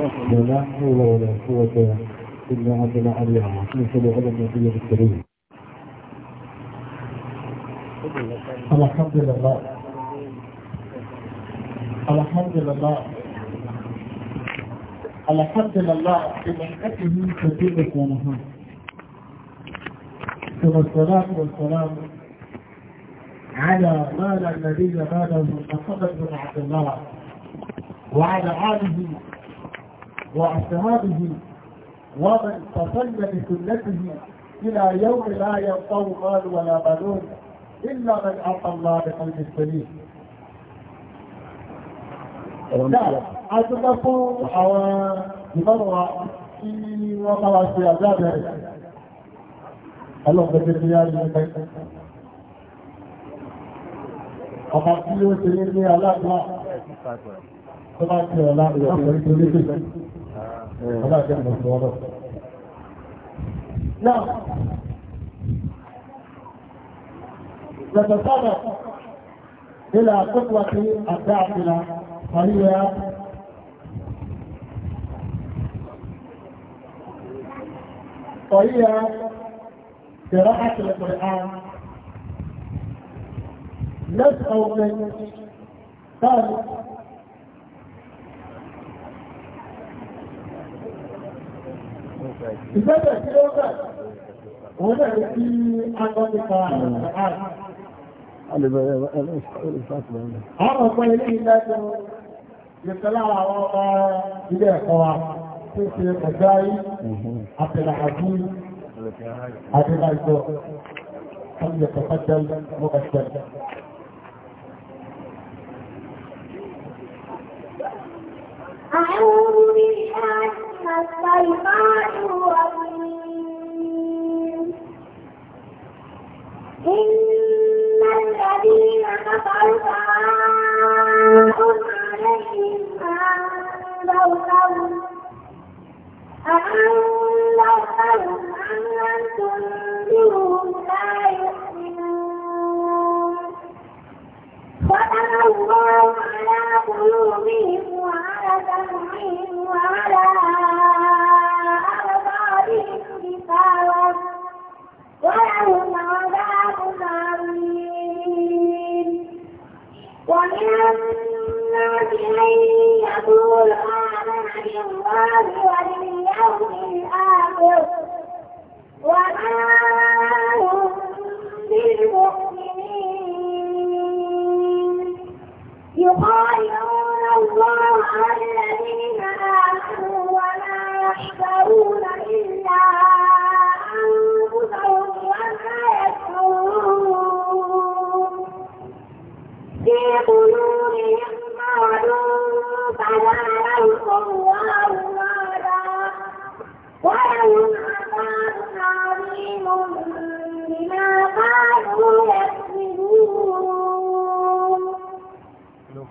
لا حول ولا قوة إلا بالله العلي العظيم صلوا على النبي الكريم الحمد لله الحمد لله الحمد لله بمنحته تجيبك ونهار ثم الصلاة والسلام على مال النبي ماله محمد بن عبد الله وعلى آله وأصحابه ومن تصل بسنته إلى يوم لا ينفع مال ولا بنون إلا من أعطى الله بقلب سليم Náà, a ti bá fún àwọn ìbáwà tí wọ́n bá wá sí àjáde rẹ̀. Ọlọ́pẹ̀ẹ́ ti yá yìí pẹ́. Ọba tí ó ti ní ní aláàgbà. نتصرف الى قوة الداخلة وهي وهي قراءة القرآن نسأل من قال Ìgbẹ́bẹ̀ tí ó bẹ̀, òun náà ní kí agbọ́nìkà àrùn àárín. Àwọn ọ̀pọ̀ ilé ilẹ̀ Oh, my God. سمعهم وعلى أبصارهم ولهم عذاب عظيم ومن الناس من يقول آمنا الله الذين آمنوا ولا يحذرون إلا أنفسهم وما يكفرون في قلوبهم مرض فزادهم الله مرضا ولهم عذاب عظيم بما قالوا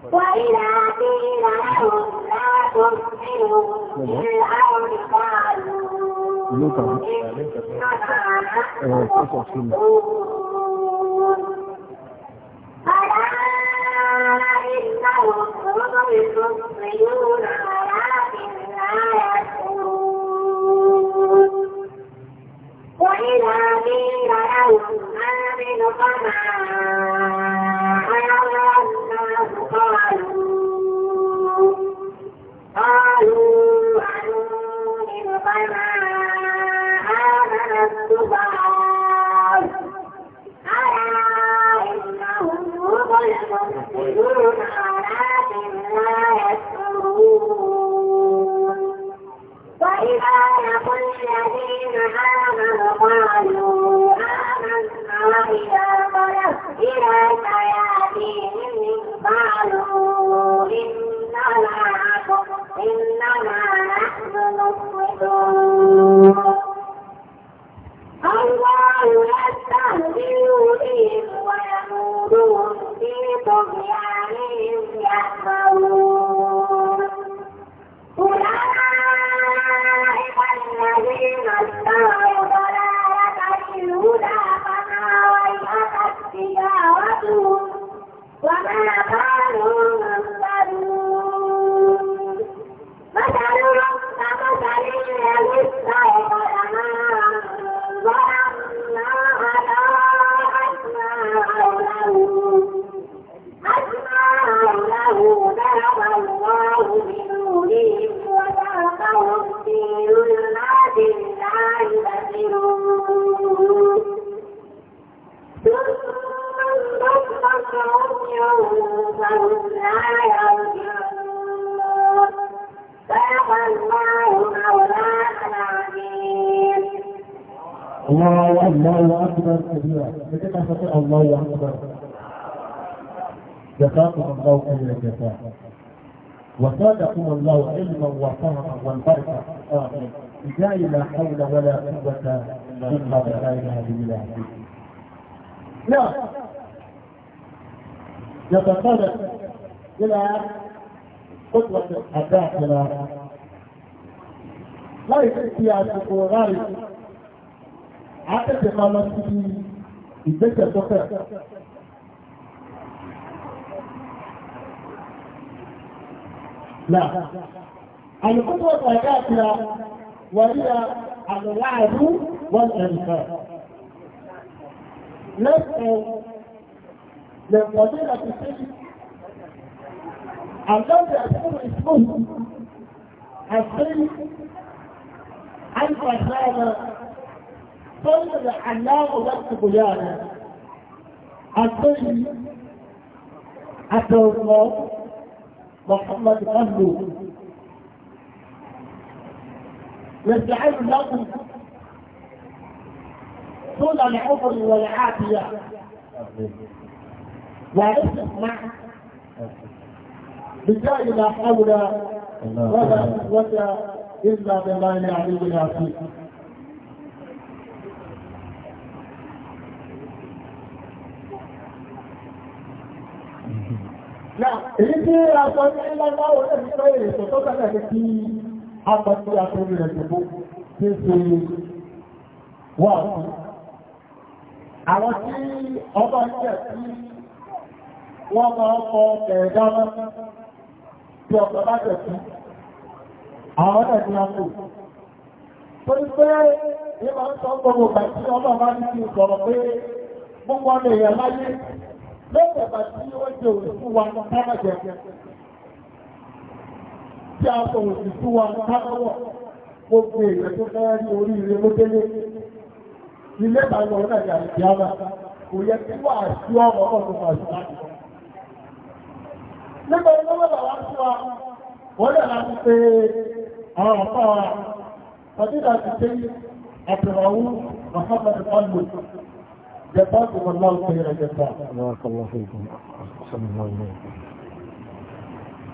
وإذا قيل لهم لا تفسدوا في الأرض قالوا إنما نحن مفسدون ولا قوة إلا بالله بالله لا نتطرق إلى خطوة أهدافنا لا يستطيع الغاية عقد إقامته الذكر بكر لا الخطوة أهدافنا وهي الوعد والأنفاق نسأل من فضيلة الشيخ الذي يكون اسمه الشيخ أنت كان صلب العلام وقت بيانا الشيخ عبد الله محمد قلبه نستعين لكم طول العمر والعافية مع بجاء لا حول ولا قوة إلا بالله العلي العظيم لا, إذا أصبحنا الله أكبر فقد أكبر apàtí àtẹ́rí rẹ̀ tó tí ṣe wà fún. Àwọn tí ọba jẹ́ tí wọ́n máa kọ ẹ̀ẹ̀dára tí ọba bá jẹ́ tí àwọn ẹ̀dí àpò. Tó pé ní máa ń sọ gbogbo tí ọba bá ní kí sọ̀rọ̀ pé gbogbo ọmọ èèyàn láyé bá tí a sọ òsì fún wa káwọ̀ gbogbo èèyàn tó fẹ́ rí orí ilé ló délé ilé ìbàlọ̀ ọ̀nà ìyà ìyára kò yẹ kí wà sí ọmọ ọ̀nà pàṣẹ láti nígbà ilé wọ́n wá sí wa wọ́n lè láti pé àwọn ọ̀pá wa ọdídà ti pé àtìràwú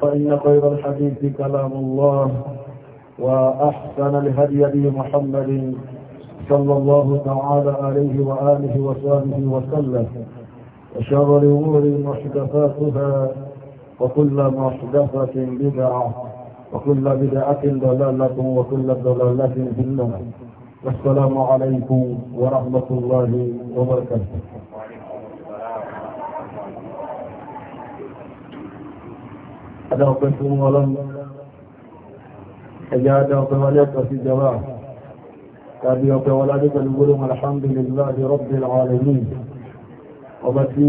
فإن خير الحديث كلام الله وأحسن الهدي بي محمد صلى الله تعالى عليه وآله وصحبه وسلم وشر الأمور محدثاتها وكل محدثة بدعة وكل بدعة ضلالة وكل ضلالة في النار والسلام عليكم ورحمة الله وبركاته adáwọ̀pẹ́ fún ọlọ́run ẹjá adáwọ̀pẹ́ wọlé ọ̀pọ̀ sí jọba tàbí ọ̀pẹ́ wọlé adékọ̀lú gbọ́dọ̀ alhamdulillahi rabbil alamin ọba tí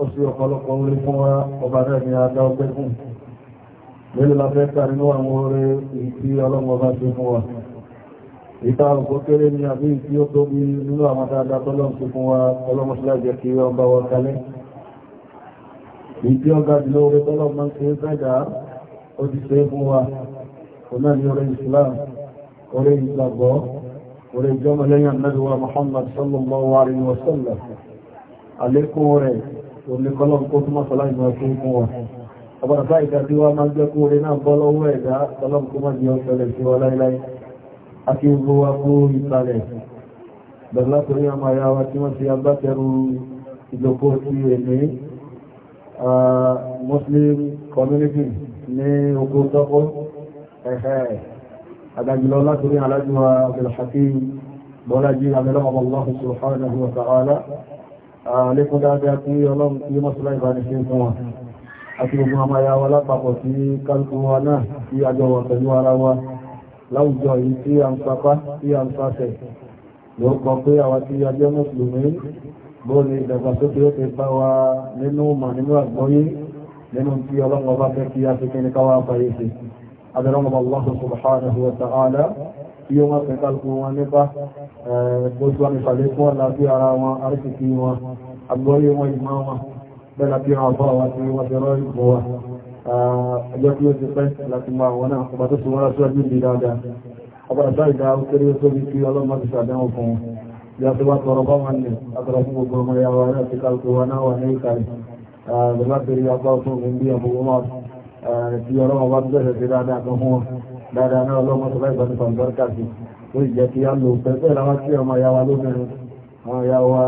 ó sí ọ̀pọ̀lọpọ̀ orí fún wa ọba náà ni adáwọ̀pẹ́ fún lórí lafẹ́ kárí ní àwọn orí ìtí ọlọ́run ọba sí fún wa ìta òkú kéré ni àbí ìtí ọgá jùlọ orí tọ́lọ̀ máa ń ṣe fẹ́dà ó ti ṣe fún wa ọ̀nà ní orí Islam orí ìgbàgbọ́ orí ìjọmọ lẹ́yìn anábíwá Muhammad sallallahu alaihi wa sallam àlékún rẹ̀ olùkọ́lọ̀ kó túnmọ̀ sọ́lá ìmọ̀ fún fún wa ọbàrà bá ìdájú wa máa di ọ̀sẹ̀lẹ̀ sí wa láíláí àti gbogbo wa kó ìsàlẹ̀ bẹ̀rẹ̀ látòrí àmàyà wa tí wọ́n Muslim community ní oko tọ́kọ́ ẹ̀ẹ́ àgbàjìlọ látòrí alájúwà abdulhaki bọ́lájí abẹ́lọ́mọ̀lọ́hù subhanahu wa ta'ala lékún dáadáa wa àti gbogbo ọmọ ya wa lápapọ̀ sí kálùkù wa náà tí àjọ wà pẹ̀lú ara wa láwùjọ yìí tí a ń sapá tí a ń sáfẹ̀ lóòkọ pé bóòlù ìdàgbàsókè ó ti bá wa nínú mọ̀ nínú àgbọ́yé nínú tí ọlọ́run ọba fẹ́ kí a fi kí ní káwà fàyè sí adọ́rọ̀mọ̀ Allah subhanahu wa ta'ala tí ó wọ́n fẹ́ kálùkù wọn nípa gbójú wọn ìfàlẹ́ fún àlàáfí ara wọn arísìkí wọn àgbọ́yé wọn ìmọ̀ wọn bẹ́lá bí wọn bá wa tí wọ́n ti rọ́ ìbò wa ọjọ́ pẹ́ láti máa wọn náà ọba tó ti wọ́n rásúwájú bí dáadáa ọba tó ìdá ó kéré ó tóbi kí ọlọ́run ti sàdánwò fún wọn yàtọ̀ wá tọrọ bá wọn ní àtọrọ fún gbogbo ọmọ ìyàwó náà ti kálukú wa náà wà ní ìkàlẹ̀ lọ́lápẹ̀rẹ̀ yàgbá fún òun bí ọmọ ọmọ tí ọlọ́mọ bá bẹ̀rẹ̀ sí dáadáa kan fún wọn dáadáa náà ọlọ́mọ tó láì bẹ̀rẹ̀ fún bẹ́rẹ̀ kàkì ó jẹ́ kí á lò pẹ̀lú àwọn tí ọmọ ìyàwó lóbìnrin àwọn ìyàwó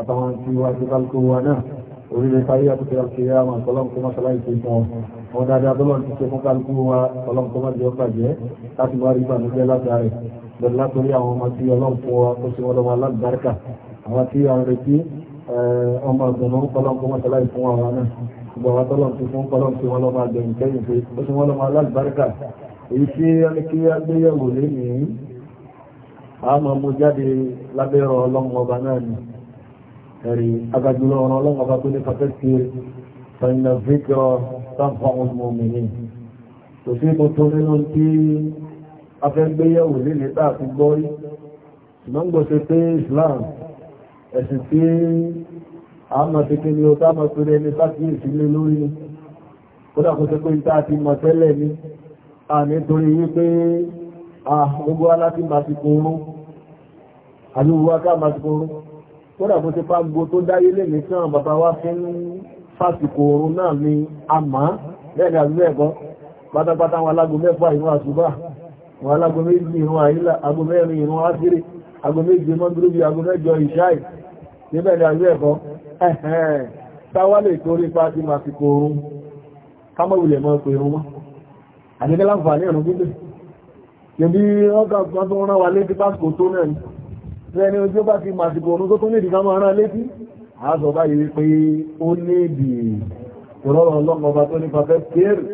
àtàwọn tí wá ti kálukú wa náà orílẹ̀ káyé àtúkẹ́ àti àwọn ọlọ́run tó máa ṣaláì fún wọn wọn dáadáa tó lọ́n ti ṣe fún kálukú wa ọlọ́run tó máa jẹ́ ọ́ àbẹ̀lá torí àwọn ọmọ tí ọlọ́run fún wa kó sí wọn lọ́wọ́ alágbàárkà àwọn tí a ń retí ọmọ ọ̀gbọ̀nà ń kọ́lọ́n kó mọ́tàlá ìfún wa náà gbogbo àwọn tọ́lọ̀ ti fún kọ́lọ́n tí wọ́n lọ́wọ́ agbẹ̀yìn kẹ́yìn pé ó sì wọ́n lọ́wọ́ alágbàárkà èyí tí a ní kí a gbé yẹ̀wò lénìí a máa mú jáde lábẹ́rọ ọlọ́run ọba náà ni ẹ̀rí afẹ́gbéyẹ̀wò lílé tàà fi gbọ́rí ṣùgbọ́n gbọ́sẹ̀ pé Islam ẹ̀sìn tí a mọ̀ sí kí ni ó tá mọ̀ pẹ̀lẹ̀ ní sákìí ìsìnlẹ̀ lórí ni kódà kó sẹ pé ìta ti mọ̀ tẹ́lẹ̀ ni a nítorí wípé a gbogbo aláti wa fi ń ni a mọ̀ bẹ́ẹ̀ ni àdúgbò ẹ̀kọ́ pátápátá wọn alágo mẹ́fà ìwọ̀n àṣùgbà wọ́n alágo méjì ìrún àyílá ago mẹ́rin ìrún ásírí ago méjì mọ́gúrúbí ago mẹ́jọ ìṣáì níbẹ̀ ni àgbẹ́ ẹ̀kọ́ ẹ̀hẹ́n táwà lè torí pa ti máa fi kò oorun kámọ̀wulẹ̀ mọ́ pé tó ni lẹ́ni ojú bá ti máa fi kò oorun tó tó nídìí kámọ̀ rán nípa fẹ́ kéèrè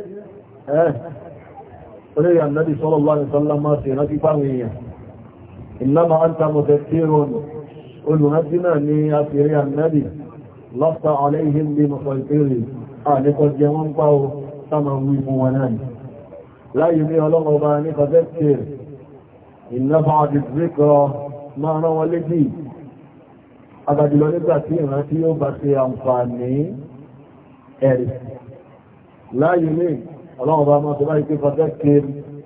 oníyà nàbí sallallahu alaihi wasallam máa sì rántí fáwọn èèyàn innama anta mudhakkirun olùrántí náà ní àfihàn ànábì lasta alaihim bí mọ̀sọ̀lẹ́fẹ́rì àníkọ́ jẹ wọ́n pa ó sáma wí fún wọn náà láyé ní ọlọ́run ọba ní fàzẹ́kìr ìnáfà àdìsíkọ́ máa rán ọlọ́run bá máa tẹ́lá ìpé fàtẹ́kìr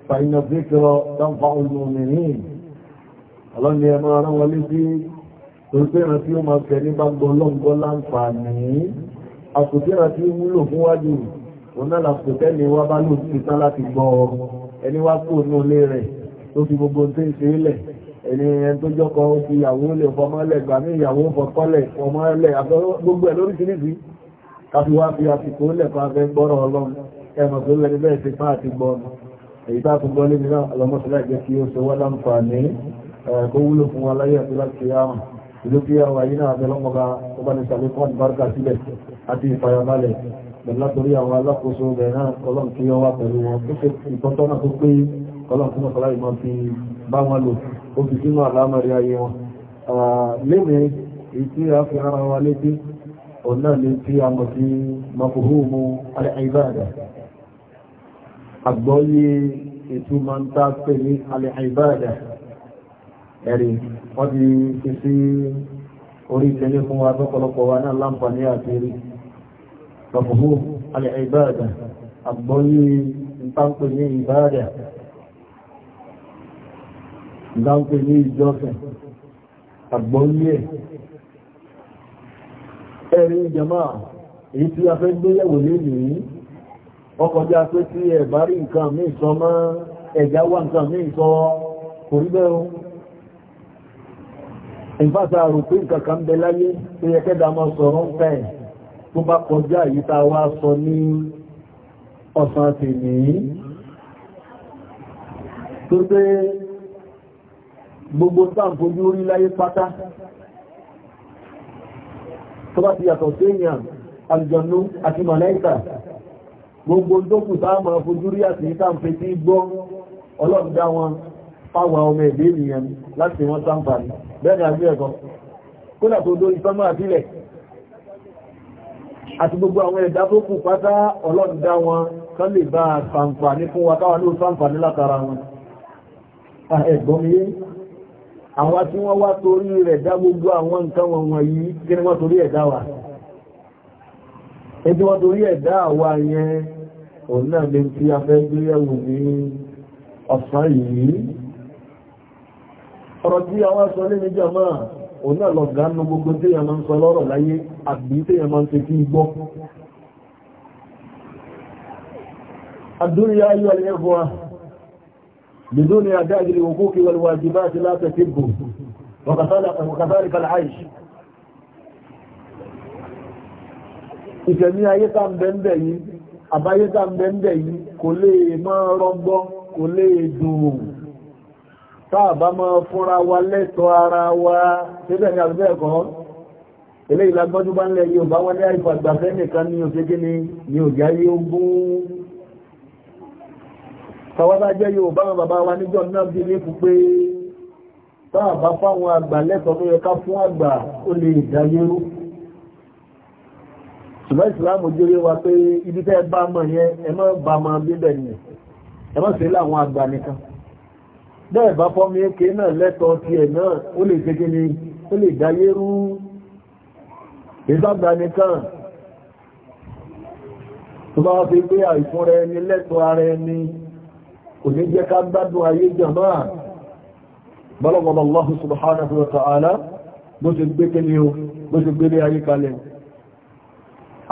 fàínà zíkìrọ dánfà olùmọ̀mìnrin ọlọ́run ni ẹmọ́ ara wọlé sí torípéra tí ó máa fẹ́ ní bá gbọ́ lọ́ngbọ́ láǹfààní àkùtẹ́ra tí ó wúlò fún wájú onála pẹ̀tẹ́ ni wá bá lò sí tán láti gbọ́ ẹni wá kó nú ilé rẹ̀ tó fi gbogbo tó ń lẹ̀ ẹni ìyàwó lè fọmọ́lẹ̀ gbàmí ìyàwó fọkọ́lẹ̀ gbogbo ẹ̀ lóríṣiríṣi káfíwá fi àsìkò lẹ̀ fún gbọ́rọ̀ ọlọ́run ẹmọ̀ tó lẹ́ni bẹ́ẹ̀ ti fáà ti gbọ́ èyí tá tún gbọ́ lébi náà ọlọ́mọ́sílẹ̀ jẹ́ kí ó ṣe wá láǹfààní kó wúlò fún wa láyé àti láti yáàmù ìlú kí àwọn ayé náà àtẹlọ́mọba ó bá ní sàlékún àdìbárkà sílẹ̀ àti ìfàyàbalẹ̀ bẹ̀lá torí àwọn alákòóso bẹ̀rẹ̀ náà ọlọ́run kí wọ́n wá pẹ̀lú wọn tó ṣe ìtọ́tọ́nà tó pé ọlọ́run tí fi bá wọn lò ó fi sínú àlámọ̀rí al-ibada àgbọ́yé ètò máa ń tá pè ní al-ibada ẹ̀rí wọ́n ti fi sí orí ìtẹ́lẹ̀ fún wa lọ́pọ̀lọpọ̀ wa náà láǹfààní àti rí lọ́pọ̀lọpọ̀ al-ibada àgbọ́yé ìtàǹpè ní ìbáadà ìtàǹpè ní ìjọsìn àgbọ́yé ẹ̀rí ọkọ̀já pé tí ẹ̀bá rí nǹkan mí sọ mọ́ ẹ̀já wà nǹkan mí sọ kò rí bẹ́ẹ̀ ohun ìfáta rò pé nǹkan kan bẹ láyé tó yẹ kẹ́dà máa sọ̀rọ̀ ń fẹ́ tó bá kọjá yìí tá wá sọ ní ọ̀sán tèmi tó pé gbogbo táǹfojú rí láyé pátá tó bá ti yàtọ̀ sí èèyàn àlùjọ̀nú àti màláìkà gbogbo tó kù tá máa fojú rí àti ìta ń fetí gbọ́ ọlọ́dá wọn fáwọn ọmọ ẹ̀dẹ́ ènìyàn láti wọ́n sáǹfàní bẹ́ẹ̀ ni àbí ẹ̀kọ́ kódà tó dó ìtọ́nà àbílẹ̀ àti gbogbo àwọn ẹ̀dá tó kù pátá ọlọ́dá wọn kán lè bá sáǹfàní fún wa káwa ló sáǹfàní látara wọn ẹ̀gbọ́n mi àwọn tí wọ́n wá torí rẹ̀ dá gbogbo àwọn nǹkan ni òun náà lè tí a fẹ́ gbé yẹ̀wò ní ọ̀sán yìí ọ̀rọ̀ tí a wá sọ ní níjọ máa òun náà lọ gbogbo tí a máa ń sọ lọ́rọ̀ láyé àbí tí a máa ń tẹ́kí gbọ́ الدنيا أيها بدون أداء الحقوق والواجبات لا تتب وكذلك العيش ìtẹ̀mí ayé tá ń bẹ̀ẹ̀ yìí àbáyétà mẹ́ndẹ̀ yìí kò lè máa rọgbọ́ kò lè dùn táàbá máa fúnra wa lẹ́tọ̀ ara wa tẹ́bẹ̀ ní àbúgbẹ́ ẹ̀kọ́ ilé ìlagbọ́jú bá ń lẹ yóò bá wọlé àìfàgbàfẹ́ nìkan ní òṣèké ni ni òjá yóò gún tàwọ́bá jẹ́ yóò bá wọn bàbá wa níjọ́ náà bí ní púpé táàbá fáwọn àgbà lẹ́tọ̀ tó yẹ ká fún àgbà ó lè dáyérú ṣùgbọ́n ìsìláàmù jẹ́rẹ́ wa pé ibi tẹ́ bá mọ̀ yẹn ẹ má bá mọ̀ bíbẹ̀ ni ẹ má ṣe láwọn àgbà nìkan bẹ́ẹ̀ bá fọ́mí èké náà lẹ́tọ̀ọ́ ti ẹ̀ náà ó lè ṣe kí ni ó lè dáyé rú ìsọ́gbà nìkan tó bá fi pé àìfún rẹ ni lẹ́tọ̀ọ́ ara ẹni kò ní jẹ́ ká gbádùn ayé jàmá bọ́lọ̀bọ̀lọ̀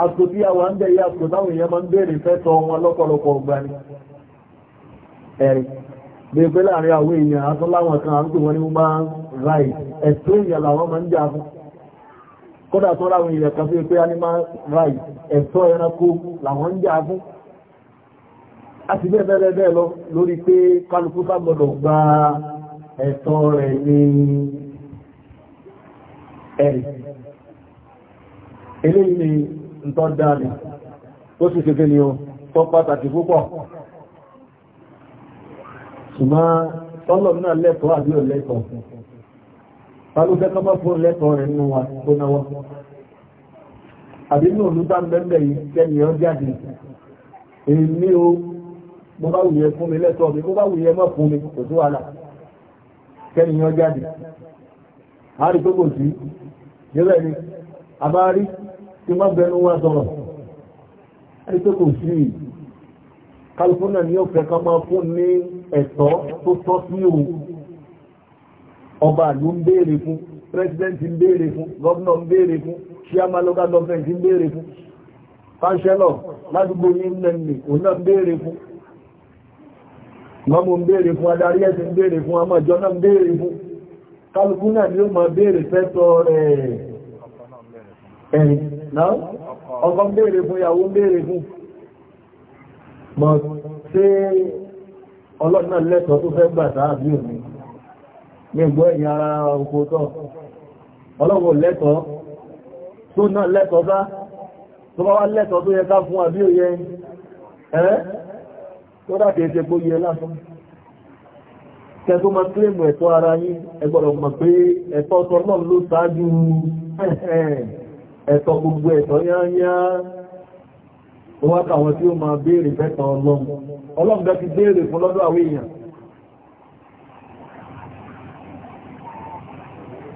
àtò tí a wà ń bẹ̀ yá àtò táwọn èèyàn máa ń bèèrè fẹ́ tọ wọn lọ́pọ̀lọpọ̀ ọgbà ni ẹ̀rì gbẹgbẹ́ láàrin àwọn èèyàn àtọ́ láwọn kan àrùn tó wọ́n ní wọ́n máa ń ráì ẹ̀tọ́ èèyàn làwọn máa ń jà fún kódà tó láwọn èèyàn kan fi pé ntọ́ dáadì ó sì kéfẹ́ ni ó tọ́ pàtàkì púpọ̀ ṣùgbọ́n tọ́lọ̀ náà lẹ́kọ̀ọ́ àbí ò lẹ́kọ̀ọ́ pàlúfẹ́ kọ́ fún lẹ́kọ̀ọ́ rẹ̀ nínú wa tó náwọ́ àbí ní olúta mẹ́mẹ́ yìí kẹ́ni jáde èmi bá wùyẹ fún mi lẹ́tọ́ mi bá wùyẹ mọ́ fún mi kò tó jáde a rí tó kò sí ni a tí má bẹnu wá sọ̀rọ̀ ẹni tó kò sí California ni ó fẹ́ ká máa fún ní ẹ̀tọ́ tó tọ́ sí òun ọba ìlú ń béèrè fún president ń béèrè fún governor ń béèrè fún chairman local government ń béèrè fún chancellor ládùúgbò yín lẹ́nu òun náà ń béèrè fún mọ́mú ń béèrè fún adarí ẹ̀sìn ń béèrè fún àmọ́ ìjọ náà ń béèrè fún kálukú náà ni ó máa béèrè fẹ́ tọ́ ẹ̀ẹ́ náà ọkọ ń béèrè fún ìyàwó ń béèrè fún mọ̀ sí ọlọ́nà lẹ́tọ̀ọ́ tó fẹ́ gbà sáàbí òní gbẹ̀gbọ́ ẹ̀yìn ara oko tọ́ ọlọ́wọ̀ lẹ́tọ̀ọ́ tó náà lẹ́tọ̀ọ́ bá tó bá wá lẹ́tọ̀ọ́ tó yẹ ká fún àbí òye ẹ́ tó dákì ẹ̀ṣẹ́ pó yẹ lásán kẹ tó máa kílèmù ẹ̀tọ́ ara yín ẹ gbọ́dọ̀ mọ̀ pé ẹ̀tọ́ ọ̀tọ̀ náà ló ẹ̀tọ́ gbogbo ẹ̀tọ́ yányá wọ́n kàwọn tí ó máa béèrè fẹ́tàn ọlọ́run ọlọ́run bẹ́ ti béèrè fún lọ́dọ̀ àwọn èèyàn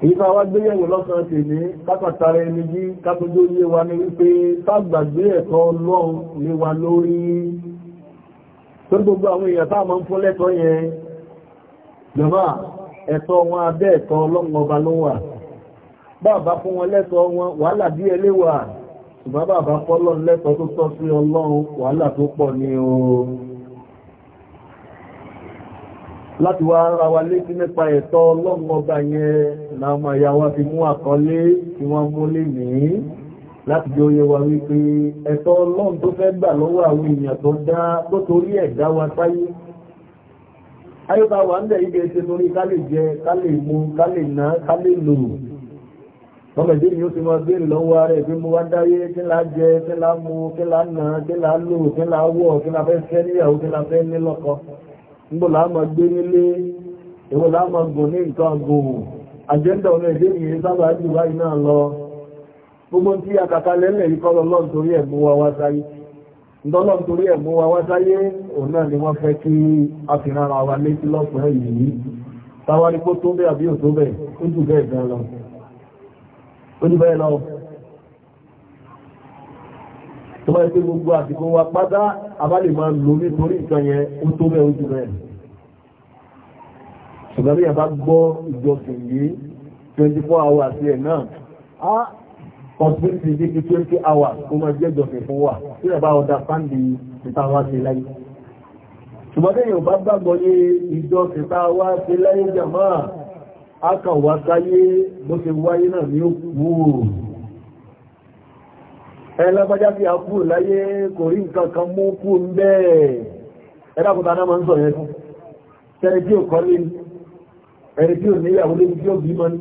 èyí máa wá gbé yẹ̀wò lọ́sàn tè ní kápàtàrà ẹni jí kápójó yé wa ní wípé tágbàgbé ẹ̀tọ́ ọlọ́run lé wa lórí tó gbogbo àwọn èèyàn táà máa ń fún lẹ́tọ́ yẹn jọba ẹ̀tọ́ wọn abẹ́ ẹ̀tọ́ ọlọ́run ọba ló wà bàbá fún wọn lẹ́tọ̀ọ́ wọn wàhálà bí ẹléwà ṣùgbọ́n bàbá fọ́lọ́ lẹ́tọ̀ọ́ tó tọ́ sí ọlọ́run wàhálà tó pọ̀ ní o láti wá ara wa létí nípa ẹ̀tọ́ ọlọ́run ọba yẹn náà mọ̀ ìyá wa fi mú àkọlé tí wọ́n mú lè ní láti jẹ́ oyé wa wípé ẹ̀tọ́ ọlọ́run tó fẹ́ gbà lọ́wọ́ àwọn èèyàn tó dá tó torí ẹ̀dá wa sáyé ayọ́ta wà ń bẹ̀ ibẹ̀ ṣe torí ká lè jẹ ká lè mu ká lè ná ká lè lò ọmọ ìdí yóò ti mọ béèrè lọ́wọ́ rẹ̀ pé mo wá dáyé kí la jẹ kí la mu kí la nà kí la lò kí la wọ̀ kí la fẹ́ fẹ́ níyàwó kí la fẹ́ ní lọ́kọ níbo la mọ gbé nílé èwo la mọ gùn ní nǹkan gùn àjẹ́ndà ọmọ ni wọ́n fẹ́ kí a fi rárá wa létí lọ́pọ̀ yìí táwa ní kó tó bẹ́ẹ̀ àbí oníbẹ̀rẹ̀ lọ tó bá ẹgbẹ́ gbogbo àsìkò wa pátá abálè máa lò nítorí ìtàn yẹn ó tó bẹ́ẹ̀ ojú rẹ̀ ṣùgbọ́n bí yàtá gbọ́ ìjọsìn yìí 24 hours yẹn náà á kọ̀pínlẹ̀ ní bí 20 hours kó máa jẹ́ ìjọsìn fún wa tí yàtá ọ̀dà sáńdì ìta wá sí láyé aka wá sáyé bó ṣe wáyé náà ní ó wúrò ẹlẹ́gbájá fi àpù láyé kò rí nǹkan kan mú kú ń bẹ́ẹ̀ ẹ̀dàkùta náà máa ń sọ yẹn fún tẹ́rẹ tí ò kọ́ lé ní ẹni tí ò níyàwó lé ní tí ò bí mọ́ ní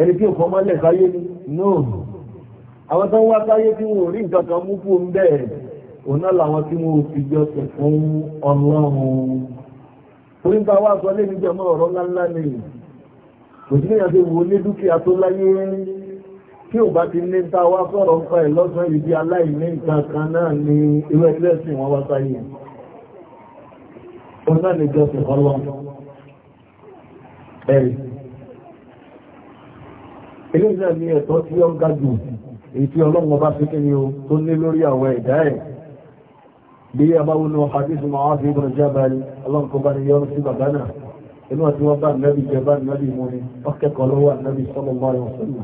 ẹni tí ò kọ́ mọ́lẹ̀ sáyé ní náà àwọn tó wá sáyé tí wọ́n rí nǹkan kan mú kú ń bẹ́ẹ̀ òun làwọn tí wọ́n fi jọ sọ fún ọlọ́run orí ń bá wá sọ lé ní jọmọ́ ọ̀rọ̀ ńláńlá nìyí kò sí ìyàtí wo ní dúkìá tó láyé tí ò bá ti ní táwá sọ̀rọ̀ ń pa ìlọ́sàn ibi aláìní nǹkan kan náà ni irú ẹgbẹ́ sí wọn wá sáyé òun náà lè jọsìn ọlọ́run ẹ̀rì ilé ìjọ ní ẹ̀tọ́ tí ó inú àti wọ́n bá nẹ́bí jẹba nẹ́bí mú ní ọkẹ́kọ̀ọ́ lọ́wọ́ nẹ́bí sọ́lọ́mọ́ ẹ̀wọ̀n sọ́lọ́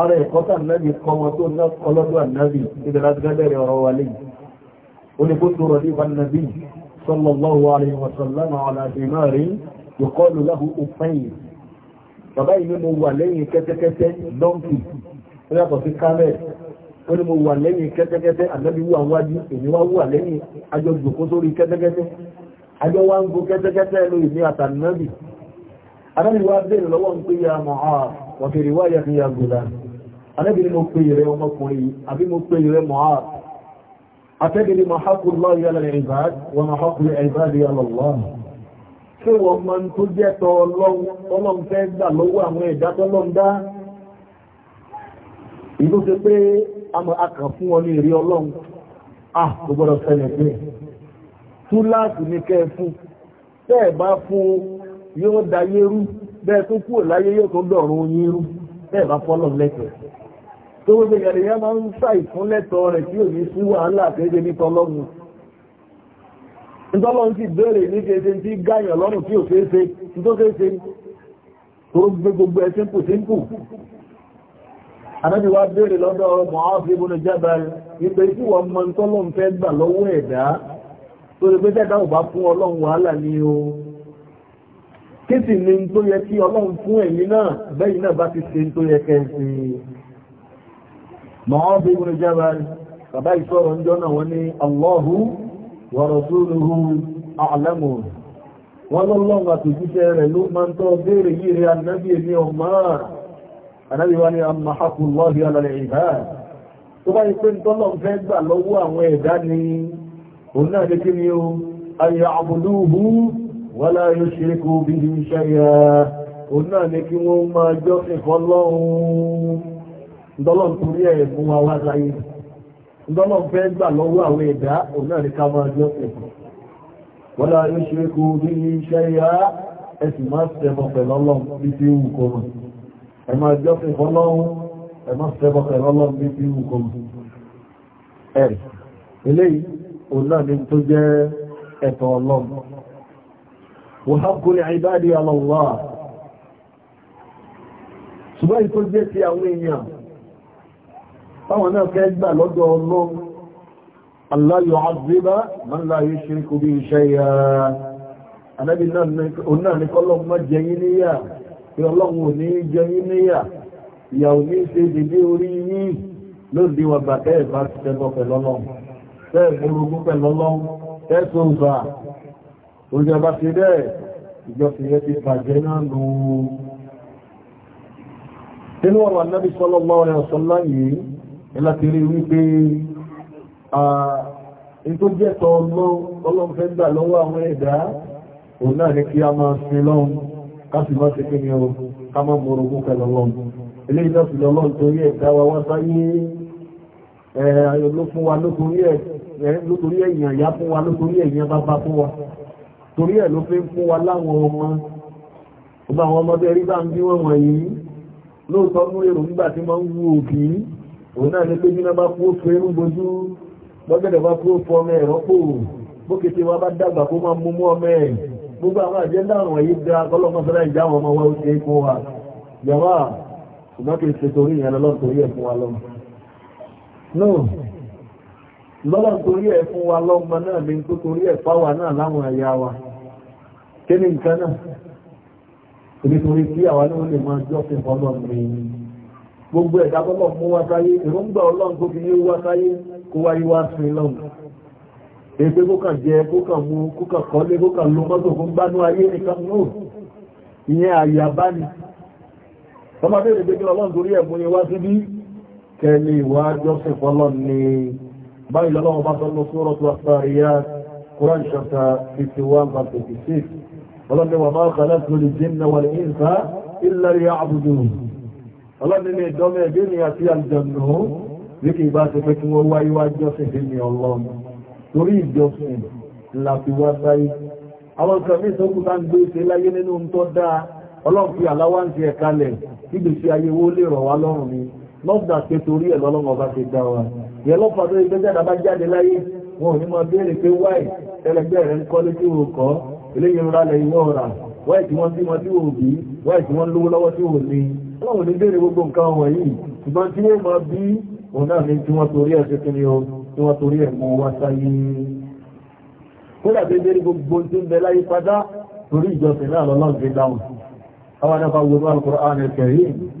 ara ẹ̀kọ́ tà nẹ́bí kọmọ tó ná ọlọ́dọ̀ nẹ́bí ibẹ̀ láti gẹ́gẹ́rẹ́ ọ̀rọ̀ wa lè ó ní kó tó rọ̀ nípa nẹ́bí sọ́lọ́mọ́ alaihi wa sallam ala dimari yuqalu lahu ufayn bàbá yìí ni mo wà lẹ́yìn kẹ́tẹ́kẹ́tẹ́ dọ́ǹkì ó yàtọ̀ sí kárẹ̀ ó ní mo wà lẹ́yìn kẹ́tẹ́kẹ́tẹ́ ànábì wà wájú èmi wá wà lẹ́yìn ajọ́gbòkó sórí kẹ́tẹ́kẹ́tẹ́ àjọ wa ń go kẹ́tẹ́kẹ́tẹ́ ló ìlú àtànábì anábìwá bèèrè lọ́wọ́ ń pè ya Mu'adh wàfèrè wáyé fi ya gulam anábìrì mo pè rẹ ọmọkùnrin àbí mo pè rẹ Mu'adh atẹ́bìrì mahaqullahi ala al-ibad wa mahaqqul ibadi ala Allah ṣé wọ́n ma ń tó jẹ́ tọ́ ọlọ́run fẹ́ túláàsì ní kẹ́ fún tẹ́ẹ̀ bá fún yóò dayé rú bẹ́ẹ̀ tó kúrò láyé yóò tó dọ̀run yín rú tẹ́ẹ̀ bá fọ́lọ̀ lẹ́tọ̀ọ́ tó gbogbo ìyàrá yá máa ń ṣàì fún lẹ́tọ̀ọ́ rẹ̀ tí ò ní sí wàhálà kéde ní tọlọ́run ìtọ́lọ́run ti béèrè ní kéde tí gáyàn lọ́rùn tí ò ṣeéṣe tó ṣeéṣe tó gbé gbogbo ẹ̀ sínkù sínkù Ànábì wa béèrè lọ́dọ̀ Mu'adh ibn Jabal ìpè tí wọ́n mọ ìtọ́lọ́run fẹ́ gbà lọ́wọ́ ẹ̀dá torí pé tẹ́ta ò bá fún ọlọ́run wàhálà ni o kí sì ni tó yẹ kí ọlọ́run fún ẹ̀yin náà bẹ́yìn náà bá ti ṣe tó yẹ kẹsì màá bí wọn jábà bàbá ìṣọ́rọ̀ ńjọ́ náà wọ́n ní Allahu wa rasuluhu a'lamu wọ́n lọ́lọ́run àtòjíṣẹ́ rẹ̀ ló máa ń òun náà lè kí ni ó ayà àbúdúhù wala yushriku bihi shay'a òun náà lè kí wọ́n máa jọ́ ìfọ́lọ́run ìdọ́lọ́n torí ẹ̀ mú wa wá láyé ìdọ́lọ́n fẹ́ gbà lọ́wọ́ àwọn ẹ̀dá òun náà lè ká máa jọ́ ìfọ́ wala sẹ́bọ̀ pẹ̀lú ọlọ́run bí tí wù kó mọ̀. ẹ máa fi fọ́lọ́run ẹ máa sẹ́bọ̀ pẹ̀lú ọlọ́run bí tí wù kó mọ̀. ẹ̀rì eléyìí òun náà ni tó jẹ́ ẹ̀tọ́ ọlọ́run وحق العباد على الله ṣùgbọ́n ìtò jẹ́ ti àwọn èèyàn táwọn náà fẹ́ gbà lọ́dọ̀ ọlọ́run Allah yu'adhiba man la yushriku bihi shay'a anábi náà ní kọ́lọ́run má jẹyìn níyà tí ọlọ́run ò ní jẹyìn níyà ìyàwó ní ṣe dédé orí yìí lóòdíwà bàtẹ́ ìbá ti tẹ́bọ̀ pẹ̀lọ́lọ́run tẹ́ẹ̀ múrugún pẹ̀lú ọlọ́run tẹ́ẹ̀tò ìbà òjọba ti rẹ̀ ìjọsìn yẹ ti bàjẹ́ náà nù nínú ọ̀rọ̀ Ànábì sallallahu alaihi wasallam yìí ìlàkiri wípé ètò jẹ́tọ̀ ọlọ́run fẹ́ gbà lọ́wọ́ àwọn ẹ̀dá òun náà ní kí a máa sin lọ́run káàsì máa ṣe kí ni ọ ká máa mọ̀rọ̀gún pẹ̀lú ọlọ́run ilé ìjọsìn lọ́lọ́run torí ẹ̀dá wa wá sáyé ẹ̀ẹ́ ayọ̀ ló fún wa lókun lótorí ẹ̀yàn ìyá fún wa lótorí ẹ̀yàn bàbá fún wa torí ẹ̀ ló fi ń fún wa láwọn ọmọ ọba àwọn ọmọdé rí bá ń bí wọ́n wọ̀nyí lóòótọ́ ní èrò nígbà tí máa ń wú òkì òun náà ní pé bí náà bá kú ó fẹ́ ń bojú lọ́gẹ̀dẹ̀ bá kú ó fọ ọmọ ẹ̀rọ pò bókété wa bá dàgbà kó máa mú mú ọmọ ẹ̀ gbogbo àwọn àjẹ́ndà àwọn èyí da ọlọ́mọsọ́lá ìjà àwọn ọmọ wa ó ṣe fún wa yàrá ṣùgbọ́n kì í ṣe torí ìyẹn lọ́n torí ẹ̀ fún wa lọ́n lọ́lọ́ torí ẹ̀ fún wa lọ́mọ náà ní tó torí ẹ̀ fáwà náà láwọn ẹ̀yà wa kí ní nǹkan náà nítorí kí àwa náà lè máa jọ́ sí ọlọ́ mi gbogbo ẹ̀dá bọ́lọ̀ mú wá sáyé ìrúngbà ọlọ́run tó fi yé wá sáyé kó wá yí wá sí lọ́nà èpé kó kàn jẹ ni báyìí lọ́wọ́ bá sọ́nà Suratul Asariyat Quran chapter 51 verse 56 ọlọ́ni wà máa khalaqtu al-jinna wal-insa illa liya'budun ọlọ́ni ní ìdọ́mẹ́ bí ní àti àjọ̀nù bí kì bá ti pé kí wọ́n wáyé wá jọ́sìn bí ní ọlọ́run torí ìjọsìn la fi wá sáyé àwọn kan ní ìsọ́kúta ń gbé ṣe láyé nínú ń tọ́ dáa ọlọ́run fi àláwá ń ti ẹ̀kalẹ̀ ìgbésí ayé wó lè rọ̀ wá lọ́rùn ni lọ́gbà pé torí ẹ̀ lọ́lọ́wọ́ bá ti dá wa yẹ lọ́pàá tó ìgbẹ́jà dábá jáde láyé wọn ò ní máa béèrè pé wáì ẹlẹgbẹ́ rẹ̀ ń kọ́ lé tí o kọ́ eléyìí ń rálẹ̀ ìwọ́ ọ̀rà wáì tí wọ́n bí wọn tí o bí wáì tí wọ́n lówó lọ́wọ́ tí o ní wọn ò ní béèrè gbogbo nǹkan wọ̀nyí ṣùgbọ́n tí wọ́n máa bí òun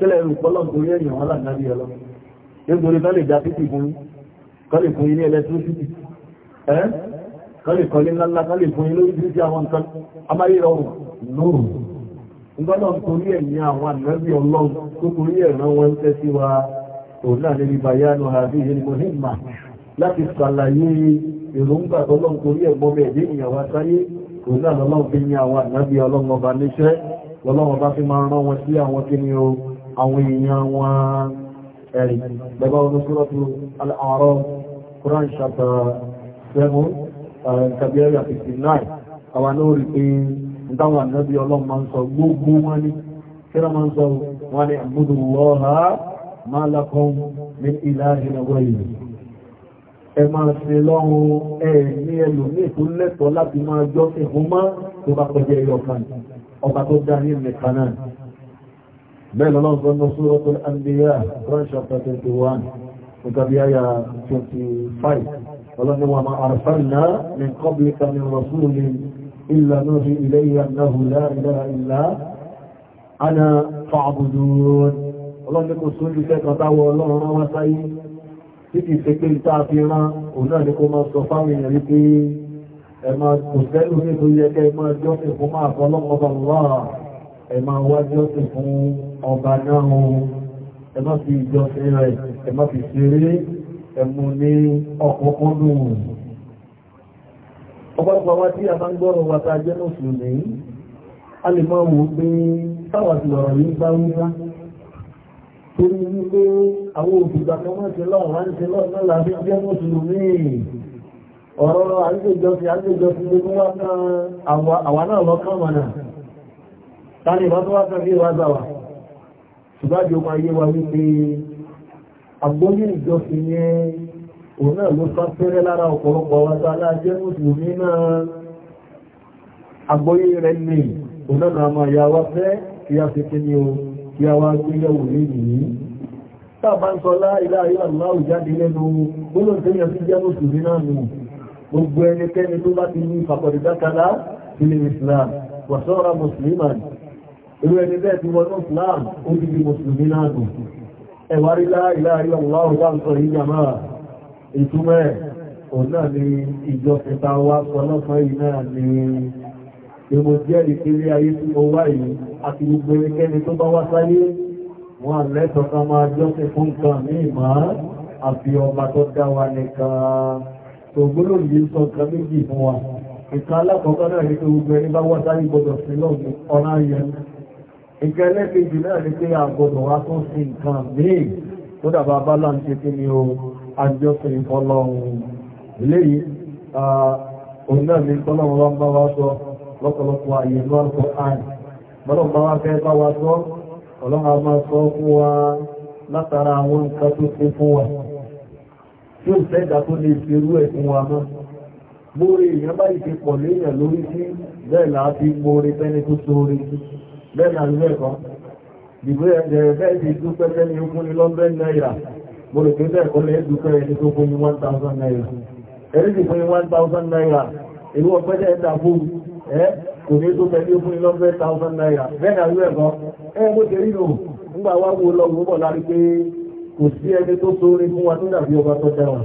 kílẹ̀ ẹrù pọ́lọ̀ torí ẹ̀yàn wọn láàrín ẹlọ nítorí tán lè já títì fún yín kán lè fún yín ní ẹlẹ́tírísítì ẹ́ kán lè kọ́lé ńláńlá kán lè fún yín lórí títí àwọn nǹkan amáyérọrùn lóòrùn nígbọ́nà torí ẹ̀yìn àwọn ànábì ọlọ́run tó torí ẹ̀ràn wọn ń tẹ́ sí wa òun náà níbi bayanu àbí ìhìnmọ̀ hìnmà láti ṣàlàyé èròǹgbà tọ́lọ́run torí ẹ̀gbọ́n bẹ̀ dé ìyàwó sáyé òun àwọn èèyàn wọn ẹ̀rì bẹ́bá ọdún súrọ́tù al-A'raf Quran chapter 7 tàbí ẹ̀yà 59 àwọn náà rí pé ìdáwọn ànábí ọlọ́run máa ń sọ gbogbo wọn ní kíra máa ń sọ wọn ni àbúdó lọ́ha máa lákan ní ilá ìrìnàwó ọba tó dá ní ìmẹ̀kanáà bẹ́ẹ̀ lọ́nà ọ̀sán Suratul Anbiya Quran chapter 21 nítorí àyà 25 ọlọ́ni wa ma arsalna min qablika min rasulin illa nuhi ilayya annahu la ilaha illa ana fa'budun ọlọ́ni kò sún jù kẹ́kọ̀ọ́ táwọ ọlọ́run wá sáyé tí kìí ṣe pé ìta fi rán òun náà ni kó máa sọ fáwọn èèyàn wípé ẹ máa kò sẹ́lú nítorí ẹgbẹ́ máa jọ́ ẹ máa wá jọ́sìn fún ọba náà ẹ má fi ìjọsìn rẹ̀ ẹ má fi ṣeré ẹ̀mú ní ọkọ̀kọ́dùn ọgbọ́gbọ́ wá tí a máa ń gbọ́rọ̀ wà tàà jẹ́ mùsùlùmí a lè máa wò pé sáwàtí ọ̀rọ̀ yìí bá wúrá torí wípé àwọn òṣìgbà kan wọ́n ti lọ́wọ́ wá ń ti lọ́wọ́ náà láti jẹ́ mùsùlùmí ọ̀rọ̀ àríjẹjọ́sí àríjẹjọ́sí gbogbo wá náà àwa náà lọ́kàn mọ̀nà tàbí ìbátúwátà bí wà dáwà ṣùgbájú ọmọ ayé wa wípé agbóyé ìjọsìn yẹn òun náà ló sáfẹ́rẹ́ lára ọ̀pọ̀lọpọ̀ wáta aláàjẹ́ mùsùlùmí náà agbóyé rẹ̀ ní òun náà máa ya wá fẹ́ kí a fi kíní o kí a wá gbéyàwó lé nìyí tàbá ń sọ láìlá ayé ní ìfàkọ̀dìdákalá Islam wàsọ́ra mùsùlùmí ìlú ẹni bẹ́ẹ̀ ti wọ́n islam ó ti di mùsùlùmí náà nù ẹ̀wà rí láàrín aláwọ̀ ni ìjọ kẹta wa sọlọ́fọ́ ni èmo jẹ́ ìkiri ayé tí mo wá yìí àti gbogbo ẹnikẹ́ni tó bá wá sáyé wọn àlẹ́tọ̀ ká máa jọ́sìn fún nǹkan ní ìmọ̀ àfi ọba tó dá wa nìkan tògbólò yìí sọ ìkẹ́ ẹlẹ́kejì náà ni pé àgbọ̀dọ̀ wá tó sí nǹkan míì tó dàbà bá láǹṣe kí ni o àjọsìn ìfọlọ́run léyìí òun náà ni tọ́lọ́run wá ń bá wá sọ lọ́pọ̀lọpọ̀ àyè ló ń sọ àì bọ́lọ̀ bá wá fẹ́ bá wá sọ ọlọ́run a máa sọ fún wa látara àwọn nǹkan tó ṣe fún wa tí ó fẹ́dà tó lè fi irú ẹ̀ fún wa mọ́ bóore èèyàn bá ìṣepọ̀ léèyàn lórí sí bẹ́ẹ̀ làá fi gbóore fẹ́ni tó sóore bẹ́ẹ̀ náà nílé ẹ̀kọ́ ìgbé ẹ̀rẹ̀ bẹ́ẹ̀ ti dúpẹ́ tẹ́ni ogún ni lọ́bẹ̀ náírà mo rò pé bẹ́ẹ̀ kọ́ lè dúpẹ́ ẹni tó fún ní 1000 náírà ẹni sì fún ní 1000 náírà ìlú ọ̀pẹ́ tẹ́ ẹ̀ta fún ẹ́ kò ní tó tẹ́ni ogún ni lọ́bẹ̀ 1000 náírà bẹ́ẹ̀ náà nílé ẹ̀kọ́ ẹ mo ṣe rí nù nígbà wá wo lọ wọ́n bọ̀ láti pé kò sí ẹni tó sóore fún wa tó dàbí ọba tó dá wa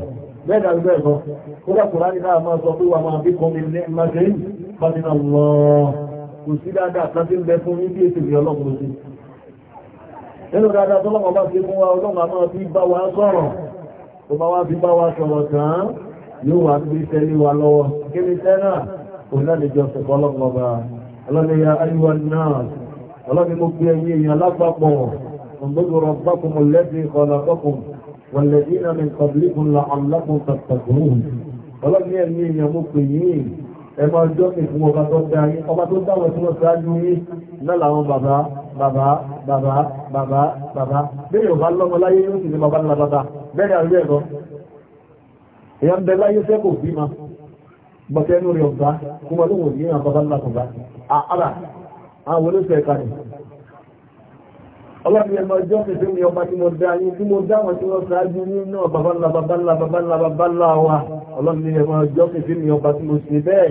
bẹ́ẹ̀ náà nílé ẹ̀kọ́ kódà kùránì náà máa sọ pé wà máa bí kọ́mi ní ẹ̀ kò sí dáadáa kan tí ń bẹ fún níbi ètò ìyọ́ ọlọ́run sí nínú dáadáa tó lọ́wọ́ bá fi fún wa ọlọ́run àmọ́ fi bá wa sọ̀rọ̀ tó bá wá fi bá wa sọ̀rọ̀ tán yóò wá gbé tẹ́lé wa lọ́wọ́ kí ni tẹ́nà kò náà lè jọ sọ̀kọ́ ọba ọlọ́nìyà ẹmọ ọjọ́ ìfún ọba tó darí ọba tó dáwọn tí wọ́n sáájú ní lọ́làwọn bàbá bàbá bàbá bàbá bàbá bẹ́ẹ̀ ọba lọ́mọ láyé yóò sì ní bàbá ńlá bàbá bẹ́ẹ̀ àrí ẹ̀rọ èèyàn bẹ láyé fẹ́ kò bí ma bọ̀tẹ́nu rẹ̀ ọ̀gá kúmọ̀ lóhùn yíyan bàbá ńlá bàbá àrà àwọn olóṣèlú ọlọ́run ẹmọ ọjọ́ pẹ̀sẹ̀ mi ọba tí mo dá yín tí mo dá wọn tí wọ́n sáájú ní náà babalá babalá babalá babalá wa ọlọ́run ẹmọ ọjọ́ pẹ̀sẹ̀ mi ọba tí mo ṣe bẹ́ẹ̀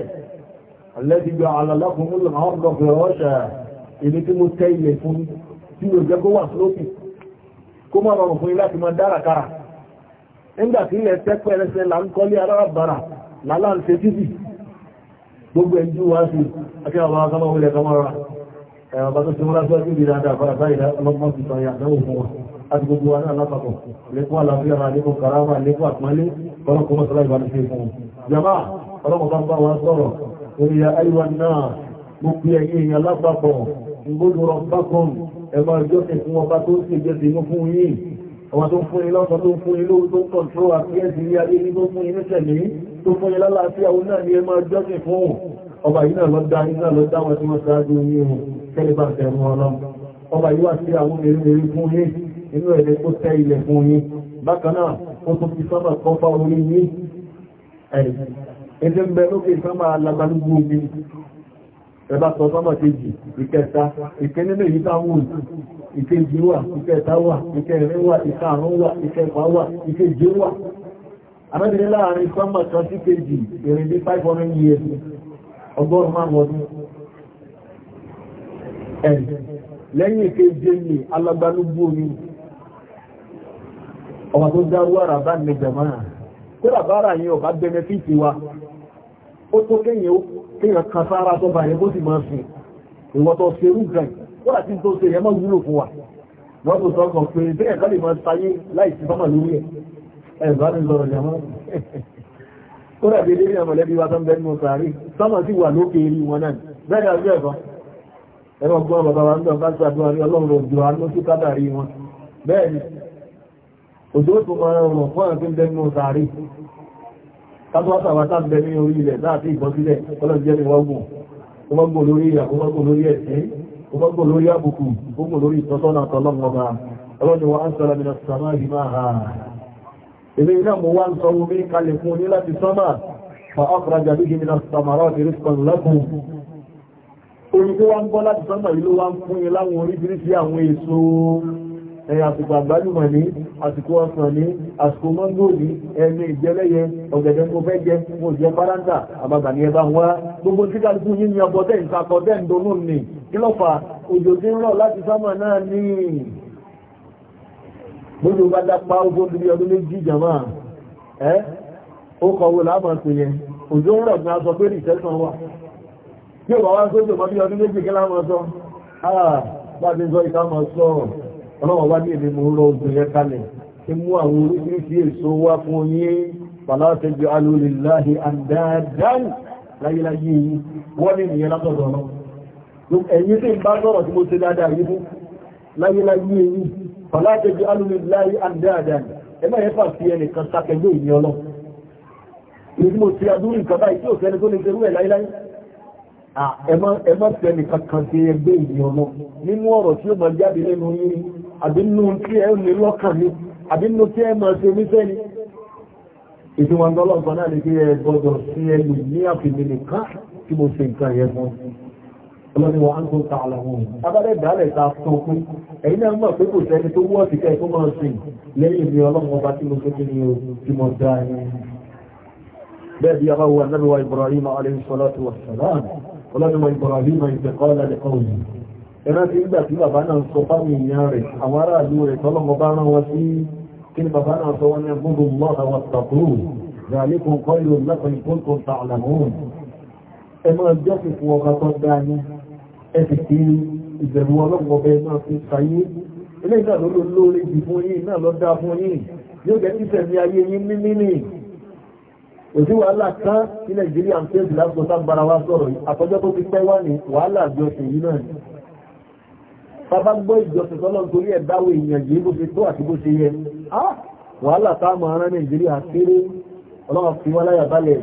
alẹ́dìgbà alàlákùnrin ọgbọ̀gbọ̀ ọ̀ṣà èmi tí mo tẹ́ ilẹ̀ fún tí mo jẹ́ kó wà sókè kó má rọrùn fún láti máa dárakára nígbà ń ọba tó ti múra sọ́jú bí dáadáa fara sáyé lọ́gbọ́n ti sọ ìyàdánwò fún wọn láti gbogbo wa náà lápapọ̀ lékún àlàáfíà máa lékún karama lékún àpọ́nlé kọ́lọ́kọ́ mọ́sọ́lá ìbánisẹ́ fún wọn jama ọlọ́mọ bá ń bá wọn sọ̀rọ̀ orí àìwá náà gbogbo ẹ̀yìn èèyàn lápapọ̀ gbogbo rọ̀ bákan ẹ̀mọ ìjọsìn fún ọba tó sì jẹ́sìn inú fún yín ọba tó fún yín lọ́sọ̀ tó fún yín lóòótọ́ kọ̀ntró àkíyèsí ní ayé ní tó fún yín níṣẹ̀lẹ̀ tó fún yín lálàáfíà òun náà ni ẹ̀mọ ìjọsìn fún kẹ́lẹ́bà tẹ̀mú ọlọ́run ọba yíwá sí àwọn mèremère fún yín inú ẹ̀rẹ́ kó tẹ́ ilẹ̀ fún yín bákan náà ó tún fi sọ́mà kan fá orí yín ẹ̀rì ẹ̀rẹ́ ń bẹ lókè sọ́mà alágbálúgbò omi ẹ̀bá sọ sọ́mà kejì ìkẹta ìkẹ́nínú èyí táwọn ìkejì wà ìkẹta ún ẹ̀rì lẹ́yìn kéje ní alágbálúgbò ní ọba tó dárú ara bá ní jàmáà tó ràbára yẹn ọba bẹnẹfíìtì wa ó tó kéyàn ó kéyàn kan sára tó bá yẹn bó sì máa fi ìwọ̀tọ̀ serú gan ó rà tí tó ṣe yẹn máa wúlò fún wa wọ́n tó sọ́kọ̀ pé bẹ́ẹ̀ ká lè máa sayé láìsí bámà lórí ẹ̀ ẹ̀bá ní lọ́rọ̀ jàmáà ó rà bí ilé ní àmọ̀lẹ́bí wa tó ń bẹ́ẹ̀ nù sàárì sọ́mọ̀ sí wà lókè eré wọn náà bẹ́ẹ̀ ẹ̀rọ gbọ́n bàbá wa ń dọ̀ bá gbàdúrà ní ọlọ́run òjò àánú sí kádàrí wọn bẹ́ẹ̀ ni òjò tó máa rọ̀ fún àwọn tó ń bẹ nínú sàárè kápọ́tà wa tá ń bẹ ní orí ilẹ̀ láti ìbọ̀sílẹ̀ ọlọ́jẹ́ ni wọ́gbùn ọgbọ̀n lórí àkọ́gbọ̀n lórí ẹ̀sìn ọgbọ̀n lórí àbùkù ọgbọ̀n lórí ìtọ́sọ́nà àtọ́lọ́mọba ọlọ́ni orí tó wá ń gbọ́ láti sọ́nà yìí ló wá ń fún yín láwọn oríṣiríṣi àwọn èso ẹ̀yà àsìkò àgbálùmọ̀ ní àsìkò ọsàn ní àsìkò mọ́ngò ní ẹni ìjẹlẹ́yẹ ọ̀gẹ̀dẹ̀ mo fẹ́ jẹ mo jẹ párántà àbàbà ní ẹbá wá gbogbo tí kálukú yín ni ọbọ̀ tẹ́ ìtakọ̀ tẹ́ ìdónú nì kí lọ́fà òjò tí ń rọ̀ láti sọ́mọ̀ náà ní gbogbo bá dápá ogún bí ọdún méjì jàmá ẹ́ ó kọ̀wé láàmà pè yẹn òjò ń rọ̀ gan aṣọ pé rìsẹ́sàn wà tí ó wà wá sójú ọmọ bí ọdún méjì kílá mọ́ sọ àà ah, bá ti sọ ìka mọ́ sọ ọlọ́wọ́ bá ní èdè mú rọ oṣù rẹ kalẹ̀ tí mú àwọn oríṣiríṣi èso wá fún yín pàlátẹ́jọ alóríláhi àdáadáa láyéláyé yìí wọ́n ní ìyẹn látọ̀dọ̀ lọ ẹ̀yìn tí ń bá sọ̀rọ̀ tí mo ṣe ẹmọ́ tẹ́ nìkan kan tí ẹgbẹ́ ìyàn lọ nínú ọ̀rọ̀ tí ó máa jáde lẹ́nu yìí àbínú tí ẹ ní lọ́kàn ní àbínú tí ẹ máa ṣe oníṣẹ́ ni ìdíwọ̀n ọlọ́gbọ̀n náà ní kí ẹ gbọ́dọ̀ sí ẹlù ní àfihàn nìkan tí mo ṣe nǹkan yẹn mọ́ ọlọ́niwọ̀ á ń tó ta àlà wọn abálẹ̀ ìdálẹ̀ ta sọ pé ẹ̀yin náà mọ̀ pé kò sẹ́ni tó wọ́ sí kẹ́ẹ̀ máa ṣe lẹ́yìn mi ọlọ́run ọba tí mo ṣe kí ni o tí mo dá ẹ bẹ́ẹ̀ bí abáwo anábíwá Ibrahim alayhi salatu wa salam ọlọ́dúnmọ̀ ìbọ̀ràbímọ̀ ìtẹ̀kọ́lá lẹ́kọ̀ọ́yìn ẹ̀rọ ti ń gbà tí bàbá náà sọ fáwọn èèyàn rẹ̀ àwọn aráàlú rẹ̀ tọ́lọ́mọ bá rán wọn sí kí ni bàbá náà sọ wọn ní gbogbo mọ́ àwọn tàkùrù تعلمون ẹ máa jọ́sìn fún ọba tó dáa ní ẹ sì fi ìbẹ̀rù ọlọ́pọ̀ bẹ náà fi ṣayé òsí wàhálà kan ní nàìjíríà ń tẹ́sì lásìkò sábàra wá sọ̀rọ̀ àtọ́jọ́ tó ti pẹ́ wá ní wàhálà àjọṣe yìí náà bàbá gbọ́ ìjọsìn tọ́lọ́n torí ẹ̀dáwò èèyàn yìí bó ṣe tó àti bó ṣe yẹ wàhálà táàmù ara nàìjíríà kéré ọlọ́wọ́ fi wá láyà balẹ̀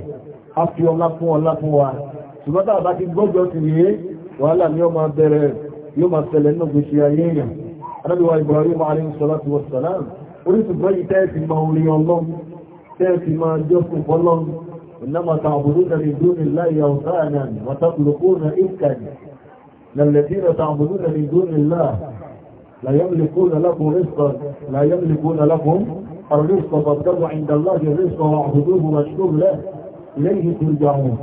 a fi ọlá fún ọlá fún wa ṣùgbọ́n tá àbá ti gbọ́jọ́ sí yé wàhálà ni ó máa bẹ̀rẹ̀ tẹ́ẹ̀fì máa jọ́kùn fọ́lọ́n إنما تعبدون من دون الله أوثانا وتخلقون إفكا للذين تعبدون من دون الله لا يملكون لكم رزقا لا يملكون لكم الرزق فابتغوا عند الله الرزق واعبدوه واشكروا له إليه ترجعون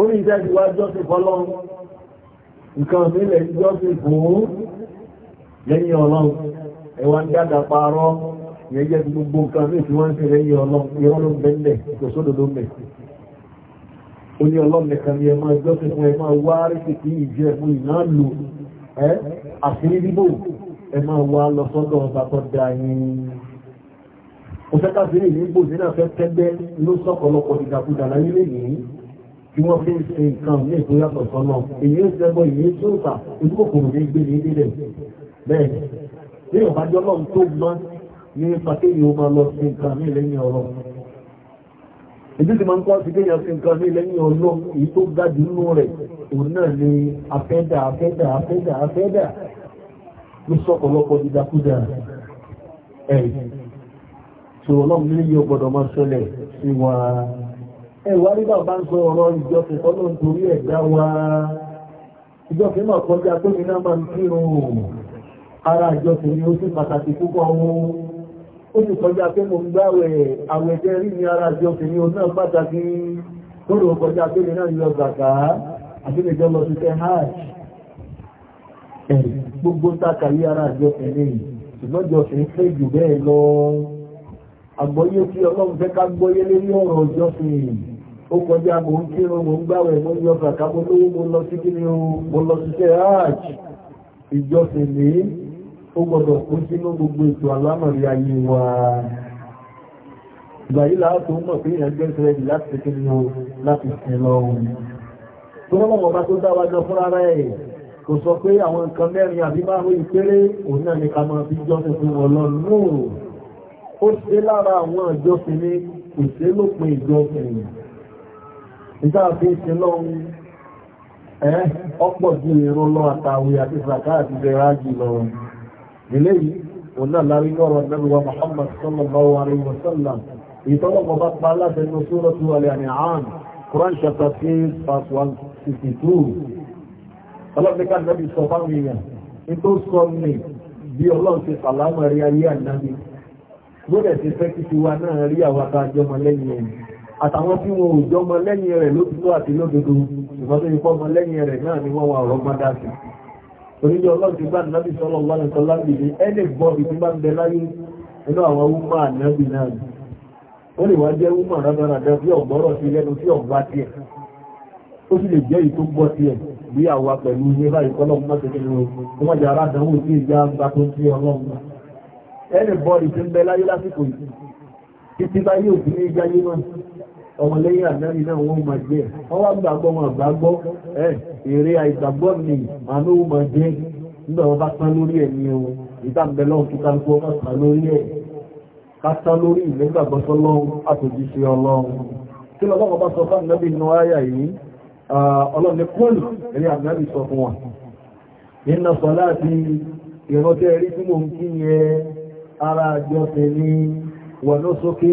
ó ní ìdájú wá jọ́sìn fọ́lọ́run nǹkan mílẹ̀ jọ́sìn fún lẹ́yìn ọlọ́run ìyẹn jẹ́ gbogbo nǹkan ní ìfìwọ́n ń fẹ́rẹ̀ yẹ ọlọ́run ló ń bẹ́lẹ̀ kò sódò ló mẹ́ ó ní ọlọ́run nìkan ni ẹ máa jọ́sìn fún ẹ máa wá rìsì kí ìjẹ́ fún ìná lò ẹ́ da yín ó fẹ́ káfíìrì ní ibò nínú afẹ́ tẹ́gbẹ́ ló sọ̀kọ̀lọpọ̀ ìdàkudà láyé lẹ́yìn tí wọ́n fi ń ṣe nǹkan ní ìgbéyàtọ̀ sọ́nà èyí ń sẹ́gbọ́ èyí ń tó ìta ojú kòkòrò ní gbé ní ilé bẹ́ẹ̀ ni ìyọ̀bájọ́ tó gbọ́n ní pàtíyàn ó máa lọ sí nǹkan ní lẹ́yìn ọ̀rọ̀ ìdí ti máa ń kọ́ sí kéyàn sí nǹkan ní lẹ́yìn ọ̀rọ̀ èyí tó gájú nínú rẹ̀ ni afẹ́dà afẹ́dà afẹ́dà afẹ́dà ló sọ́pọ̀lọpọ̀ dídákúdà ẹ̀ ṣòro náà nílé yóò gbọ́dọ̀ máa ṣẹlẹ̀ wa ẹ̀wà rí ara ni ó ti kọjá pé mo ń gbáwẹ̀ àwẹ̀jẹ́ rí ní ara jọ fi ní oná pàtàkì tó rò kọjá pé lè náà yọ bàtà àti lè jọ lọ sí tẹ́ hajj gbogbo tákàrí ara jọ fi ní ṣùgbọ́n jọ fi ń fẹ́ jù bẹ́ẹ̀ lọ àgbọ́yé tí ọlọ́run fẹ́ ká gbọ́yé lórí ọ̀rọ̀ ọjọ́ fi ó kọjá mo ń kírun mo ń gbáwẹ̀ mo ń yọ bàtà lówó mo lọ sí kí ni mo lọ sí tẹ́ hajj ìjọsìn nìyí ó gbọdọ̀ kó sínú gbogbo ètò alámọ̀rí ayé wa ìgbàyí láàtò mọ̀ pé ìyẹn gbẹ́sẹ̀ rẹ̀ láti tẹ́kẹ́ ní o láti tẹ́ lọ ohun tó rọ́mọ̀ ọba tó dáwájọ fún ara ẹ̀ kò sọ pé àwọn nǹkan mẹ́rin àbí márùn-ún ìpéré òun náà ní ká máa fi jọ́sìn fún wọn lọ nù ó ṣe lára àwọn ìjọsìn ní kò ṣe lópin ìjọsìn ìdáàfin ṣe lọ́run ẹ́ ọ̀pọ̀ ju èrò lọ àtàwé àti sàkáà àti bẹ̀rẹ̀ ájì lọ́run eléyìí òun náà lárí lọ́rọ̀ nẹ́lúwa Muhammad sallallahu alayhi wa sallam ìtọ́lọ́pọ̀ bá pa aláṣẹ ní Suratu Al-An'am Quran chapter 6 verse 162 ọlọ́pẹ́ká nẹ́bí sọ fáwọn èèyàn ní tó sọ ní bí ọlọ́run ti sàlámà rí ayé ànábi gbọ́dẹ̀ ti fẹ́ kí tiwa náà rí àwọn àtàjọmọ lẹ́yìn ẹ̀ àtàwọn oníjọ ọlọ́run ti gbá nàbí sọ́lọ́ ọlọ́run tó lábì ní ẹni gbọ́ ìpín bá ń bẹ láyé inú àwọn wúmọ̀ ànábì náà ni ó lè wá jẹ́ wúmọ̀ rádaràdá bí ọ̀gbọ́rọ̀ sí lẹ́nu tí ọ̀gbá tiẹ̀ ó sì lè jẹ́ èyí tó gbọ́ tiẹ̀ bí àwa pẹ̀lú ilé báyìí kọ́lọ́run mọ́ tẹ̀lé o ó mọ̀jà aládánwò sí ìjà gba tó ń tí ọmọ lẹ́yìn àdáni náà wọ́n máa jẹ́ ọwọ́ àgbàgbọ́ wọn àgbàgbọ́ ẹ̀ èrè àìgbàgbọ́ ni àánú máa jẹ́ nígbà wọn bá tán lórí ẹ̀ ní ohun ìdábẹ̀lọ́n tó kálukú ọmọ tán lórí ẹ̀ ká tán lórí ìlẹ́gbàgbọ́ sọlọ́run àtòjíṣẹ́ ọlọ́run kí lọ́wọ́ bá sọ fún ànábì inú ayà yìí ọlọ́run ní kúlù èrè ànábì sọ fún wọn nínú mò ń kí yẹn ara àjọsìn ni wọ̀nà sókè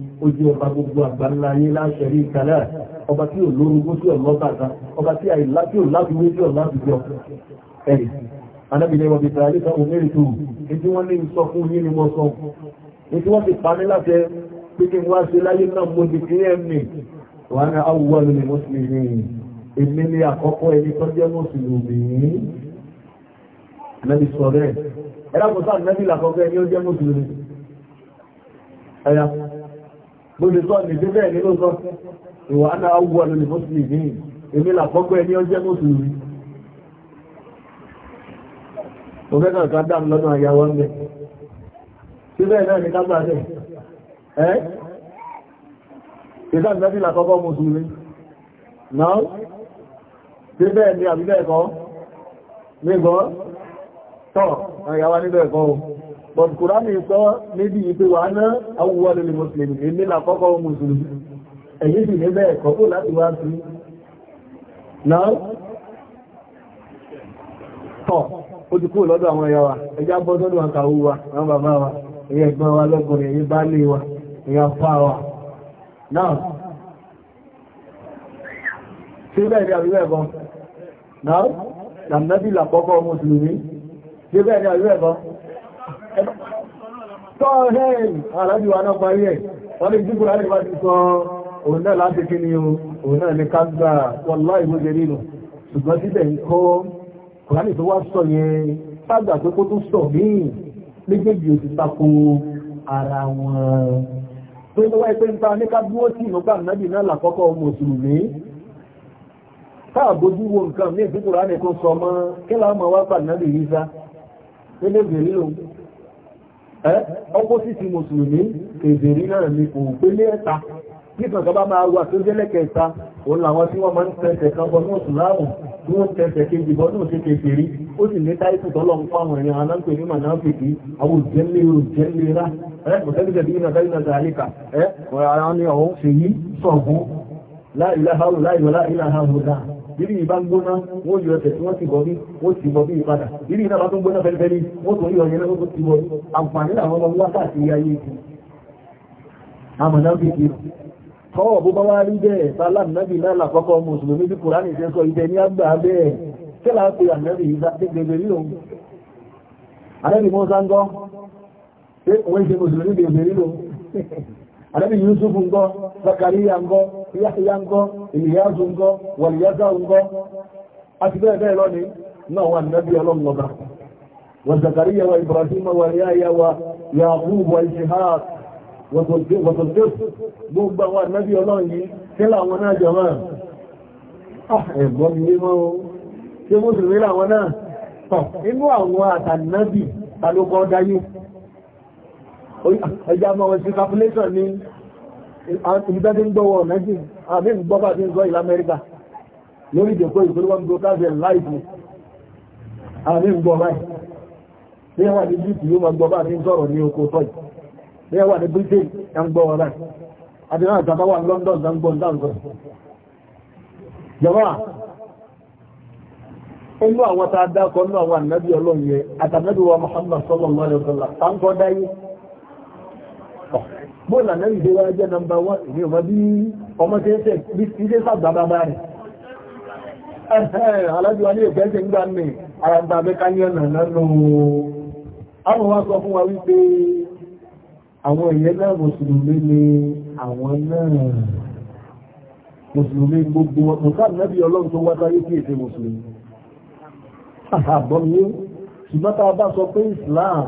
ojú ọba gbogbo àgbàlá ayé láṣẹ rí ìkàlẹ̀ ọba tí ò lórúkú tí ọ̀lọ́ bàtà ọba tí àìlá tí ò láfiwé tí ọ̀lá àbújọ ẹ̀rì anábìlẹ̀ wọ̀bí tààrí kan òmìnir tó ètí wọ́n ní sọ fún yí ni wọ́n sọ ètí wọ́n ti parí láti pé kí wá sí láyé náà mo di kí ẹ̀ mi wà ẹni tó jẹ́ mùsùlùmí nẹ́bí bóbi sọ ní bíbẹ̀ nínú sọ ìwà náà wọ ní mùsùlùmí ní èmi làkọ́kọ́ ẹni ó jẹ́ mùsùlùmí mo fẹ́ kàn ká dáàmú lọ́nà àyàwó ń bẹ̀ bíbẹ̀ náà ní ká bá dẹ̀ ẹ́ ìsáàmì mẹ́fì làkọ́kọ́ mùsùlùmí náà bíbẹ̀ ní àbíbẹ̀ ẹ̀kọ́ tọ́ àyàwó níbẹ̀ ẹ̀kọ́ but kùránì sọ níbi ìpé wà náà awúwọ́ lórí mùsùlùmí èmi là kọ́kọ́ mùsùlùmí èyí sì ní bẹ́ẹ̀ kọ́kọ́ láti wá sí náà tọ́ ó ti kúrò lọ́dọ̀ àwọn ẹ̀yà wa ẹjá bọ́ sọ́dọ̀ àkàwú wa àwọn bàbá wa ẹ̀yà ẹ̀gbọ́n wa lọ́kùnrin ẹ̀yà bálé wa ẹ̀yà fà wa náà ṣe bẹ́ẹ̀ ni náà làmìnàbí làkọ́kọ́ mùsùlùmí ṣe bẹ́ẹ̀ ni àríwẹ̀ ẹ̀bọn Tọ́ọ̀hẹ́n àrájúwà náà parí ẹ̀, wọ́n lè jíkù láti bá ti sọ òun náà láti kí ni òun náà ní kágbà wọ́lá ìwọ́jẹ nínú. Ṣùgbọ́n síbẹ̀ ń kọ́ Kùránì tó wá sọ yẹn ságbà pé kó tó sọ míì méjèèjì ò ti tako ara wọn. Tó ń wáyé pé ń ta ní ká dúró sí ìnúgbà nábì náà làkọ́kọ́ mùsùlùmí káàbójú wo nǹkan ní ìdíkùrá ní kó sọ mọ́ kí láwọn wá pàdánù ìrísá nílé ìgbèrí lòun ọpọ́sìtì mùsùlùmí èdèrí náà ni kò gbélé ẹ̀ta nígbàtọ́ bá máa wà tó jẹ́lẹ̀ kẹta òun làwọn tí wọ́n máa ń tẹ́ẹ̀tẹ̀ kan bọ́ náà sùláàmù tí wọ́n tẹ́ẹ̀tẹ̀ kejì bọ́ náà tẹ́ẹ̀tẹ̀ kiri ó sì ní táìpù tọ́lọ láìláhàrù láìláhàrù ìrí ìbá ń gbóná wọ́n yọ ẹsẹ̀ tí wọ́n ti bọ̀ bí wọ́n ti bọ̀ bí ìpadà ìrí ìdábà tó ń gbóná fẹ́lifẹ́lí wọ́n tó yọ ìyẹn lọ́wọ́ ti bọ̀ àǹfààní làwọn ọmọ wá káàkiri ayé ti àmọ̀nà bí kí tọ́wọ̀ bó bá wá rí bẹ́ẹ̀ sálà nàbì náà làkọ́kọ́ mùsùlùmí bí kùránì ṣe sọ ìdẹ ní àgbà bẹ́ẹ̀ tí là ń pe ànẹ́bì ìgbà gbẹgbẹ rí òun ànẹ́bì mọ́ sáńgọ́ pé Ànábì Yusuf ń gọ́, Zakariya ń gọ́, Yahya ń gọ́, Ìlìyàzù ń gọ́, Wàlìyàzà ń gọ́, àti bẹ́ẹ̀ bẹ́ẹ̀ lọ ni náà wà nàbí ọlọ́mọba. Wa Zakariya wa Ibrahim wa Yahya wa Yaqub wa Ishaq wa Tudus gbogbo àwọn ànábì ọlọ́run yìí kílà àwọn náà ah, mo sì rí àwọn náà? Inú àwọn àtànábì ta ló kọ́ ẹjá mọ́ wọn sí calculation ní ìgbẹ́dín gbọ́wọ́ mẹ́jì àmì gbọ́bà tí ń gọ́ ìlà Amẹ́ríkà lórí ìdẹ̀kọ́ ìgbẹ́lúwọ́n broadcast and live àmì gbọ́bà tí wà ní Britain yóò máa gbọ́bà tí ń sọ̀rọ̀ ní oko tọ́ì tí wà ní Britain ń gbọ́wọ́ rẹ̀ àti náà tàbá wà London ń gbọ́ dáńgọ́ jọba inú Muhammad sallallahu alaihi wasallam bóòlà náà ìdè wá jẹ́ nọmbà wọ́n ìní ọmọ bí ọmọ tí ṣe bí i ṣe sàgbà bàbá rẹ̀ ẹ̀hẹ́ alájúwa ní ìfẹ́ ṣe ń gbà mí àràgbà mẹ́káníọ̀nà nánú àwọn wá sọ fún wa ni àwọn náà mùsùlùmí gbogbo mùsùlùmí náà bí ọlọ́run tó wá sáyé kí èsè mùsùlùmí àbọ̀mí ṣùgbọ́n tá a bá sọ pé Islam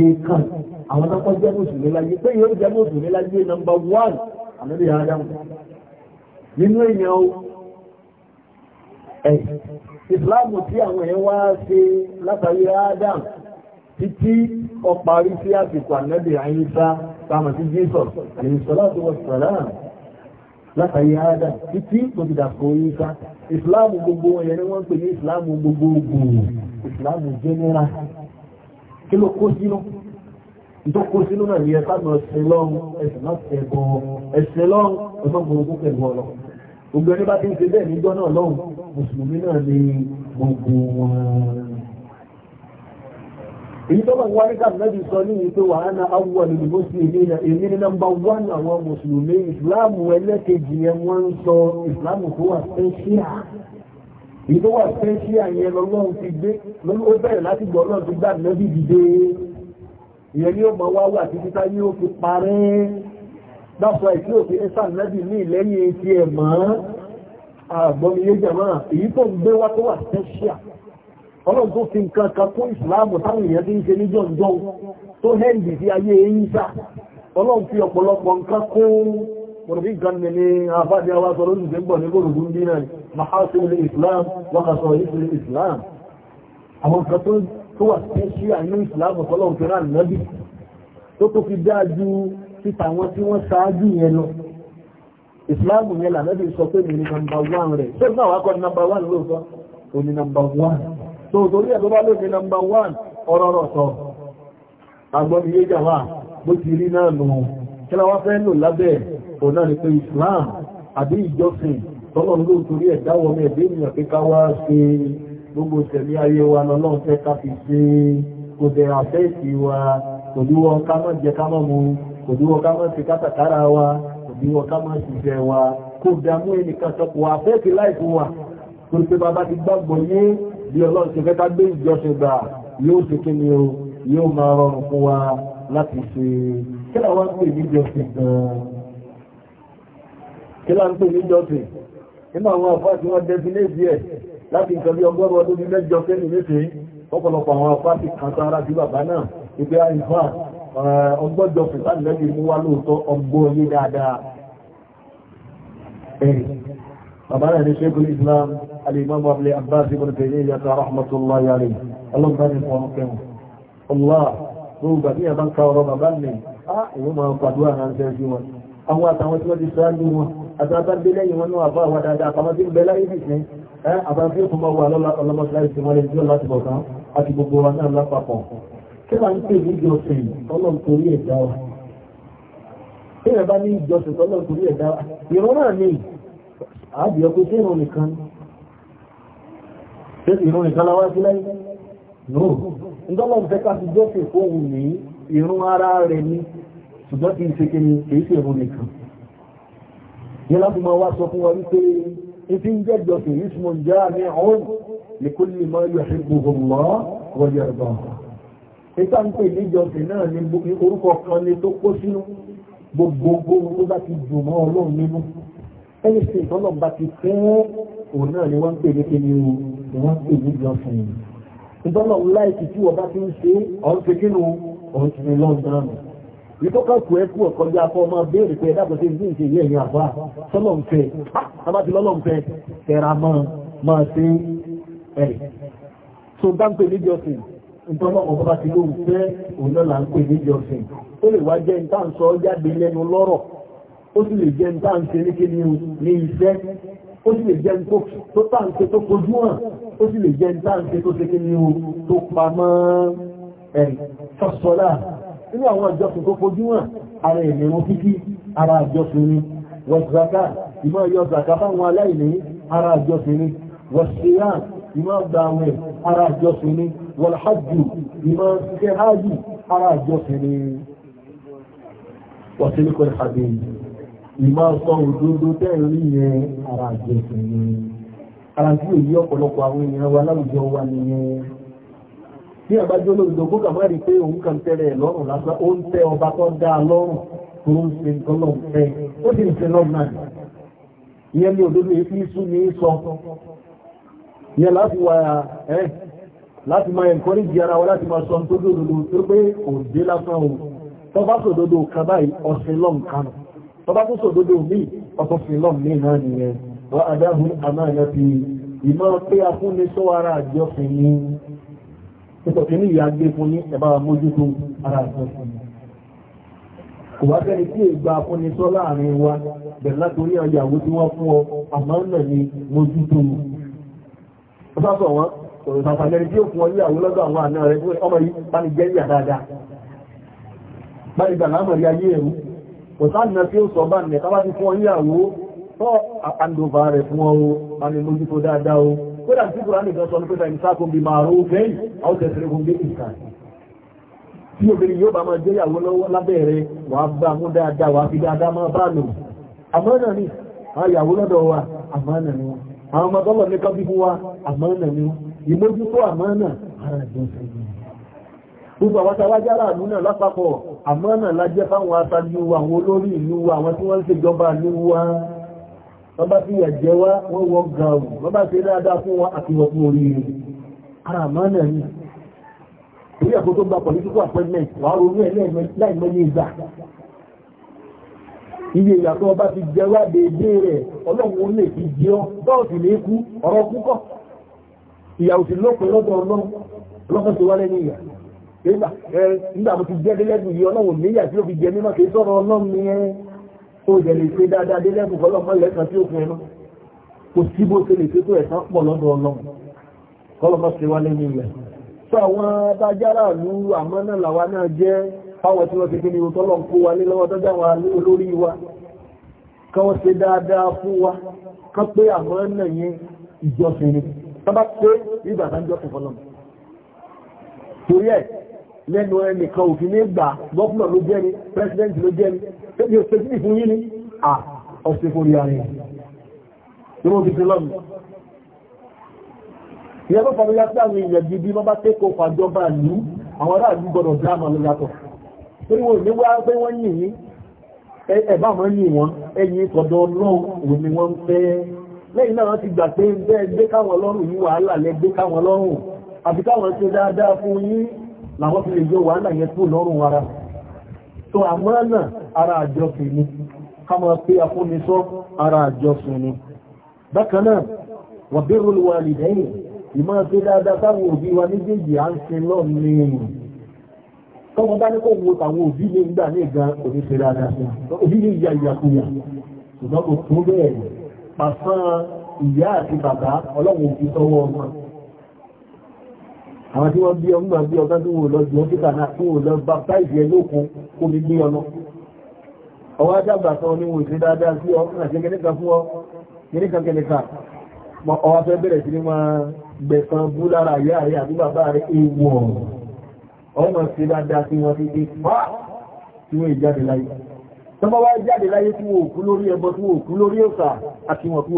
nǹkan àwọn tó kọ́ jẹ́ mùsùlùmí láyé pé yóò jẹ́ mùsùlùmí láyé nọmbà wán àmọ́lẹ̀ àádámù nínú èèyàn o ẹ̀ ìsìláàmù tí àwọn èèyàn wá ṣe látàrí àádámù títí ọparí sí àsìkò ànẹ́bì àyíká sáàmà sí jesus àyíṣọ́láàtí wọ́n sàlám látàrí àádámù títí tó ti dàpọ̀ yíká ìsìláàmù gbogbo wọn yẹn ni wọ́n pè ní general kí ló kó sínú ìdókó sínú náà ní ẹ̀ká lọ ẹ̀sẹ̀ lọ́run ẹ̀sẹ̀ láti ẹ̀bọ̀n ẹ̀sẹ̀ lọ́run ọ̀sán gbogbo pẹ̀lú ọ̀rọ̀ gbogbo ẹni bá ti ń ṣe bẹ́ẹ̀ níjọ́ náà lọ́run mùsùlùmí náà ní gbogbo wọn èyí tó bá wá ní kàbínẹ́bì sọ ní ìpé wà ánà awọ ní mùsùlùmí na èmi ní ìlú wà pẹ́ńṣí àyẹn lọ́lọ́run ti gbé ó bẹ̀rẹ̀ láti gbọ́ ọlọ́run ti gbà lọ́bí dìde ìyẹn ni ó mọ̀ wá wà títí táyé ó fi parẹ́ dáfọ́ ìtí òfin ẹ́sà lẹ́bí ní ìlẹ́yìn ti ẹ̀ mọ́ àgbọ́mi yé jẹ̀mọ́ èyí tó ń gbé wá tó wà pẹ́ńṣíà ọlọ́run tó fi nǹkan kan kún ni ni àfáàdé wa sọ lóṣù tó ń mahasi ilé islam wákàtọ̀ ilé islam àwọn nǹkan tó tó wà sí sí àìní islam ọ̀pọ̀lọ̀ òkèrè ànábì tó tó fi dáa ju títà wọn tí wọ́n ṣáájú yẹn lọ islam yẹn lànàbì sọ pé mi ní nàmbà wán rẹ̀ tó náà wákọ̀ nàmbà wán lóòótọ́ ò ní nàmbà wán tó torí ẹ̀ tó bá lóòótọ́ nàmbà wán ọ̀rọ̀ rọ̀ sọ agbọ́n iye jà wà bó ti rí náà nù kí la wá fẹ́ lò lábẹ́ òun náà ni pé islam àbí ìjọsìn tọ́lọ̀ ló torí ẹ̀dá wọn ẹ̀dẹ́ ènìyàn pé ká wá ṣe gbogbo ìṣẹ̀lẹ̀ ayé wa lọ́lọ́run fẹ́ ká fi ṣe kò dẹ̀ àfẹ́ ìsì wa kò díwọ́ ká má jẹ ká má mu kò díwọ́ ká má ṣe kátàkárà wa kò díwọ́ ká má ṣiṣẹ́ wa kò dàmú ẹnìkan sọ kò àfẹ́ wa tó ṣe bàbá ti gbàgbọ́ ní bí ọlọ́run ṣe fẹ́ kí ni o yóò máa pè ní ìjọsìn nínú àwọn àfá tí wọ́n dẹ́fínéèdì ẹ̀ láti nǹkan bí ọgọ́rùn ọdún ní mẹ́jọ kẹ́lì méje ọ̀pọ̀lọpọ̀ àwọn àfá ti kàn sára sí bàbá náà ìpé àìfà ọgbọ́jọ pẹ̀lá lẹ́bí mú wá lóòótọ́ ọgbọ́ yé dáadáa bàbá rẹ̀ Islam alìmọ́mọ́ abúlé Abbas ibn Taymiyyah rahmatullahi alayhi ọlọ́gbà ní fọ́nù Allah gbogbo àti ẹ̀bá ń ka ọ̀rọ̀ bàbá mi á ah, ìwọ́n máa pàdúrà náà ń tẹ́ sí wọn àwọn àtàwọn tí wọ́n ti sáájú wọn àtàbà dé lẹ́yìn wọn náà àbá àwọn dáadáa àtàwọn tí ń bẹ láyé nìsín àbá tí ó tún bá wà lọ́lọ́mọ́síláì sí wọn lè jọ láti bọ̀ kan àti gbogbo wa náà lápapọ̀ kí wà ń pè ní ìjọsìn ọlọ́run torí ẹ̀dá wa tí ẹ bá ní ìjọsìn ọlọ́run àbí ọkọ̀ tí ìran nìkan tí ìran nìkan láwá sí láyé no ìjọlọ́run fẹ́ ká ti jọ́sìn fóun ní ìrun ara rẹ̀ ní ṣùgbọ́n kì í ṣe kí ni kì í ṣe nìkan ní láti máa wá sọ fún wa wípé ibi ń jẹ́jọ sí ismọ̀ já ní ọ̀hún ní kó lè máa yọ sí gbogbo mọ́ wọ́n yẹ ọ̀dọ́ ìta ń pè níjọsìn náà ní orúkọ kan ní tó kó sínú gbogbogbò tó bá ti dùn mọ́ ọlọ́run nínú ẹni sí ti fẹ́ òun náà ni wọ́n ń pè ní ìtọ́kàn kò ẹkú ọ̀kọjá fọ́ ọmọ béèrè pé ẹ̀dàbọ̀ tí ní ìṣe ilé ẹ̀yìn àbá sọ́lọ́mfẹ́ tàbátí lọ́lọ́mfẹ́ tẹ̀ra máa sí ẹ̀rì tó dáńpé níjọsìn ìtọ́lọ́ ọ̀bọ̀bá ti ló ń fẹ́ òlọ́là ń pè níjọsìn ó lè wá jẹ́ nǹkan sọ jáde lẹ́nu lọ́rọ̀ ó sì lè jẹ́ nǹkan ṣe ní kí ní iṣẹ́ ó sì lè jẹ́ tó tàn ṣe tó kojú hàn ó sì lè jẹ́ nǹkan ṣe tó ṣe kí ní tó pamọ́ ẹ̀rì fọ́sọ́lá nínú àwọn ìjọsìn tó fojú hàn ara ìrìnrún kíkí ara ìjọsìn ni wọ̀sàká ìmọ̀ yọ zàká fáwọn aláìní ara ìjọsìn ni wọ̀síyà ìmọ̀ gbàwẹ̀ ara ìjọsìn ni wọ̀lhajjù ìmọ̀ ṣiṣẹ́ hajjù ara ìjọsìn ni wọ̀sílẹ̀kọ̀ ìhàbí ìmọ̀ tí ọba jọ lóòdò kó kàmá rí pé òun kàn tẹ́rẹ ẹ̀ lọ́rùn lásán ó ń tẹ ọba tó dá lọ́rùn tó ń ṣe nǹkan lọ́rùn fẹ́ ó sì ń ṣe lọ́rùn náà ìyẹn ní òdodo èyí sún ní sọ ìyẹn láti wà ẹ́ láti máa ẹ̀kọ́ ní ara wa láti máa sọ tó dòdòdò tó pé òdé lásán o tọ́ba sòdodo kan báyìí ọ̀sìn lọ́n kan tọ́ba tó sòdodo míì ọ̀sìn lọ́n míì náà nìyẹn wọ́n adáhùn àmáyà fi ìmọ̀ pé afúnni sọ́wọ́ ara àjọsìn ni títọ̀ tí ní ìyá gbé fún ní ẹ̀bá mójútó ara ìfẹ́sùn kò wá fẹ́ni tí ìgbà fún ni sọ láàrin wa bẹ̀rẹ̀ látorí ọyàwó tí wọ́n fún ọ àmọ́ ń lẹ̀ ní mójútó ó sáfọ̀ wọn ọ̀rọ̀ sàfàlẹ́ni tí ó fún ọ níyàwó lọ́dọ̀ àwọn àna rẹ̀ fún ọmọ yìí bá ní jẹ́ ìyà dáadáa bá ní gbàgbà mọ̀rí ayé kódà tí kúrò nìkan sọ ní pé báyìí sáà kò bí máa rú fẹ́yìn àwọn tẹ̀sẹ̀rẹ̀ kò gbé ìkà tí obìnrin yóò bá máa jẹ́ ìyàwó lọ́wọ́ lábẹ́rẹ́ wàá bá mú dáadáa wàá fi dáadáa máa ni àwọn ìyàwó lọ́dọ̀ wa ni àwọn ọmọ tọ́lọ̀ ní kọ́bí fún wa àmọ́ náà ni ìmójútó àmọ́ náà ara ìjọsìn gbogbo àwọn tàwájá aráàlú náà lápapọ̀ àmọ́ náà lájẹ́ fáwọn aṣáájú àwọn olórí ìlú àwọn tí wọ́n ń ṣèjọba ìlú wa wọ́n bá fi ẹ̀jẹ̀ wá wọ́n wọ́n gàrù wọ́n bá fi dáadáa fún wọn àti wọ́n fún oríire ara máa náà ní orí ẹ̀kọ́ tó gba political appointment wà á ronú ẹ̀ láìmọ́ ní ìgbà iye ìyàtọ̀ ọba ti jẹ́wà dédé rẹ̀ ọlọ́run lè fi jẹ́ ọ bọ́ọ̀sì lè kú ọ̀rọ̀ púpọ̀ ìyàwó sì lópin lọ́dọ̀ ọlọ́run ọlọ́run ti wá lẹ́nu ìyà nígbà mo ti jẹ́ délẹ́gùn yìí ọlọ́run níyà tí ó fi jẹ mímọ́ kì í ọlọ́run ni ẹ́ ó jẹ lè ṣe dáadáa dé lẹ́bùn fọlọ́mọ lẹ́sàn tí ó fún ẹnu kò sí bó ṣe lè ṣe tó ẹ̀sán pọ̀ lọ́dọ̀ ọlọ́run kọlọmọ ṣe wá lẹ́nu ilẹ̀ sọ àwọn abájára ìlú àmọ́ náà làwa náà jẹ́ fáwọn tí wọ́n ti kíni ohun tọ́lọ́ kó wa lé lọ́wọ́ tọ́jà wa olórí wa káwọn ṣe dáadáa fún wa kán pé àmọ́ náà yẹn ìjọsìn ni tọ́ba pé ìgbà tá ń jọ́sìn fọlọ́mọ torí ẹ̀ lẹ́nu ẹnìkan òfin ní gbà gọ́fúnà ló jẹ́ ni pẹ́sidẹ́ntì ló jẹ́ ni tẹ́bí ò tẹ́bí fún yí ní à ọ̀sẹ̀ forí ara rẹ̀ tí wọ́n fi ti lọ́nà ìyẹ́ bọ́ fàmílá tí àwọn èèyàn gidi wọ́n bá tẹ́kọ̀ọ́ fàjọba ìlú àwọn ará ìlú gbọ́dọ̀ dáàmà ló yàtọ̀ torí wọn ò ní wá pé wọ́n yìn yín ẹ̀bá wọn yìn wọn ẹ̀yìn kọ̀dọ̀ ọlọ́run ni wọ́n ń fẹ́ lẹ́yìn náà ti gbà pé bẹ́ẹ̀ gbé káwọn lọ́rùn yí wàhálà lẹ gbé káwọn lọ́rùn àbí káwọn ṣe dáadáa fún yín làwọn fi lè yọ wàhálà yẹn tó lọ́rùn ara tó àmọ́ náà ara àjọsìn ni pe máa pé ara àjọsìn ni bákan náà wa birrul walidayn ìmọ̀ sí dáadáa táwọn òbí wa méjèèjì à ń sin lọ́ọ̀ ní ẹ̀yìn tọ́mọ bá ní kò tún àwọn tí wọ́n bí ọgbà bí ọgá tó wò lọ sí ọ́fíkà náà tó wò lọ bá táìsì ẹ lókun kó mi gbé ọlọ ọwọ́ ajágbà sọ ní wò sí dáadáa sí ọmọ àti kẹ́nìkà fún ọ kẹ́nìkà kẹ́nìkà ọwọ́ fẹ́ bẹ̀rẹ̀ sí ní máa gbẹ̀san bú lára ìyá rẹ̀ àti bàbá rẹ̀ èèwọ̀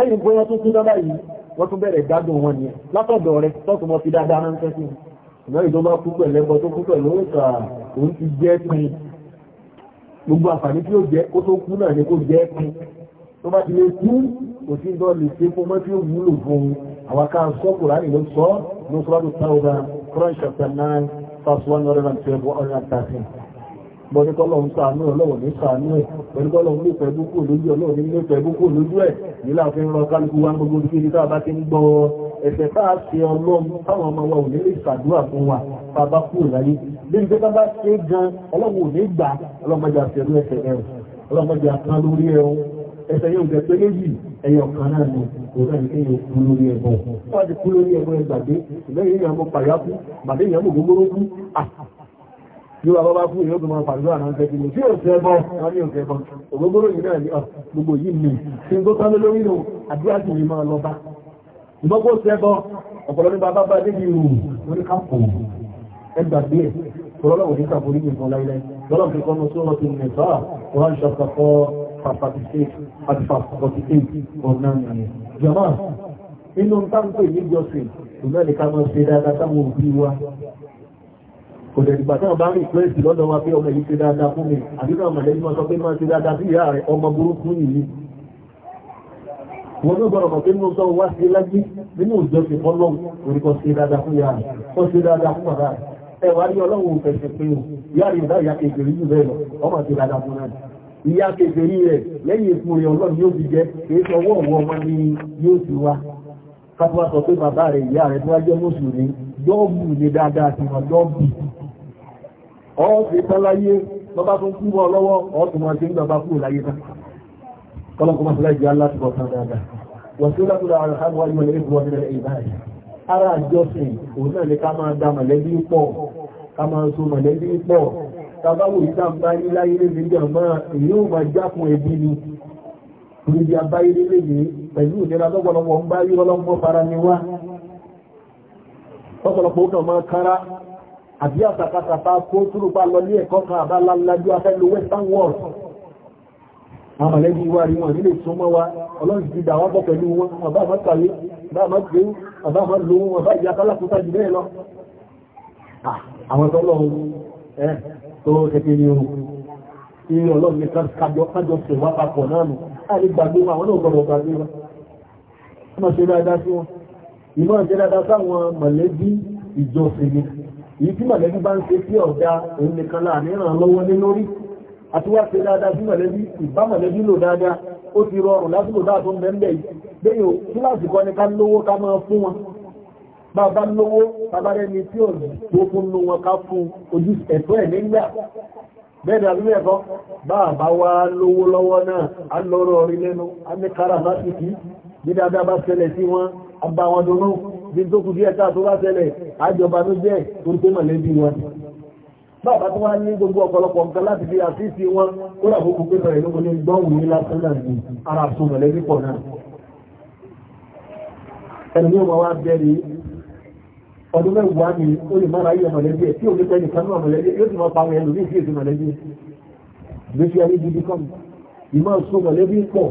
lẹ́yìn bóyá tó tún dábàá yìí wọ́n tún bẹ̀rẹ̀ gbádùn wọn ni látọ̀dọ̀ rẹ̀ tọ́tún mọ́ fi dáadáa ránṣẹ́ sí ìmọ̀ ìjọ bá kú pẹ̀lẹ́ bọ́ tó kú pẹ̀lú ìta òun ti jẹ́ pin gbogbo àǹfààní tí ó jẹ́ kó tó kú náà ni kó jẹ́ pin tó bá ti lè kú kò sí ìjọ lè ṣe fún mọ́ tí ó wúlò fún àwọn ká ń sọ kùrá nìlú sọ ló sọ́dọ̀ táwọn Quran chapter 9 verse 113 bọ́nikọ́lọ́hun ṣàánú ọlọ́run ní ṣàánú ẹ̀ bọ́nikọ́lọ́hun lè pẹ̀lú kò lójú ọlọ́run ní lè pẹ̀lú kò lójú ẹ̀ nílà fi ń rọ kálukú wá gbogbo nígbèrè tá a bá ti ń gbọ́ ẹ̀sẹ̀ tá a ṣe ọlọ́run táwọn ọmọ wa ò ní lè ṣàdúrà fún wa tá a bá kú ìráyé bí nígbà tá a bá ṣe gan ọlọ́run ò ní gbà ọlọ́mọdé àṣẹrú ẹsẹ̀ ẹ̀rùn ọlọ́mọdé àkan lórí ẹ̀rùn ẹsẹ̀ yóò jẹ́ pé méjì ẹyọ kan náà ni òun ẹni kéyìn kú lórí ẹ̀bọ̀n wọ́n ti kú lórí ẹ̀bọ̀n ẹgbàgbé ìgbẹ́yìn ìyàmọ̀ pàyàkú bàbá ìyàmọ̀ gbogbo bí wà bá fún ìyókù máa pàdúrà náà tẹ́kì ní tí ó tẹ́bọ́ wọ́n ní òkè bọ́n ògbógbóró yìí náà ní ọ̀ gbogbo yìí ní tí ń tó sáré lórí nù àdúrà sì ní máa lọ bá ìgbọ́gbó tẹ́bọ́ ọ̀pọ̀lọ́ ní bàbá bá débi rù lórí kápò ẹgbà bí ẹ̀ ọlọ́wọ̀ ní sàbò ní nǹkan láìlẹ́ lọ́lọ́m fi kọ́nu sọ́rọ̀ ti nì sọ́ Quran chapter four forty six òdẹ̀dìgbà tí wọ́n bá rí ìpẹ́ẹ̀sì lọ́dọ̀ wa pé ọmọ yìí ṣe dáadáa fún mi àbíkọ́ àmọ̀lẹ́bí wọn sọ pé máa ṣe dáadáa sí ìyá rẹ̀ ọmọ burúkú yìí wọn ló gbọ́dọ̀ mọ̀ pé nínú sọ wá sí lágbí nínú ìjọsìn fọ́lọ́n oríkọ́ ṣe dáadáa fún ìyá rẹ̀ kọ́ ṣe dáadáa fún bàbá rẹ̀ ẹ wá rí ọlọ́run o ìyá rẹ̀ ìdá ìyá kejì jù bẹ́ẹ̀ lọ ọmọ ṣe dáadáa fún náà ìyá kejì rẹ̀ lẹ́yìn èkó rẹ̀ ọlọ́run yóò fi jẹ́ kìí sọ ọwọ́ ọ̀wọ́ wọn ni yóò ti wá kápá sọ ọ́ọ̀fẹ́ tán láyé bọ́bá tó ń kú bọ́ lọ́wọ́ ọ́ọ̀tún máa ṣe ń gbàgbá kúrò láyé tán kọ́lọ́kọ́ máa fẹ́lá ìjẹ́ aláti bọ̀ tán dáadáa wọ́n tí ó látọ̀ ara hàn wáyé wọn lẹ́gbẹ̀ẹ́ wọn nílẹ̀ ìbáyìí ara àjọsìn òun náà ni ká máa da mọ̀lẹ́bí pọ̀ ká máa so mọ̀lẹ́bí pọ̀ tàbáwò ìta bá ní láyé lẹ́gbẹ̀ẹ́ ìjọba èyí ó máa jákun ẹbí ni níbi abáyé lẹ́gbẹ̀ẹ́ pẹ̀lú ìlera lọ́pọ̀lọpọ̀ ń bá yí ọlọ́pọ̀ fara ni wá ọ̀pọ̀lọpọ̀ ó kàn máa kára àbí àtàkàtàkà kó túrùpá lọ ní ẹ̀kọ́ kan àbálálájú afẹ́lú western world àwọn mọ̀lẹ́bí wa rí wọn nílé súnmọ́ wa ọlọ́run ti dà wọ́n pọ̀ pẹ̀lú wọn bàbá àmọ́ kàwé bàbá àmọ́ gbé bàbá àmọ́ lo wọn bàbá ìyá kálákútà jù bẹ́ẹ̀ lọ àwọn tọ́lọ ẹ̀ tó kẹ́kẹ́ ní ohun tí ọlọ́run nìkan yi tí mọ̀lẹ́bí bá ń ṣe tí ọ̀dá òun nìkan láàrin ràn lọ́wọ́ ní lórí àti wá ṣe dáadáa sí mọ̀lẹ́bí ìbá mọ̀lẹ́bí lò dáadáa ó ti rọrùn lásìkò dáa tó ń bẹ́ ń bẹ̀ yìí bẹ́ẹ̀ o kíláàsì kọ́ ni ká lówó ká máa fún wọn lówó ni tí ò tó fún wọn ká fún ojú ẹ̀tọ́ ẹ̀ wa lówó lọ́wọ́ náà á lọ́rọ̀ orí lẹ́nu bí dáadáa bá ṣẹlẹ̀ sí wọn abá wọn dúnú bí tó kù díẹ̀ káà tó bá ṣẹlẹ̀ àjọba ló jẹ́ torí pé mọ̀lẹ́bí wọn bàbá tó wá ní gbogbo ọ̀pọ̀lọpọ̀ nǹkan láti fi àfíìsì wọn ó rà fún pé bẹ̀rẹ̀ ló ní gbọ́hùn ní lásán náà ní ara àtò mọ̀lẹ́bí pọ̀ náà ẹni yóò máa wá bẹ̀rẹ̀ ọdún mẹ́wàá ni ó lè mára yíyọ mọ̀lẹ́bí ẹ̀ tí ò ní pẹ́ nìkan náà mọ̀lẹ́bí yóò sì ìmọ̀ sọ mọ̀lẹ́bí pọ̀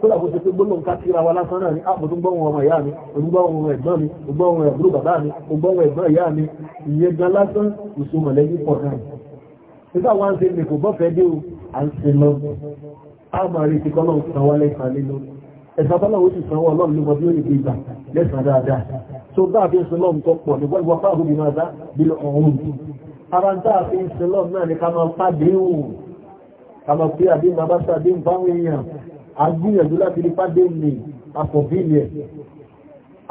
kódà kó ṣe pé gbólóhùn ká kíra wa lásán náà ni àpò ah, tó gbọ́ wọn ọmọ ìyá mi ògbọ́ wọn ẹ̀gbọ́n mi ògbọ́ wọn ẹ̀gbọ́n bàbá mi ògbọ́ wọn ẹ̀gbọ́n ìyá mi ìyẹn gan lásán ìṣó mọ̀lẹ́bí pọ̀ náà nígbà wá ń ṣe nìkò a máa rí ti kọ́lọ́ san wá lẹ́sàn lé lórí ẹ̀sán bọ́lá ó sì sanwó ọlọ́run ló mọ bí ó lè gbégbà lẹ́sàn dáadáa tó bá fi ń sin lọ́run tó pọ̀ a fi ń sin lọ́run náà ní ká àmọ́ pé àbí bàbá sàdé ń báwọn èèyàn agbóyànjú láti rí pàdé ní àpọ̀bílẹ̀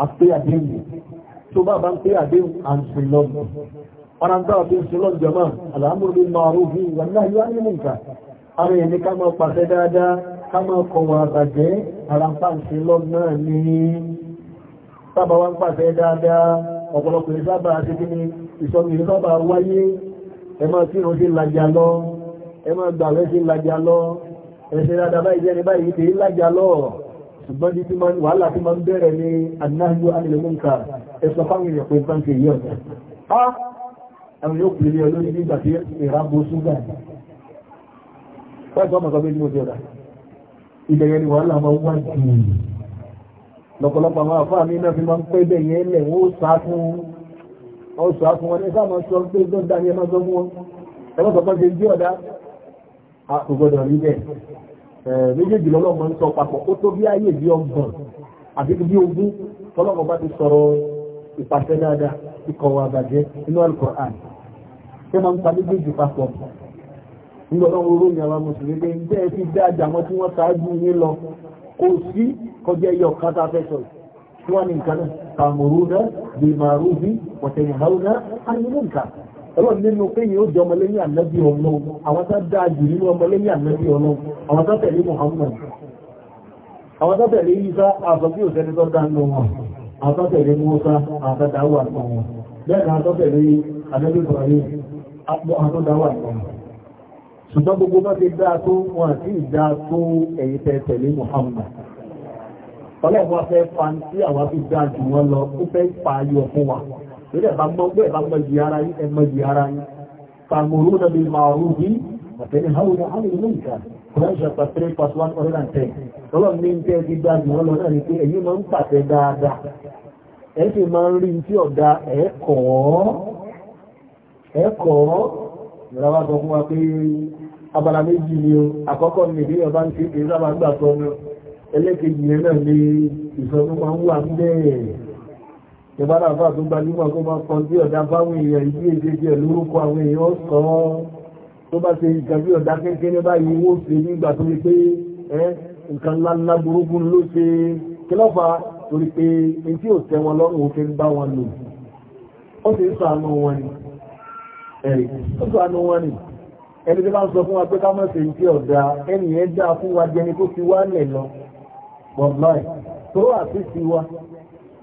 àpé àdéhùn tó bá bá ń pé àdéhùn àǹsìn lọ́nà ọ̀nà ń dáwà bí ń sin lọ́nà jọmọ́ àlàámúrí màrú bí wà náà yóò ní mú nǹkan ara ẹni ká máa pàṣẹ dáadáa ká máa kọwà àbàjẹ́ ara ń pàṣẹ lọ́nà ní sábà wá ń pàṣẹ dáadáa ọ̀pọ̀lọpọ̀ ìsábà àti kí ni ìsọmi ìsábà wáyé ẹ máa tí ìrọ̀ṣẹ́ làjà lọ ẹ máa gbà rẹ̀ sí lájá lọ ẹ̀ṣẹ̀ dáadáa báyìí jẹ́ ní báyìí tèé lájá lọ ṣùgbọ́n di wàhálà tí máa ń bẹ̀rẹ̀ ní anáhìyó anìlẹ́mùnkà ẹ̀sọ fáwọn èèyàn pé nǹkan kì í yọ̀ ọ́ àwọn yóò pè lé olórí nígbà tí ìrábò ni wàhálà máa wà jù lọ́pọ̀lọpọ̀ àwọn àfáà mi náà fi máa ń pẹ́ bẹ̀yẹn lẹ̀ wọn ní sáà máa pé gbọ́dá ni ẹ máa sọ wọn ẹ máa sọ pé ní a kò gbọdọ̀ rí bẹ́ẹ̀ méjèèjì lọ́lọ́mọ ń sọ papọ̀ ó tó bí ayé bí ọgbọ̀n àti bí ogún tọ́lọ́mọ bá ti sọ̀rọ̀ ìpàṣẹ dáadáa ìkọ̀wà àbàjẹ́ inú Al-Qur'an ṣé máa ń ta méjèèjì papọ̀ nígbà ọlọ́run oró ni àwọn mùsùlùmí pé ń bẹ́ẹ̀ fi dáadáa wọn tí wọ́n ṣáájú yín lọ kò sí kọjá iye ọ̀kan a fẹ́ sọ̀rọ̀ tí wọ́n ní ọlọ́run nínú pé yóò jọ ọmọlẹ́yìn ànábì ọ̀nà àwọn tó dáa jù nínú ọmọlẹ́yìn ànábì ọ̀nà àwọn tó tẹ̀lé Muhammad àwọn tó tẹ̀lé Isa àtọ́bí òsẹ́ni tó dá nù wọn àwọn tẹ̀lé Musa àtọ́dáwà kan wọn bẹ́ẹ̀ ni àwọn tẹ̀lé ànábì Ibrahim àtọ́dáwà kan ṣùgbọ́n gbogbo bá ti dáa tó wọn àti ìdá tó tẹ̀lé Muhammad ọlọ́run wa fẹ́ fa tí àwọn fi dáa jù ìrẹ́ bá mọ́ pé ẹ̀bá mọ́jì ara yìí ẹmọ́jì ara bí máa bí àtẹni hàwù ní hàmì ìlú ìka Quran chapter three verse ní ń tẹ́ ti gbá jù wọ́n ni pé èyí máa ń pàtẹ dáadáa ẹ sì máa ń rí tí ọ̀dà ẹ̀kọ́ ẹ̀kọ́ ìrọ̀lá sọ fún wa pé abala méjì ni o àkọ́kọ́ ni ìdí ọba ń ṣe kì í sábà gbà sọ ẹlẹ́kejì yẹn náà ni ìbára àfà tó gbajúmọ̀ kó máa kan bí ọ̀dá fáwọn èèyàn ìdí èdè díẹ̀ lórúkọ àwọn èèyàn sọ ọ́ tó bá ṣe ìjàbí ọ̀dá kékeré báyìí wó se nígbà tó rí pé nǹkan ńláńlá burúkú ló ṣe kí lọ́fà torí pé ní tí ò tẹ́ wọn lọ́rùn òfin bá wọn lò ó sì ń sọ àánú wọn ni ẹ̀rì ó sọ àánú wọn ni ẹni tí bá ń sọ fún wa pé ká mọ́sẹ̀ ìdí ọ̀dá ẹni yẹn dá fún wa jẹni tó fi wá lẹ̀ lọ wọ̀n tó àti sí wa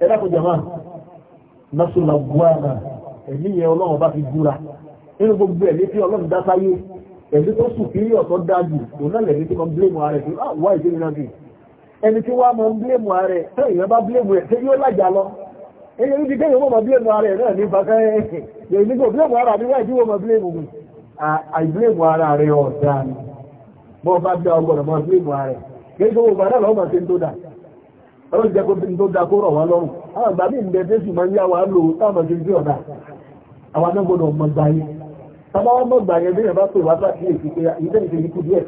ẹ̀dá kò jàmá nasula guana ẹ̀mí yẹn ọlọ́run bá fi gúra nínú gbogbo ẹ̀mí tí ọlọ́run dá sáyé ẹ̀mí tó sùn kiri ọ̀tọ́ dájú òun náà lẹ̀mí tí wọ́n bléèmù ààrẹ fún ah wá ìdí nínú ẹni tí wọ́n máa ń bléèmù ààrẹ tẹ́ ìyẹn bá bléèmù ẹ̀ tẹ́ yóò lájà lọ ẹni orí ti kéyìn wọ́n máa bléèmù ààrẹ náà ní bàkà ẹ̀ẹ́kẹ̀ lè ní kò bléèmù ara mi wáyé tí wọ́n máa bléèmù mi àìbléèmù ara rẹ̀ ọ̀dà ni bọ́ọ̀ bá dá ọgbọ̀nà máa bléèmù ààrẹ kéyìn tó wọ́n gbàdá lọ́wọ́ máa ṣe ń tó dà ọlọ́run jẹ́ kóbi tó dá kó rọ̀ wá lọ́rùn àwọn ìgbà míì bẹ tẹ́sì máa ń yá wa lò táwọn ti sí ọ̀dà àwọn náà gbọ́dọ̀ mọ gbà yẹn tábà wọn mọ gbà yẹn bí yẹn pè wá sàkíyèsí pé ilé ìṣe ikú díẹ̀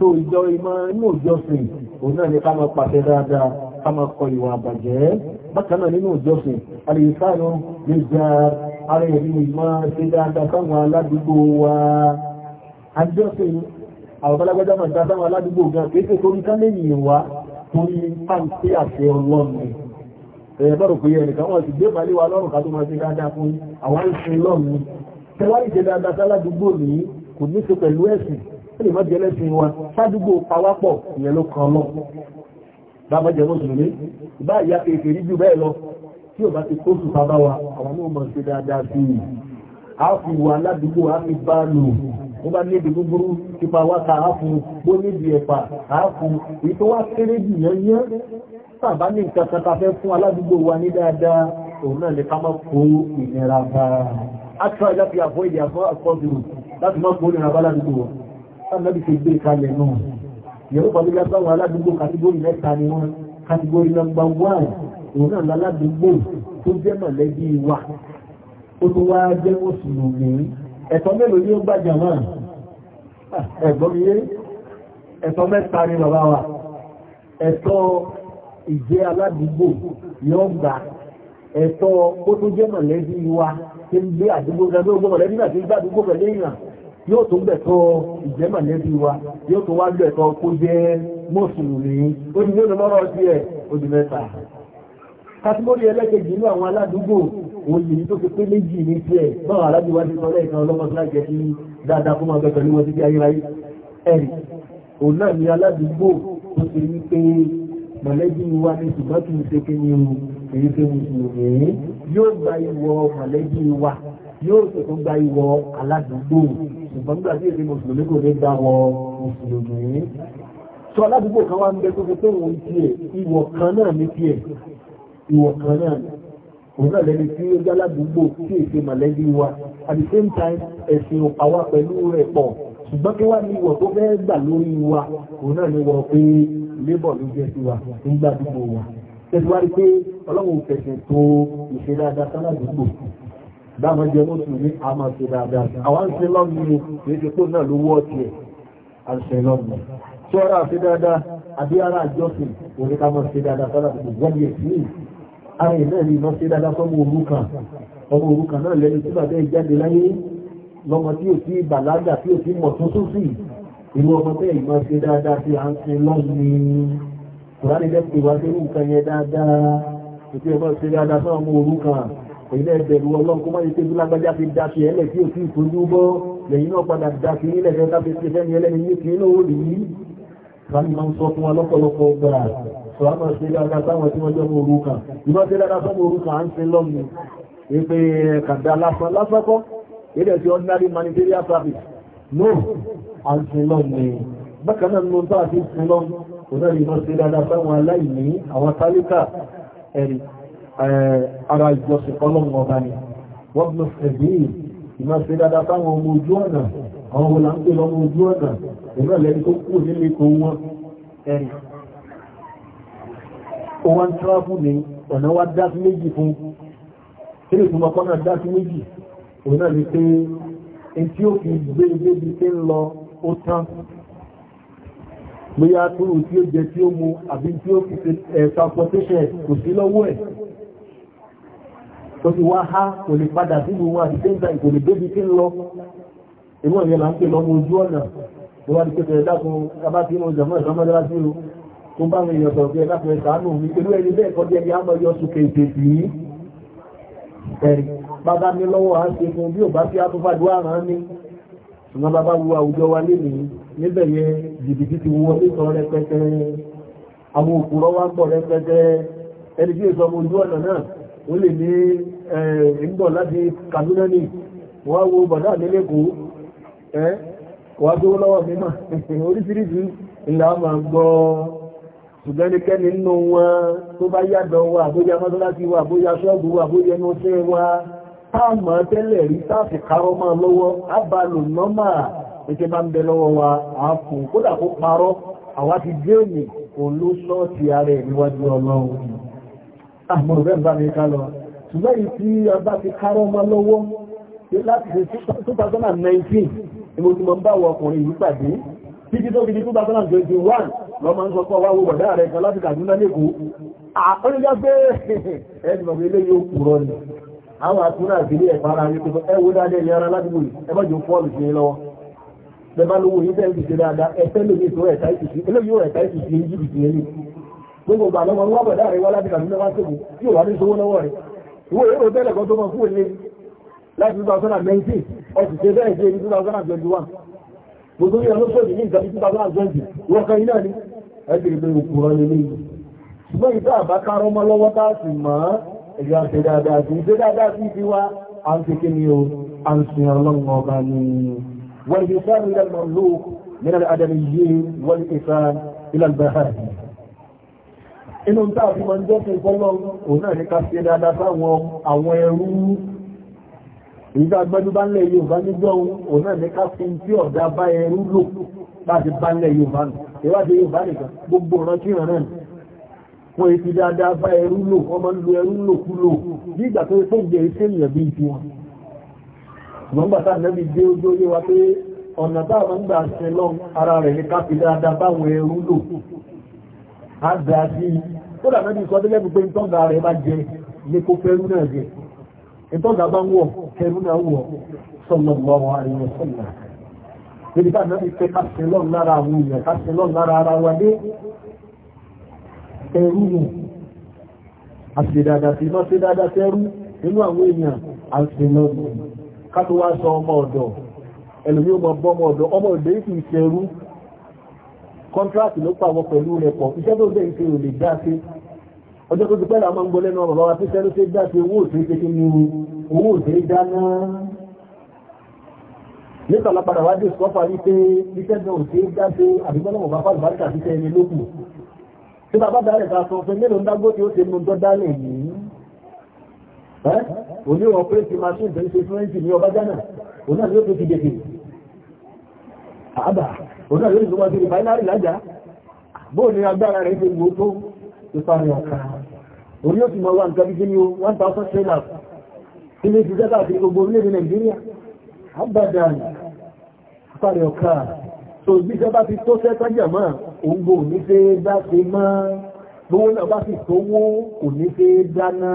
so ìjọ ìmọ̀ inú ìjọsìn òun náà ni ká máa pàṣẹ dáadáa ká máa kọ ìwà àbàjẹ́ bákan náà nínú ìjọsìn àlèyíkánu lè gba ara ẹ̀mí ìmọ̀ ṣe àwọn alágbẹ́dá màá dáadáa aládùúgbò gan kéèkéé torí ká lè yìn wá torí pàǹtí àṣẹ ọlọ́run ẹ̀yẹ bọ́rọ̀ pé ẹnìkan wọ́n ti gbé balẹ̀ wa lọ́rùn ká tó máa ṣe dáadáa fún àwọn ìṣẹ́ lọ́run tẹwàá ìṣẹ́ dáadáa sáládùúgbò nìyí kò ní ṣe pẹ̀lú ẹ̀sìn ó lè má jẹ́ lẹ́sìn wa sádùúgbò pawápọ̀ ìyẹn ló bá ti kó sùn bàbá wa àwọn náà mọ̀ ṣe dáadáa sí i a fi bá lò bó bá níbi búburú ipa wá ta áfù bó níbi ẹ̀pà áfù èyí tó wá kéré jù yẹn yẹn sábà ní nǹkan kan ta fẹ́ fún aládùúgbò wa ní dáadáa òun náà lè ká má kó ìnira bá a try láti avoid the affordable láti má kó ìnira bá aládùúgbò wa sáà náà bí ṣe gbé kalẹ̀ náà yẹ̀wò pàdé lábáwọn aládùúgbò kàtígórì mẹ́ta ni wọ́n kàtígórì nọmba 1 òun náà láládùúgbò tó jẹ́ mọ̀lẹ́bí wa ó tó wá jẹ́ mùsùlùmí ẹ̀tọ́ mélòó ni ó gbàjà náà ẹ̀gbọ́mìyé ẹ̀tọ́ mẹ́ta ni bàbá wa ẹ̀tọ́ ìjẹ́ aládùúgbò yóò gbà ẹ̀tọ́ ó tún jẹ́ mọ̀lẹ́bí wa tí ń gbé àdúgbò náà lóògbò mọ̀lẹ́bí náà tí ń gbàdúgbò pẹ̀lú èèyàn yóò tún kàtímọ́rì ẹlẹ́kẹ̀jì inú àwọn aládùúgbò òun yìí tó fi pé méjì ní tiẹ̀ náà aládùúgbò ti sọ lẹ́ẹ̀kan ọlọ́mọ tó láìjẹ́ sí dáadáa fún ọgbẹ́ pẹ̀lú wọn títí ayérayé ẹ̀rì òun náà ni aládùúgbò tó ti rí pé mọ̀lẹ́bí wa ní ṣùgbọ́n kì í ṣe kí ni èyí tó ń sùn sọ aládùúgbò kan wá ń bẹ tó fi pé òun tiẹ̀ ìwọ kan náà ní tiẹ̀ ìwọ̀kan náà òun náà lẹ́ni tí ó jáládùúgbò tí èsè at the same time ẹ̀sìn òpá wa pẹ̀lú rẹ̀ pọ̀ ṣùgbọ́n kí wá ní ìwọ̀ tó fẹ́ gbà lórí wa òun náà ni wọ pé lébọ̀ ló jẹ́ sí wa ń gbàdúgbò wa tẹ̀síwájú pé ọlọ́run fẹ̀sẹ̀ tó ìṣe dáadáa sáládùúgbò jẹ́ mọ́tò ní àmọ́ ṣe àṣẹlọ́nà tí ọ̀rá àṣẹ dáadáa àbí ara àjọsìn òní ká mọ́ ṣe dáadáa sọ́dọ̀ tó gbọ́n yẹ sí ara ìlẹ́ rí mọ́ ṣe dáadáa sọ́mọ òrukàn ọmọ òrukàn náà lẹ́nu tí bàbá ìjáde láyé lọ́mọ tí ò sí bàlágà tí ò sí mọ̀ tó sósì ìlú ọmọ bẹ́ẹ̀ ìmọ̀ ṣe dáadáa sí à ń sin lọ́ọ̀ni kùránì lẹ́pẹ̀ wá sí nǹkan yẹn dáadáa ìpín ọmọ ṣe dáadáa sọ́mọ òrukàn ilé ẹgbẹ̀rún fi dá ẹlẹ́ tí ò sí ìtọ́jú bọ́ lẹ́yìn náà padà dá sí ilẹ̀ ẹ̀ka pẹ̀lú ẹni ẹlẹ́ni ní kí inú òòrì yìí láti máa ń sọ fún ọlọ́pọ̀lọpọ̀ gbà sọ àmọ́ sí dáadáa sáwọn tí wọ́n jẹ́ mọ orúkà ìmọ̀ sí dáadáa sọ́mọ orúkà no à ń sin lọ́mù bákan náà ló ń tọ́ àti sin lọ́mù kò náà ìmọ̀ sí dáadáa sáwọn aláìní àwọn tálíkà ara ìjọsìn ọlọ́run ọba ni wọ́n bí ìmá ṣe dáadáa fáwọn ọmọ ojú ọ̀nà àwọn ọmọ làńpẹ́ lọ́mọ ojú ọ̀nà ìmọ̀ lẹ́ni tó kú nílé kan wọn ẹ̀rì ó wá ń tíráfù ní ọ̀nà wá dá sí méjì fún kí lè túnmọ̀ kọ́nà dá sí méjì òun náà lè pé ẹni tí ó fi gbé ilé tó ti wá há kò lè padà sílùú wọn àti tẹ́ńtà kò lè débi tí ń lọ ìwọ̀n ìyẹn là ń pè lọ́mọ ojú ọ̀nà tó wá ní pẹ́tẹ̀ ẹ̀dàkùn abá tí mo jọmọ́ ìsọmọ́lẹ́wá sí o tó bá mi yọ̀tọ̀ sí ẹ̀dàkùn ẹ̀sánù mi pẹ̀lú ẹni bẹ́ẹ̀ kọ́ jẹ́ ní àmọ́ yọ sókè ìtẹ̀sì yìí ẹ̀rì bàbá mi lọ́wọ́ á ṣe fún bí ò bá sí àtúfàdó àrán ní ṣùgbọ́n bàbá wu àwùjọ wa lè nìí níbẹ̀ yẹ jìbìtì ti wọ nítọ̀ rẹpẹtẹ àwọn òkúrọ́ wá pọ̀ rẹpẹtẹ ẹni tí èso ọmọ ojú ọ̀nà náà ó lè ní ìgbọ̀ eh, láti Kaduna ní wá wo bọ̀dá àlélẹ́kòó ẹ́ wà gbówó lọ́wọ́ mímọ̀ oríṣiríṣi ìlà ọmọ gbọ́ ṣùgbọ́n nínú wọn tó bá yàdọ̀ wa àbójá mọ́sálásí wa àbójá tẹ́lẹ̀ rí lọ́wọ́ nọ́mà ń bẹ lọ́wọ́ wa kódà kó parọ́ ti dé òní níwájú ọlọ́run ah, ṣùgbọ́n yìí tí ọba ti kárọ́ ọmọ lọ́wọ́ láti ṣe 2019 ìmò tí mo ń bá wọ ọkùnrin yìí pàdé títí tó fi di 2021 lọ́mọ ń sọ pọ̀ wá wọ́n bọ̀dá rẹ̀ kan láti Kàdúná lẹ́kọ̀ọ́ àkọ́nìyà pé ẹni ni àwọn àtúnrà ìbílẹ̀ ẹ̀fara rí pé ẹwọ́ dáadé yára ládùúgbò ẹbọ́jọ fọ́ọ̀lù sí lọ́wọ́ bẹba lówó yìí tẹ́lẹ̀ ìṣẹ́ dáadáa ẹ̀fẹ́ lóye tó ẹ̀ta ìṣẹ́ eléyìí ó ìwé èrò e, tẹ́lẹ̀ kan tó mọ̀ fún ilé láti 2019 ọ̀sì tẹ́ bẹ́ẹ̀ ṣe ní 2021 gbogbo ní ọdún sóòdì ní ìtàbí 2020 wọ́n kan iná ní ẹgbẹ̀rẹ̀ pé òkú rán lé léyìn ṣùgbọ́n ìta àbá kárọ́ mọ́ lọ́wọ́ tá sì mọ́ ẹ̀yà ṣe dáadáa sí ṣe dáadáa sí ti wá à ń ṣe kíni o à ń sin ọlọ́run ọba ni wọ́n yìí sáré lẹ́nu lóòkù nínú adàmì yìí wọ́n ìfà ìlànà inú ń tàà fún ọjọ́ fún ìfọ́lọ́ òun náà ní ká ṣe dáadáa sáwọn àwọn ẹrú ìgbà gbẹ́dúbá ń lẹ̀ Yorùbá nígbọ́ òun náà ní ká fi tí ọ̀dá bá ẹrú lò láti bá ń lẹ̀ Yorùbá nù ìwádìí Yorùbá nìkan gbogbo rántí ràn náà wọ́n ti dáadáa bá ẹrú lò wọ́n máa ń lo ẹrú lò kú lò bí ìgbà tó gbà ṣe lọ ara rẹ̀ ní ká dáadáa báwọn ẹrú lò á dáa sí kódà mẹ́bí sọ tó lẹ́bù pé ìtọ́gà rẹ̀ bá jẹ ní kó fẹ́rú náà jẹ ìtọ́gà bá ń wọ̀ fẹ́rú náà wọ̀ sallallahu alaihi wasallam níbi tá náà fi kásẹ̀ lọ́n lára àwọn èèyàn kásẹ̀ lọ́n lára ara wa dé ẹrú nù àti dáadáa sí lọ́ ọmọ ọ̀dọ̀ ẹlòmí kọ́ńtíráàtì ló pàwọ́ pẹ̀lú rẹ̀ pọ̀ iṣẹ́ tó bẹ́ẹ̀ ṣe ò lè dá sí ọjọ́ tó ti pẹ́ làwọn gbọ́ lẹ́nu ọ̀rọ̀ wa pípẹ́ ló ṣe dá sí owó òṣèré ṣe kí ni owó òṣèré dáná nípa lápadà wá dé sọ́fà wípé iṣẹ́ náà òṣèré dá sí àbígbọ́nàmọ̀ bá fàlù báríkà sí ẹni lókù tí bàbá dálẹ̀ ta sọ fún mélòó ń dágbó tí ó ṣe mú tọ́ dálẹ̀ yìí òní wọn pé ti machine tó ń ṣe fún ẹ́ńtì ní ọba Ghana òun náà ni ó tó ti dèkè àbà òun náà lórí ìgbọ́n ti rí báyìí láàrin lájá bóò ní agbára rẹ̀ ṣe gbò tó tó sáré ọ̀ká orí ó ti mọ̀ wá nǹkan bí ní 1000 trailers tí ní ti jẹ́ta àti gbogbo orílẹ̀-èdè Nàìjíríà abadan sáré ọ̀ká so bí jẹba ti tó sẹ́ta jẹ̀mọ́ òun gbò ní fẹ́ dá ṣe mọ́ gbogbo náà bá sì tówó kò ní fẹ́ dáná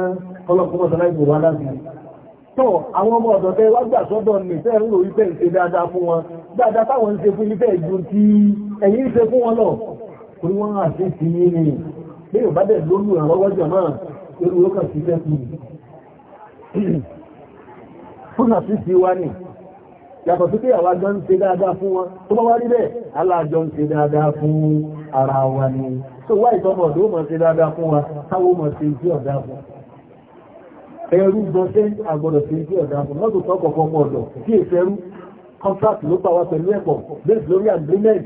ọlọ́pọ̀ tó àwọn ọmọ ọ̀dọ̀ tẹ wá gbà sọ́dọ̀ ní tẹ́ ń lò ìfẹ́ ìṣe dáadáa fún wọn dáadáa táwọn ń ṣe fún ìfẹ́ ìjú tí ẹ̀yìn ṣe fún wọn lọ torí wọ́n hàn sí ti yín ni bí yóò bá dẹ̀ lónú ìrànlọ́wọ́ jọ̀ náà lórí ó kàn sí fẹ́ fún fún àti ti wá ní yàtọ̀ sí pé àwa gan ń ṣe dáadáa fún wọn tó bá wá rí bẹ́ẹ̀ aláàjọ ń ṣe dáadáa fún ara wa ni so wá ìtọ́mọ̀ ọ̀dọ́ mọ̀ ṣe dáadáa fún wa táwọn mọ̀ ṣe ìjọ́ ọ̀dá fún ẹrú gbọ́sẹ́ àgbọ̀dọ̀ sí ibi ọ̀dà fún lọ́dún tó kọ̀kọ́ mọ̀ ọ̀dọ̀ kí èsì ẹrú contract ló pàwọ́ pẹ̀lú ẹ̀pọ̀ based lórí agreement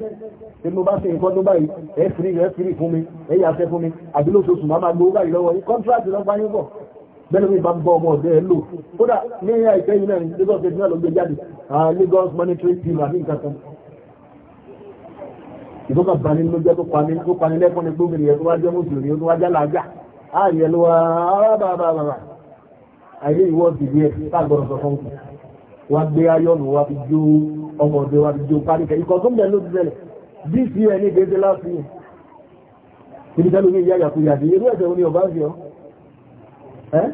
tí mo bá ṣe nǹkan tó báyìí ẹ fìrí ẹ fìrí fún mi ẹ yà fẹ́ fún mi àbí lóṣooṣù máa máa gbowó báyìí lọ́wọ́ yìí contract lọ bá yín bọ̀ bẹ́ẹ̀ mi bá ń bọ́ ọmọ ọ̀dọ́ ẹ lò kódà ní àìpẹ́ yìí náà ní Lagos state náà ló gbé jáde Lagos monitoring team àbí nǹkan kan ìdókà bani ló jẹ́ tó pani tó pani lẹ́kùn ní gbóbìnrin yẹn tó wá jẹ́ mùsùlùmí tó wá jálàájà ààyè ló wá bàbà bàbà ayé ìwọ́ ti rí ẹ̀ tágbọ́nà sọ fún wa gbé ayọ́nù wa fi jó ọmọ ọ̀dẹ́ wa fi jó pánikẹ̀ ikọ̀ tó ń bẹ̀ ló ti bẹ̀rẹ̀ bí sí ẹ ní gẹ́gẹ́ láti yìí ibi tẹ́lú ní ìyá yàkú yàdí irú ẹ̀sẹ̀ oní ọba fi ọ́ ẹ́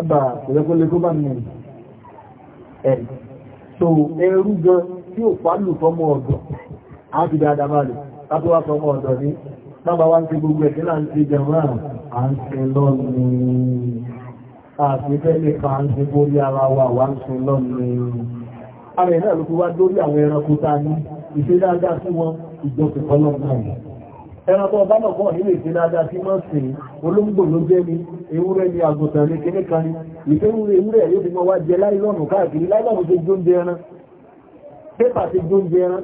àbà ìrẹ́kọ́lẹ́ tó bá nìyàn ẹ̀ so ẹrú gan tí ò pálù fọmọ ọ̀dọ̀ a ti dáadáa àfihẹ́ lè fa ń ṣe borí ara wa wà ń sun lọ́nà ẹ̀rùn ara ẹ̀ náà ló fi wá lórí àwọn ẹranko tá ní ìṣe dáadáa sí wọn ìjọsìn kọlọ́ náà ẹranko ọba náà kọ́ nílé ìṣe dáadáa sí mọ́ sí olóńgbò ló jẹ́ ni ewúrẹ́ ni àgùntàn ní kíní kan ni ìfẹ́wúrẹ́ ewúrẹ́ yóò fi mọ́ wá jẹ láìlọ́nù káàkiri láìlọ́nù tó jó ń ẹran pépà ti jó ń ẹran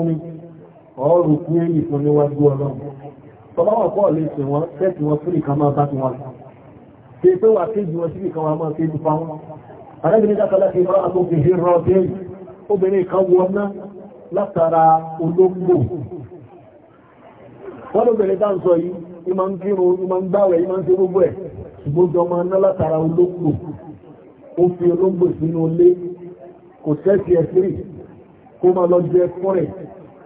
nígbà ọ̀rù kú èyí fún níwájú ọlọ́run tọ́báwọ̀ pọ̀ lè ṣe wọ́n tẹ́sì wọn sí ìkan máa bá ti wọn ṣe pé wà kéjì wọn sí ìkan máa kéjì pa wọn arábìnrin dákọlá ti rọ́ àtúnkì sí rọ́ dé obìnrin kan wọná látara olóngbò wọ́n lóbìnrin dá ń sọ yìí ìmọ̀ ń kírun ìmọ̀ ń gbáwẹ̀ ìmọ̀ ń ṣe gbogbo ẹ̀ ṣùgbọ́n jọ máa ná látara olóngbò ó fi olóngbò sínú ilé kò tẹ́sì ẹ̀ kó máa lọ jẹ fún rẹ̀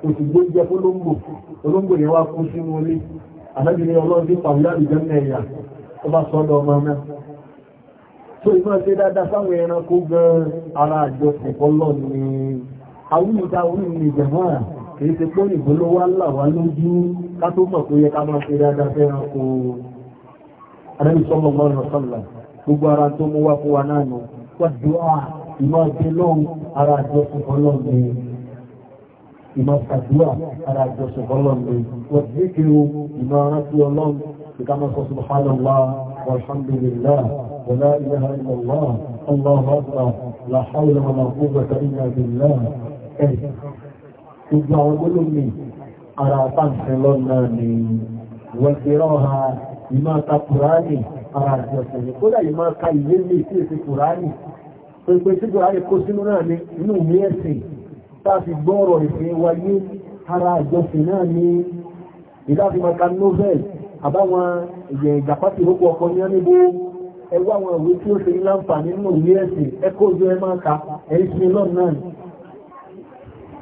òṣìgbó jẹ fólóńgbò olóńgbò yẹn wá kú sínú ilé àbẹ́bìnrin ọlọ́run tí pàwùlá ìjọ mẹ́ẹ̀yà tó bá sọ́dọ̀ ọmọ náà tó ìmọ̀ ṣe dáadáa fáwọn ẹranko gan ara àjọ ìpọ́lọ́ ni awúrúta ni ìjẹ̀mọ́ à kìí ṣe pé ìbò ló wá là wá lójú ká tó mọ̀ pé yẹ ká máa ṣe dáadáa fẹ́ranko àdẹ́bí sọ́mọ̀ mọ́rin ọ̀sánlá gbogbo ara ìmọ̀ àdúrà ara ìjọsìn ọlọ́run wọ́n ti kiri ìmọ̀ aránsí ọlọ́run ti ká mọ́sọ̀ subhanallah walhamdulillah wa la ilaha illallah allahu akbar la hawla wa la quwwata illa billah ẹ̀ gbogbo àwọn olómi ara àtàǹfẹ́ lọ́nà ni wọ́n ti rọ́ ha ìmọ̀ ta kùránì ara ka ìwé mi sí èsì kùránì pé pé sí kùránì kó sínú náà ni inú mi tàbí gbọ́rọ̀ ìfẹ́ wáyé ara ìjọsìn náà ni ìdáfi maka novel àbáwọn èyẹ ìgbàpátì ìrókò ọkọ̀ ní ọ́nìbó ẹwà àwọn ìwé tí ó ṣe láǹfà nínú ìwé ẹ̀sìn ẹkọ́ ojú ẹ máa ka ẹ̀sìn lọ́nà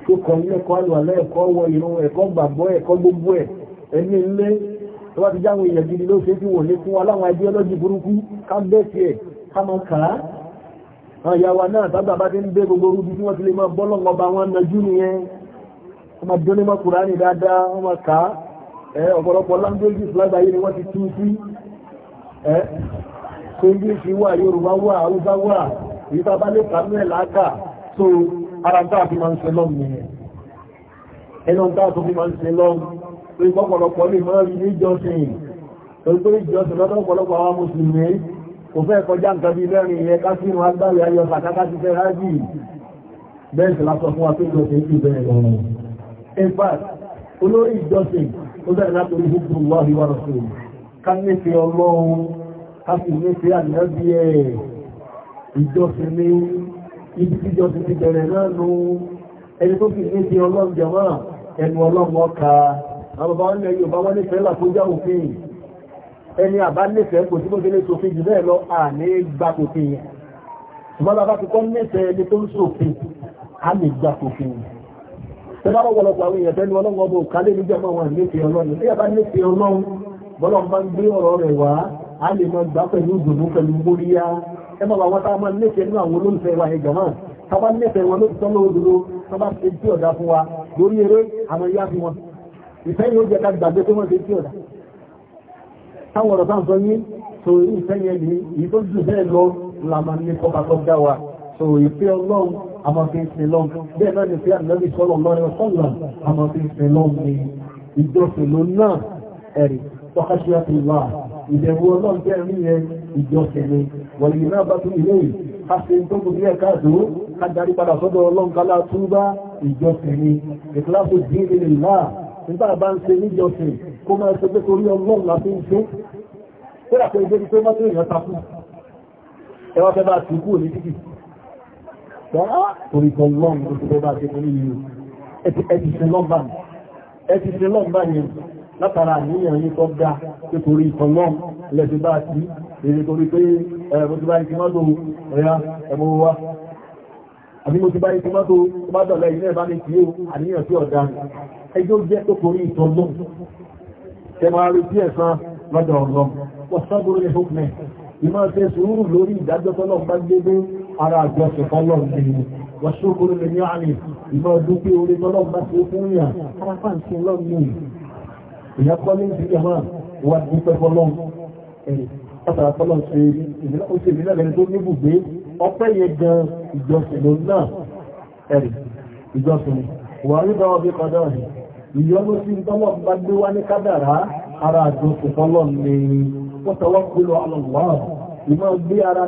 tó kọ̀ ní ẹ̀kọ́ àlùwàlá ẹ̀kọ́ wọ ìrun ẹ̀kọ́ gbàgbọ́ àwọn ìyàwó náà sábà bá ti ń bẹ́ gbogbo orúbí tí wọ́n ti lè máa bọ́ lọ́wọ́ bá wọn náà jú nìyẹn wọ́n máa dún ní mọ́ kùránì dáadáa wọ́n máa kà á ọ̀pọ̀lọpọ̀ language lágbàáyé ni wọ́n ti tú sí English wà Yorùbá wà Haúsá wà èyí tá a bá lè kà ní ẹ̀ láàkà so ara tá a fi máa ń ṣe ìjọsìn ìjọsìn lọ́dọ̀ ọ̀pọ̀lọpọ̀ àwọn mùsùlùmí kò fẹ́ kọjá nǹkan bí lẹ́rin ilẹ̀ kásínú agbáre ayọ́ fàtàkà ti fẹ́ rájì bẹ́ẹ̀ sì lásọ fún wa tó jọ sí bẹ́ẹ̀ lọ́rùn in fact olórí ìjọsìn ó bẹ̀rẹ̀ láti orí gbogbo wà ní wàrà sí ká nífẹ́ ọlọ́run ká sì nífẹ́ ànábí ẹ̀ ìjọsìn ní ibi tí ìjọsìn ti bẹ̀rẹ̀ náà nu ẹni tó sì nífẹ́ ọlọ́run jẹ̀mọ́ ẹnu ọlọ́run ọkà àwọn ọba wọn nífẹ́ làkójá ẹni àbá nífẹ̀ẹ́ kò tí mo délé sòfin jù bẹ́ẹ̀ lọ àní gba kòfin yẹn ṣùgbọ́n bàbá ti kọ́ nífẹ̀ẹ́ ẹni tó ń sòfin á lè gba kòfin yẹn tẹ́lá ọ̀pọ̀lọpọ̀ àwọn èèyàn tẹ́lú ọlọ́run ọbọ̀ òkálẹ̀ ní jẹ́mọ́ wọn nífẹ̀ẹ́ ọlọ́run bí ẹ̀bá nífẹ̀ẹ́ ọlọ́run bọ́lọ̀ bá wa ẹ̀jọ̀ náà tá a bá nífẹ̀ẹ́ wọn ló ti tán lóòdúró tá a bá ṣe tí ọ̀dà fún wa lórí ìfẹ́ yóò jẹ́ ká gbàgbé pé wọ́n ṣe tí ọ̀dà táwọn ọ̀rọ̀ sọ yí so irú ìfẹ́yẹ ní èyí tó jù bẹ́ẹ̀ lọ lámà ní kọba tó so ìfẹ́ ọlọ́run àmọ̀fin sin lọ́n bẹ́ẹ̀ náà ni fẹ́ ànábì sọ́lọ̀ lọ́rẹ́ sọ́lọ̀ àmọ̀fin sin lọ́n ni ìjọsìn ló náà ẹ̀rì tọ́kàṣíà ti wà ìbẹ̀wò ọlọ́run tẹ́ rí yẹn ìjọsìn ni wọ̀lì náà bá tún ilé yìí ká ṣe tó kù sí ẹ̀ka nígbà bá ń ṣe níjọsìn kó máa ṣe pé torí ọlọ́run la fi ń ṣe tó rà pé ìgbéni pé mọ́tò èèyàn takú ẹwà fẹ́ bá ti kú ní títì ah, torí ọlọ́run ló ti fẹ́ bá ṣe torí ìlú ẹti ṣe lọ́mbà ẹti ṣe lọ́mbà yẹn látara àníyàn yìí tó dá pé torí ọlọ́run lẹ́sẹ̀ bá ti èrè torí pé ẹ̀rọ àbí mo ti bá yí tomato tomato ọ̀lẹ́ ilẹ̀ bá ní kí ó àníyàn sí ọ̀dá ẹjọ́ jẹ́ tó torí ìtọ́lọ́ tẹ máa rí tí ẹ̀sán lọ́dọ̀ ọ̀lọ́ wọ́sọ́gbọ́n ní hókùnẹ̀ ìmọ̀ ṣe sùúrù lórí ìdájọ́ tọ́lọ́ bá gbé dé ara àjọṣe kọ́lọ́ nìyí wọ́sọ́gbọ́n ní ní àmì ìmọ̀ ọdún pé orí tọ́lọ́ bá ṣe fún yà arápáǹsì lọ́nìí ìyá kọ́lé ìdíjàmá wà ní pẹ́fọ́lọ́ ẹ̀rì látara tọ́lọ́ ṣe ìmìlẹ́ ọpẹ́ yẹn gan ìjọsìn ló náà ẹ̀rì ìjọsìn wà nígbà ọbí kọjọ́ rẹ̀ ìyọnú sí tọ́lọ̀ bá gbé wá ní kádàrá ara àjọsìn tọ́lọ̀ ni wọ́n tọwọ́ pé lọ alọ́wọ́ ìmọ̀ gbé ara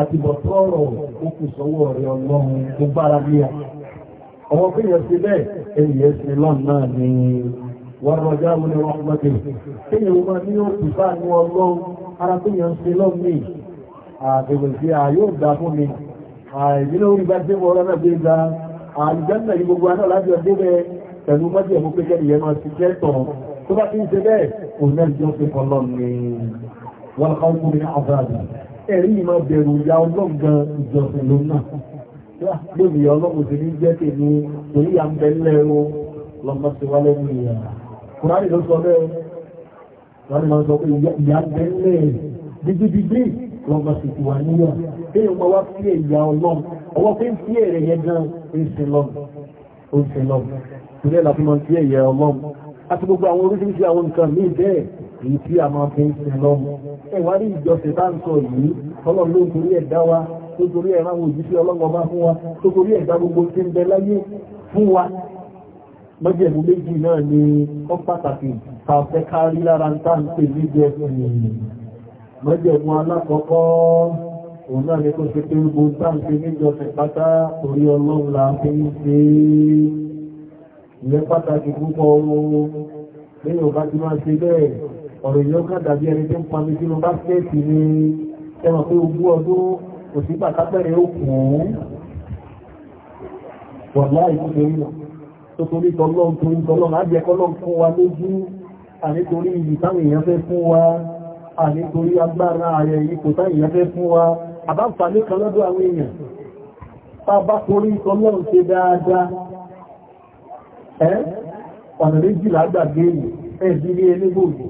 àti bọ̀tọ́rọ̀ òkú sọwọ́ rẹ̀ ọlọ́run tó gbára ní à. ọwọ́ pé yẹ sí bẹ́ẹ̀ èyẹ sí lọ́n náà ni wọ́n rọjá wọn ni wọ́n gbọ́dẹ̀ tí yẹ wọ́n ní òkú bá ní ọlọ́run ara tó yẹ sí lọ́n ní àbẹ̀wẹ̀ sí à yóò dá fún mi àìdílé orí bá dé wọ́n rẹ̀ gbé ga àìjẹ́nà ní ń ṣe bẹ́ẹ̀ òun náà jọ pé kọlọ́ ni wọ́n kọ́ fún mi ní àbáàdì ẹ̀rí ìmọ̀ bẹ̀rù ìyá ọlọ́gbọ̀n ìjọsìn ló náà lórí ọlọ́gbọ̀n ti ní jẹ́ tèmi torí à ń bẹ lẹ́rọ lọ́mọ sí wá lẹ́nu ìyá kùránì ló sọ bẹ́ẹ̀ wọ́n máa sọ pé ìyá ń bẹ lẹ́ dídídídí lọ́mọ sì ti wà níyà pé ìmọ̀ wá sí ìyá ọlọ́m ọwọ́ pé ń fi èrè yẹn gan oṣù ẹ̀wárí ìjọsìn tá ń sọ yìí ọlọ́run ló ń torí ẹ̀ dá wa tó torí ẹ̀ ráwọn òjíṣẹ́ ọlọ́run ọba fún wa tó torí ẹ̀ dá gbogbo tí ń bẹ láyé fún wa mọ́jẹ̀mú méjì náà ni ó pàtàkì ta fẹ́ kárí lára ń tán pè ní jẹ́sìn mọ́jẹ̀mú alákọ̀ọ́kọ́ òun náà ni kó ṣe pé gbogbo tán ṣe pátá orí ọlọ́run la fi ń ṣe ìyẹn pàtàkì púpọ̀ ohun nínú bá ti máa ṣe bẹ́ẹ̀ ọ̀rọ̀ yìí ó kàn dàbí ẹni tó ń pọn mi sínú báskẹ́ẹ̀tì ni ẹmọ̀ pé ogún ọdún òsì pàtàkẹ́rẹ̀ ó kù ún wọ̀lá ìkúnlẹ̀ náà tó torí tọ́lọ́ torí tọ́lọ́ àjẹ́kọ́lọ́ fún wa lójú ànítorí ìlú táwọn èèyàn fẹ́ fún wa ànítorí agbára ààrẹ ipò táwọn èèyàn fẹ́ fún wa àbáǹfààní kan lọ́dọ̀ àwọn èèyàn tá bá torí tọ́lọ́ ṣe dáadáa ẹ́ ọ̀nà méjìlá gbàgbé ẹ̀ẹ́dì ní elégbògbò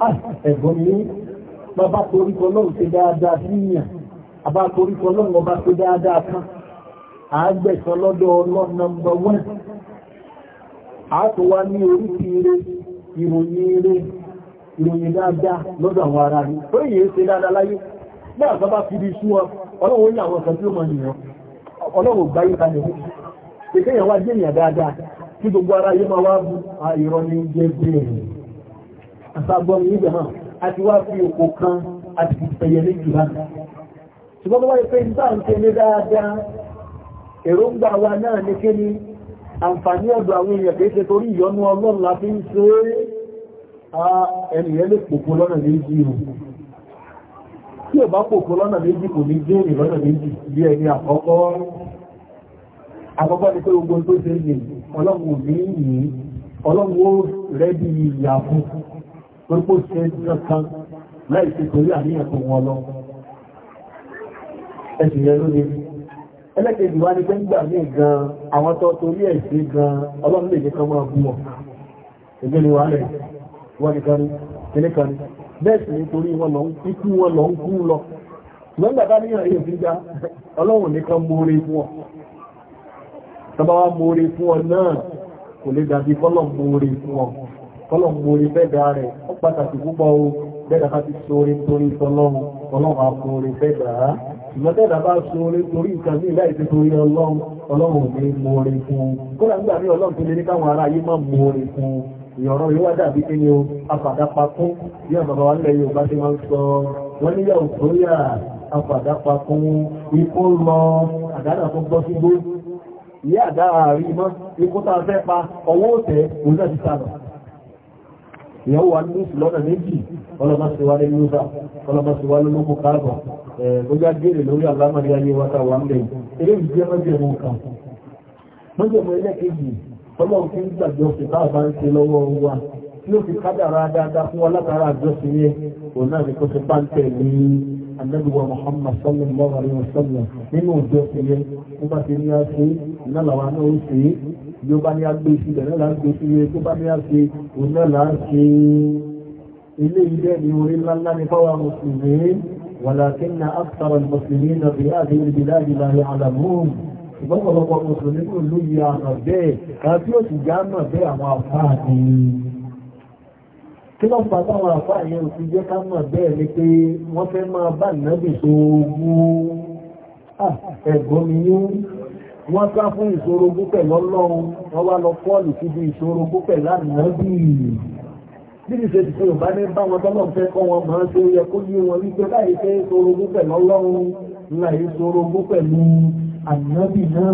Ah, ẹ̀gbọ́n mi bàbá toríkọ lọ́rùn ṣe dáadáa sí ìyàn àbá toríkọ lọ́rùn ọba tó dáadáa kan a lọ́dọ̀ wọ́n dáadáa lọ́dọ̀ àwọn ará ọlọ́run ìkéyàn wá jẹ́ ìyàn dáadáa kí gbogbo ara wá ah, àṣàgbọ́n nígbà hàn àti wá fi òkò kan àti ìpẹ̀yẹ méjì hàn ṣùgbọ́n wáyé pé ń bá ń ṣe ní dáadáa èròǹgbà wa náà ní kí ni àǹfààní ọ̀dọ̀ àwọn èèyàn la fi ń ṣe ẹnìyàn lè pòpò lọ́nà méjì rùn tí ò bá pòpò lọ́nà méjì kò ní jẹ́rì àkọ́kọ́ ni pé gbogbo tó ṣe ń lè ọlọ́run ò ní yìí ọlọ́run ó rẹ́dí ìyà fún pípò ṣe kankan láì ṣe torí àníyàn tó wọn lọ ẹ̀sìn yẹn lórí ẹlẹ́kẹ̀ẹ́jì wá ní pé ń gbà ní gan àwọn tó torí ẹ̀ gan ọlọ́run lè jẹ́ kan máa bú wọn ẹgbẹ́ ni wàhálẹ̀ wọ́n ní kan kíní kan bẹ́ẹ̀ sì nítorí wọn lọ ń kú wọn lọ ń kú lọ ṣùgbọ́n gbàgbá níyàn èyí fi já ọlọ́run nìkan mórí náà kọ́lọ̀ mú orí fẹ́dà rẹ̀ ó pàtàkì púpọ̀ o bẹ́ẹ̀dà bá ti sórí torí tọ́lọ́run ọlọ́run àpò orí fẹ́dà ṣùgbọ́n bẹ́ẹ̀dà bá sórí torí nǹkan ní ìlà ìfẹ́ torí ọlọ́run ọlọ́run ní mú orí fún kọ́lá nígbà ní ọlọ́run tó lè ní káwọn ará yìí máa mú orí fún ìyọ̀rọ̀ yóò wá dàbí kí ni o afàdápakún bí àbàbà wa nílẹ̀ Yorùbá ti máa ń sọ wọ́n níyà òkúrúyà afàdápakún ikú lọ àdánà tó gbọ́ sígbó ìyá àdá àárí mọ́ ikú tá pa ọwọ́ òtẹ́ òun náà ti sànà èèyàn wà ní ìfì lọ́nà méjì ọlọ́mọ sí wa ní lóòsà ọlọ́mọ sí wa lólókò káàbọ̀ bóyá gèrè lórí àlámàrí ayé wáta wà mẹ́ eré ìgbé mọ́jẹ̀ mú kan mọ́jẹ̀ mú ẹlẹ́kejì ọlọ́run fi ń gbàgbé ọ̀sẹ̀ táà bá ń ṣe lọ́wọ́ wa tí annabuwa muhammad sallallahu alaihi wasallam nínú ìjọsìn yẹn nígbà tí ní a ṣe ìnálawa náà ó ṣe bí ó bá ní agbé sílẹ̀ náà láti gbé sílẹ̀ tó bá ní àṣẹ òun náà là ń ṣe ilé ilé ní orí ńláńlá ní fáwọn mùsùlùmí walakinna akthara al-muslimin náà bí láti ibi láti láti alamun ṣùgbọ́n wọ́n fẹ́ máa ah, mi yún wọ́n sá fún ìṣòro gúpẹ̀ lọ́lọ́run wọ́n wá lọ kọ́ọ̀lù síbi ìṣòro gúpẹ̀ lánàá bí i bíbi ṣe ti fi òbá ní bá wọn tọ́lọ́ fẹ́ kọ́ wọn máa ṣe yẹ kó yí wọn wípé láì ṣe ìṣòro gúpẹ̀ lọ́lọ́run láì ìṣòro gúpẹ̀ ní ànábì náà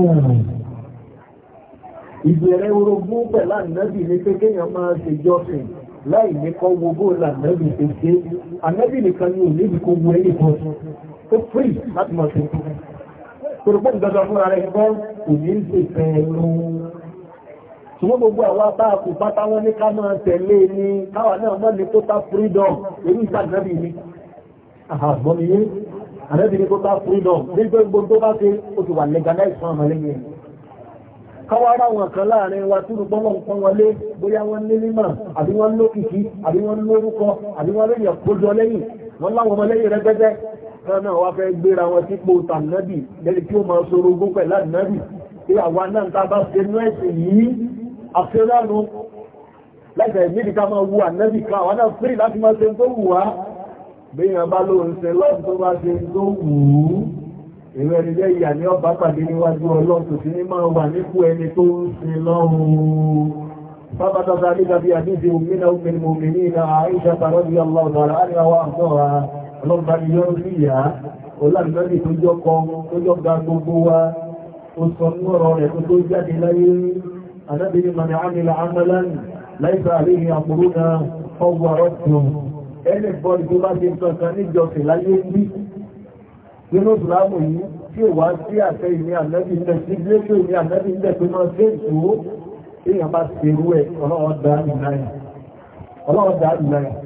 ìbẹ̀rẹ̀ orogún pẹ̀lú ànábì ní pé kéèyàn máa ṣe jọ́sìn láì ní kọ́ wo bó lànábì ṣe ṣe ànábì nìkan ni ò níbi kó wo ẹnì kan tó free láti máa ṣe torípò ìjọsọ fún ara ẹgbẹ́ ìní ń ṣe fẹ̀ẹ̀rù ṣùgbọ́n gbogbo àwọn àtàkù pátá wọn ní ká máa tẹ̀lé ní káwà náà mọ́ ní total freedom èyí ìsàgbẹ́bì ní àgbọ́mìyé àrẹ́bì ní total freedom nígbẹ́ gbogbo bá ṣe ó ti wà legalize fún ọmọlẹ́yìn káwà ara wọn kan láàrin wa tí rúgbọ́n wọn pọ́n wọlé bóyá wọ́n ní mímọ̀ àbí wọ́n lókìkí lẹ́yìn wọ́n náà wá fẹ́ gbéra wọn sípò tànàbì lẹ́ni tí ó máa sorogún pẹ̀lá nàbì tí àwa náà ta bá ṣe inú ẹ̀sìn yìí àṣẹ́ránú lẹ́sẹ̀ níbi ká máa wu ànẹ́bì ká àwọn náà fírí láti máa ṣe tó wù wá bí i bá ló ń ṣe lọ́pù tó bá ṣe tó wù ú ìwé ẹni jẹ́ ìyà ní ọba pàdé níwájú ọlọ́pù sí ní máa wà nípò ẹni tó ń ṣe lọ́rùn pápátátá nígbàbí àdíjì òmìnà òmìnà òmìnà àìṣà tàbí ọlọ́ọ̀dọ̀ àríwá àtọ́ra ọlọ́pàá ni yọ́ sí ìyá olóògbẹ́lì tó jọ kọ tó jọ gba gbogbo wa ó sọ ní ọ̀rọ̀ rẹ̀ amalan láìsà àríhìn àpòrò náà ọgbà rọ́tùn ẹni bọ́ọ̀lù tó bá ṣe kankan níjọsìn láyé ní nínú ìsìlámù yìí tí ó wá sí àṣẹ ìní ànábì ilẹ̀ sí gbéṣẹ́ ìní ànábì ilẹ̀ tó máa ṣe ìṣòó èèyàn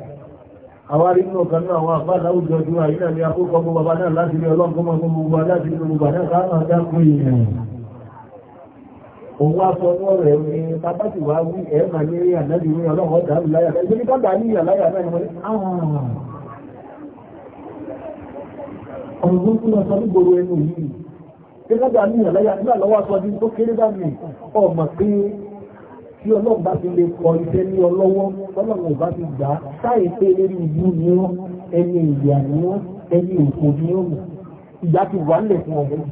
àwárí inú ọ̀kan náà àwọn àpá láwùjọ tí wà yínà ní akókò ọmọ bàbá náà láti rí ọlọ́gbọ́mọ fún gbogbo aláti rí gbogbo náà káàkiri dákùn èèyàn òun wá sọ wọ́n rẹ̀ ní bàbá ti wá wí ẹ̀ máa ní rí àdájú ní ọlọ́wọ́ dàrú láyà ẹgbẹ́ ní bàbá ní ìyà láyà náà ni wọ́n ní ah. ọ̀rọ̀ tó lọ sọ ní gbogbo ẹnu yìí tí ọlọ́run bá ti lè kọ iṣẹ́ ní ọlọ́wọ́ ọlọ́run bá ti gbà á táyé pé lérí ìlú ni wọ́n ẹni ìyà ni wọ́n ẹni òkò ni wọ́n ìyá ti wà nílẹ̀ fún ọmọ yìí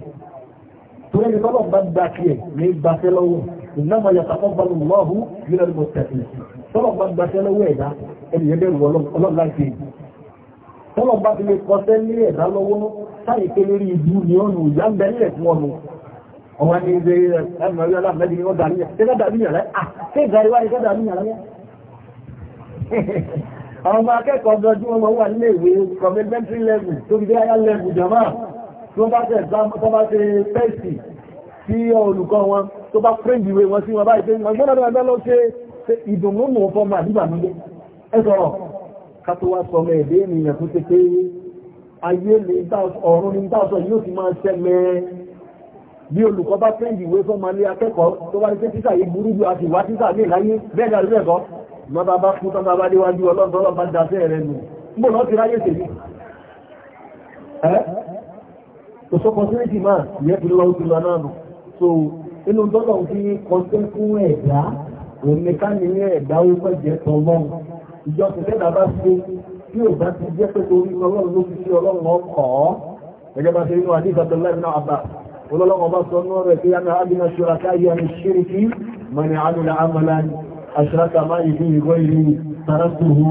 tó ẹni tọ́lọ́run bá gba tiẹ̀ ní gbaṣẹ́ lọ́wọ́ ìnáwó ayọ̀ tàkọ́ bá lù lọ́hùn yìí lọ́dún mọ̀ tẹ̀sí tọ́lọ́run bá gbaṣẹ́ lọ́wọ́ ẹ̀dá ẹni yẹn bẹ̀rù ọlọ́run láti tọ́lọ́run bá ti lè kọ́ṣẹ́ ní ẹ̀dá lọ́wọ́ táyé pé lérí ìlú ni wọ́n ìyá ń bẹ ọwọ́ ní ilé ẹ̀mọ̀ ilé aláàmẹ́dì ni wọ́n dàníyàn ṣe dàníyàn rẹ̀ àti ìgbàríwá ni dàníyàn rẹ̀ ọmọ akẹ́kọ̀ọ́ ọdọọdún ọmọ wà nílé ìwé complimentary level tó fi dé higher level tó bá tẹ̀ tó bá ṣe pẹ́ẹ̀sì sí olùkọ́ wọn tó bá fẹ́ǹdì ìwé wọn sí wọn báyìí pé wọn gbọ́dọ̀ ẹgbẹ́ ló ṣe ìdùnnú mú fọmọ àdúgbà nílé ẹ sọ̀rọ̀ ká tó wá sọmọ ẹ̀dẹ́ ènìyàn tó ṣe pé ayé ọ̀run ní dáṣọ yóò ti máa ṣẹlẹ̀ bí olùkọ́ bá tẹ́ǹdì ìwé fún ọmọ ilé akẹ́kọ̀ọ́ tó bá ṣe títà yìí burú jù àti ìwà títà ní ìláyé bẹ́ẹ̀dà rẹ̀ kọ́ ma bá bá fún tọ́ta bá déwájú ọlọ́dọ́lọ́ bá dáṣẹ́ rẹ̀ nù mọ́ lọ́ ti so inú tọ́lọ̀ fi kọsẹ́ fún ẹ̀dá òní ká ní ẹ̀dá ó fẹ́ jẹ́ tọ́lọ́run ìjọ tẹ̀lẹ́dà bá ṣe tí ò bá ti jẹ́ pé torí ọlọ́run ló fi sí ọlọ́run ọkọ̀ ẹ̀jẹ̀ bá ṣe nínú àdíjọ́ tọ́lọ́run náà olólọ́wọ́ bá sọ náà rẹ̀ pé yánà ábínà ṣúraká yíya ní ṣíríkí mani àmìlà àmàlà aṣíráka máa ìdí ìgọ́ ìlú tàràtùhù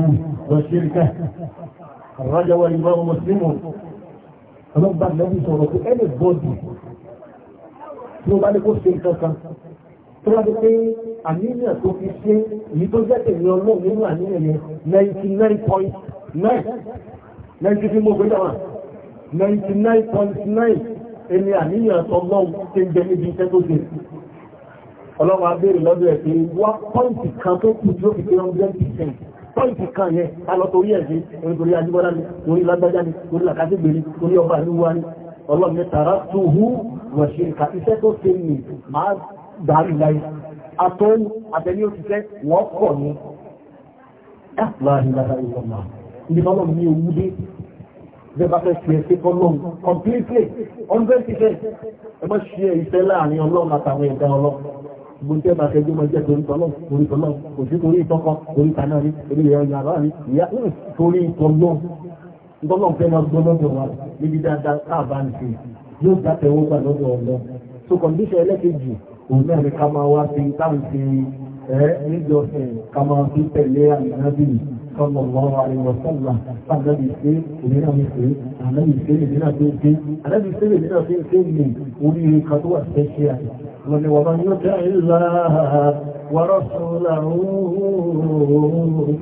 lọ ṣíríkà rájáwà ìgbà mùsùlùmù ọlọ́gbà lẹ́bí sọ̀rọ̀ pé ẹni bọ́dì tí ó bá ní kó ṣe ẹni àníyàn tó lọ́wọ́ tí ń jẹ níbi iṣẹ́ tó jẹ ọlọ́wọ́ abẹ́rẹ̀ lọ́dọ̀ ẹ̀ pé wá pọ́ìntì kan tó kù tí ó fi pé 100% pọ́ìntì kan yẹn alọ́torí ẹ̀ṣẹ́ orítorí ajíbọ́lá ni orí lágbájá ni orí làkásígbè ni orí ọba ìlú wa ni ọlọ́mí tààrà tó hú wọ̀ṣẹ́ ìka iṣẹ́ tó ṣe ní máa gbàrí láyé atọ́n àtẹ́lé òṣìṣẹ́ wọ́n pọ̀ ní bẹ́bá fẹ́ ṣe ẹ̀ṣẹ́ fọ́lọ́run completely hundred percent ẹ má ṣe ìṣẹ́ láàrin ọlọ́run àtàwọn ẹ̀dá ọlọ́run gbogbo tẹ́ bá fẹ́jú máa jẹ́ torí tọ́lọ́ torí tọ́lọ́ kò sí torí ìtọ́kọ́ torí tàná rí torí ẹ̀rọ yàrá rí ìyá hmm, torí tọ́lọ́ tọ́lọ́ fẹ́ máa gbọ́ lọ́dọ̀ wa níbi dáadáa káàbá ń ṣe yóò dá tẹ̀wọ́ gbà lọ́dọ̀ ọ̀lọ́ so condition ẹlẹ́kejì òun náà ni ká máa wá sí táwọn ṣe ẹ̀ níjọ́sìn ká máa fi tẹ̀lé àmì صلى الله عليه وسلم الذي يسير لنا يسير الذي يسير لنا يسير الذي يسير لنا في سلم وليه خطوة الشيعة ومن يطع الله ورسوله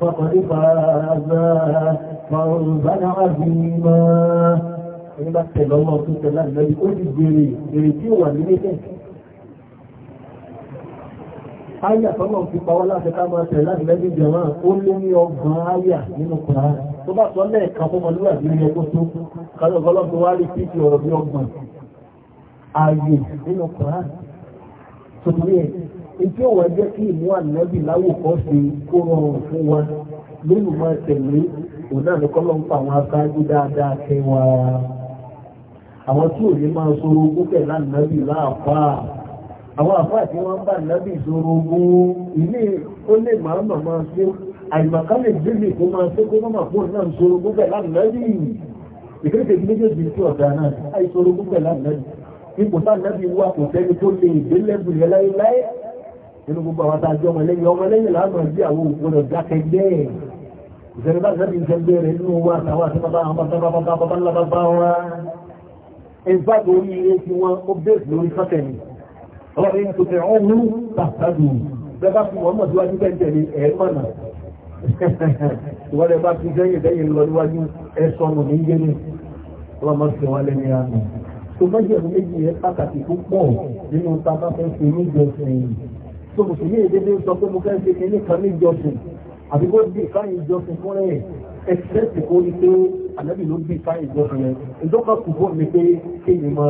فقد فاز فوزا عظيما إذا الله تعالى الذي أجد جري جري Ayà tọ́lọ̀ fi pa wá láti ká máa tẹ̀lé láti lẹ́bí jẹ̀mọ́ ó lé ní ọgbọ̀n ayà nínú kùnà. Tó bá sọ lẹ́ẹ̀kan fún ọmọlúwà bí ilé tó tó, kálọ̀ ọgọ́lọ́ tó wá rí pípì ọ̀rọ̀ bí ọgbọ̀n. Ayè nínú kùnà. Tòtòrí ẹ̀, ìdí òwò jẹ́ kí ìmú ànábì láwòkọ́ ṣe kó máa tẹ̀lé òun náà àwọn aṣáájú dáadáa kẹwàá. Àwọn tí ò ní máa sọ ogún pẹ̀lú ànábì láàfáà àwọn àfáà tí wọ́n ń bá nábì ìṣòro ogun ilé ó lè máa mọ̀ máa ṣe àìmọ̀kálẹ̀ ìdílé tó máa ṣe kó mọ̀ fún náà ìṣòro ogun pẹ̀lú ànábì ìkéréte méjèèjì tí ọ̀dà náà àìṣòro ogun pẹ̀lú ànábì ipò tá ànábì wà kò sẹ́ni tó lè ìdílẹ́bù yẹn láéláé nínú gbogbo àwọn àtàjọ ọmọlẹ́yìn ọmọlẹ́yìn láàmú àbí àwọn òkúrò dákẹ́gbẹ́ ìṣẹ̀lẹ̀ bá ànábì ìṣẹ̀lẹ̀ rẹ̀ nínú wa àtàwọn àti bàbá àwọn bàbá bàbá bàbá ńlá bàbá wa. ìfàgbọ́ orí ilé tí wọ́n ó bẹ́ẹ̀ lórí sọ́tẹ̀ ni ọlọ́run yìí tó tẹ ọ̀hún tàbí bẹ́ẹ̀ bá fi wọ́n mọ̀ síwájú tẹ́ntẹ̀lé ẹ̀ẹ́mọ̀nà ìwọ́n lẹ bá fi jẹ́yìn lẹ́yìn lọ níwájú ẹ̀sọ́ ọmọ ní yé ní ọlọ́mọ sí wọn lẹ́ni àná tó mọ́jẹ̀rún méjì yẹn pàtàkì púpọ̀ nínú ta bá fẹ́ fi ní ìjọsìn yìí tó kò sí ní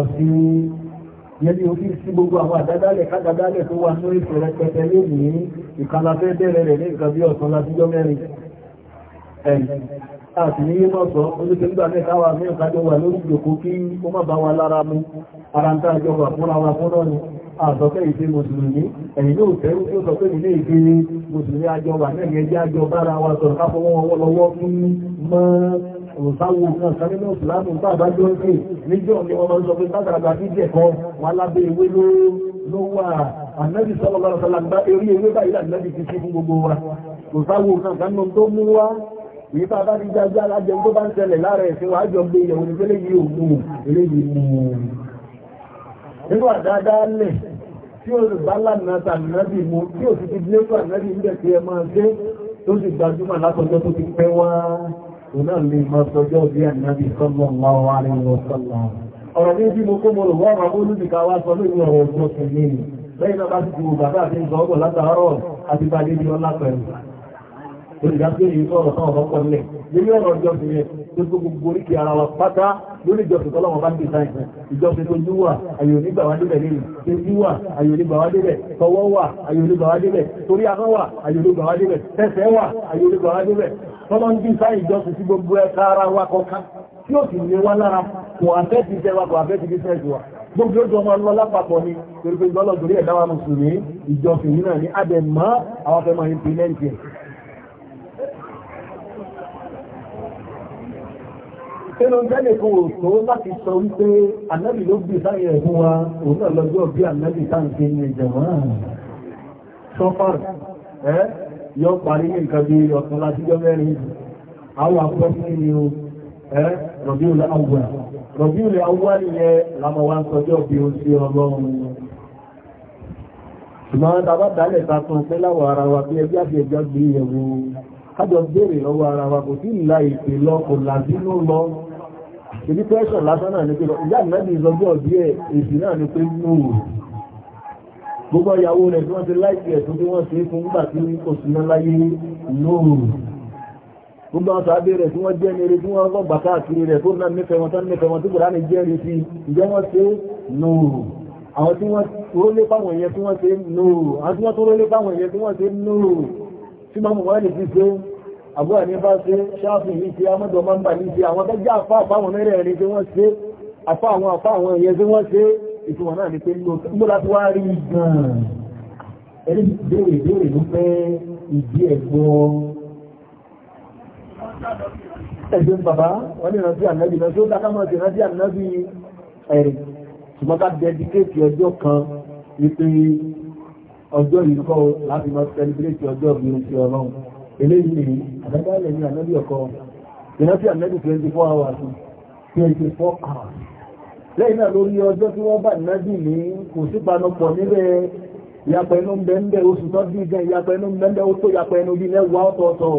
èdè ní yẹni òfin sí gbogbo àwọn àdádálẹ̀ kádádálẹ̀ tó wà ní ìfẹ́ rẹpẹtẹ lónìí ìkàlàfẹ́ bẹ̀rẹ̀ rẹ̀ ní nǹkan bí ọ̀sán látijọ́ mẹ́rin àti ní yíò mọ́ sọ oníkẹ́ nígbà mẹ́ta wà ní ìkájọ́ wà lórí ìjòkó kí ó má bá wa lára mú ara ń tàjọ wà fúnra wa fúnra ni àsọ̀kẹ́ ìfẹ́ mùsùlùmí ẹ̀yìn ló fẹ́ ó sọ pé nílé ìfẹ́ mùsùlùmí àjọ wà náà ẹjẹ́ àjọ òsáwò kan kan nínú ìsìlámù tó àbájọ́ ń pè níjọ́ ni wọ́n máa ń sọ pé bàtàgbà fíjẹ̀ kan wọn alábẹ́ ewé ló wà ànábì sọ́lọ́ bá sọ́lá ń bá eré ewé báyìí ànábì ti sí fún gbogbo wa òsáwò kan kan nínú tó mú wá èyí tá a bá ti jájá alájẹ tó bá ń ṣẹlẹ̀ lára ẹ̀sìn wàá jọ gbé ìyẹ̀wò ní pélé yìí òun eléyìí mú un nígbà dáadáa lẹ̀ tí ó rí bá lánàá tàbí mú tí ó sì ti gbé fún ànábì ń bẹ̀ pé ẹ máa ṣe tó sì gbajúmọ̀ látọjọ́ tó ti pẹ́ wá náà lè mọ́ sọjọ́ bí ànábì sọ́lọ́ lọ́wọ́ àríwọ̀ sọ́lọ́ ọ̀rọ̀ ní bí mo kó mo lò wọ́n ọmọ olùdíkà wá sọ lórí ọ̀rọ̀ ọ̀tọ̀ sí ní lẹ́yìn náà bá ti kú bàbá àti ń sọ́ọ̀bọ̀ látàárọ̀ àti bá dé ní ọlá pẹ̀lú olùdásílẹ̀ yìí sọ̀rọ̀ sọ̀rọ̀ ọ̀pọ̀ nílẹ̀ nínú ọ̀rọ̀ ìjọsìn yẹn tó tó gbogbo oríkì ara wa pátá lórí ìjọsìn tọ́lọ́wọ́ bá ti sáyẹn ìjọsìn tó yíwà ayò onígbà wá tọ́lọ́ ń dín sáyé ìjọsìn sí gbogbo ẹ̀ka ara wa kọ̀ọ̀kan tí ó sì ní wá lára kò àfẹ́ ti jẹ wa kò àfẹ́ ti bísẹ̀ jù wa gbogbo ojú ọmọ lọ lápapọ̀ ni torí pé ìgbọ́lọ̀ torí ẹ̀dá wa mùsùlùmí ìjọsìn yìí náà ní adẹ̀ mọ́ àwọn afẹ́ máa ń pè lẹ́ǹtì ẹ̀ Ẹnu jẹ́lẹ̀ kan ò tó láti sọ wípé ànábì ló bí sáyẹ̀ ẹ̀fún wa, òun náà lọ́jọ́ bí ànábì táǹkì ní ìjẹ̀wọ̀n. Sọ́fàrì, ẹ́ yọ parí ní nǹkan bí ọ̀sán láti jọ mẹ́rin àwọn àkọ́sí ni o ẹ́ Rabiul Awwal Rabiul Awwal yẹ lámọ̀ wá ń sọjọ́ bí o sí ọlọ́run ṣùgbọ́n tàbá dálẹ̀ takùn pé láwọ̀ ara wa bí ẹgbẹ́ àti ẹgbẹ́ gbé yẹ̀wò kájọ béèrè lọ́wọ́ ara wa kò sí ìlà ìpè lọ kò làbínú lọ ìdí pẹ́ṣọ̀ lásán náà ní ìyá ìmẹ́bí ìzọgbọ́ bí ẹ̀ èsì náà ní pé nù gbogbo ìyàwó rẹ̀ tí wọ́n ti láìsí ẹ̀sùn tí wọ́n ṣe fún nígbà tí kò súná láyé lóòrùn gbogbo àwọn sàábé rẹ̀ tí wọ́n jẹ́ nire tí wọ́n gbọ́gbà káàkiri rẹ̀ tó náà nífẹ̀ẹ́ wọn tán nífẹ̀ẹ́ wọn tí kòrá ní jẹ́rìí sí ìjẹ́ wọ́n ṣe lóòrùn àwọn tí wọ́n rólé fáwọn èèyàn tí wọ́n ṣe lóòrùn àwọn tí wọ́n tó rólé fáwọn èèyàn tí wọ́n ṣe lóòrùn tí máa mú wọ́n lè fi ṣe àbúrà ní bá ṣe ṣáàfin ní ṣe amọ́dọ̀ máa ń bà ní ṣe àwọn tẹ́jẹ́ àfá àfáwọn mẹ́rẹ̀ẹ̀rin tí wọ́n ṣe àfá àwọn àfá àwọn èèyàn tí wọ́n ṣe ìtumọ̀ náà ni pé ló láti wá rí gan-an ẹni béèrè béèrè ló fẹ́ ìdí ẹ̀gbọ́ ẹ̀gbọ́n bàbá wọ́n ní ìrántí ànábì náà tó dáká mọ́ ti ìrántí ànábì ẹ̀rì ṣùgbọ́n ká dẹ́díkéètì ọjọ́ kan wípé ọjọ́ yìí kọ́ láti mọ́ sẹ́lẹ̀bírẹ́tì ọjọ́ bí i ti ọlọ́run eléyìí ni àdájá ilẹ̀ ní ànábì ọkọ ìrántí ànábì 24 hours 24 hours lẹ́yìn náà lórí ọjọ́ tí wọ́n bá nábì ní kò sí panupọ̀ níbẹ̀ ìyapẹ̀ inú bẹ́ẹ̀ oṣù tó bí gan ìyapẹ̀ inú bẹ́ẹ̀ ó tó ìyapẹ̀ bí mẹ́wàá ọ̀tọ̀ọ̀tọ̀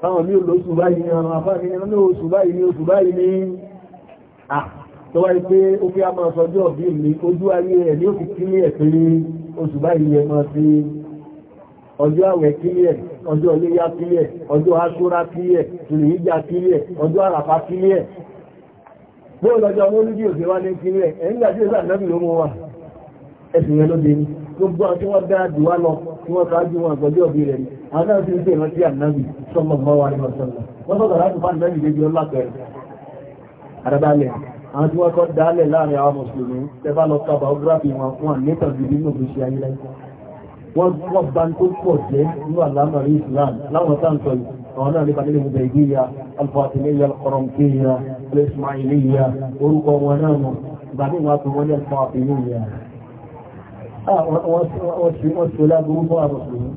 táwọn mí olóṣù báyìí ni ọ̀rọ̀ àfáàní ní ni oṣù báyìí ni àtọwà pé ó fi àmọ́ ọ̀sọ́jọ́ bí mi ojú ayé ẹ̀ ní òkú kí ní ẹ̀ pé oṣù báyìí ẹ̀ máa fi ọjọ́ àwẹ̀ kílẹ̀ ọjọ́ iléyá kílẹ̀ ọjọ́ aṣúra bó lọ́jọ́ olójú òfin wá ní kílẹ̀ ẹ̀yìn àti ìsà náà ló mú wa ẹ̀sìn yẹn ló dé ní gbogbo àti wọ́n dá àdúwá lọ tí wọ́n sáájú wọn àgbọ̀jọ́ òbí rẹ̀ ní wọ́n kọ́ dálẹ̀ láàrin àwọn mùsùlùmí tẹ́fà lọ ka biography wọn wọn nítàn bíbí ní òfin ṣe ayé láìpẹ́ wọ́n bá ń àwọn náà nípa nílùú bẹ̀gíyà alfatimiyya alkọrọmkiyya alismailiyya orúkọ wọn náà nù ìgbà ní wọn tó wọn ní alfatimiyya wọ́n sì wọ́n sì lágbóró fún àwọn mùsùlùmí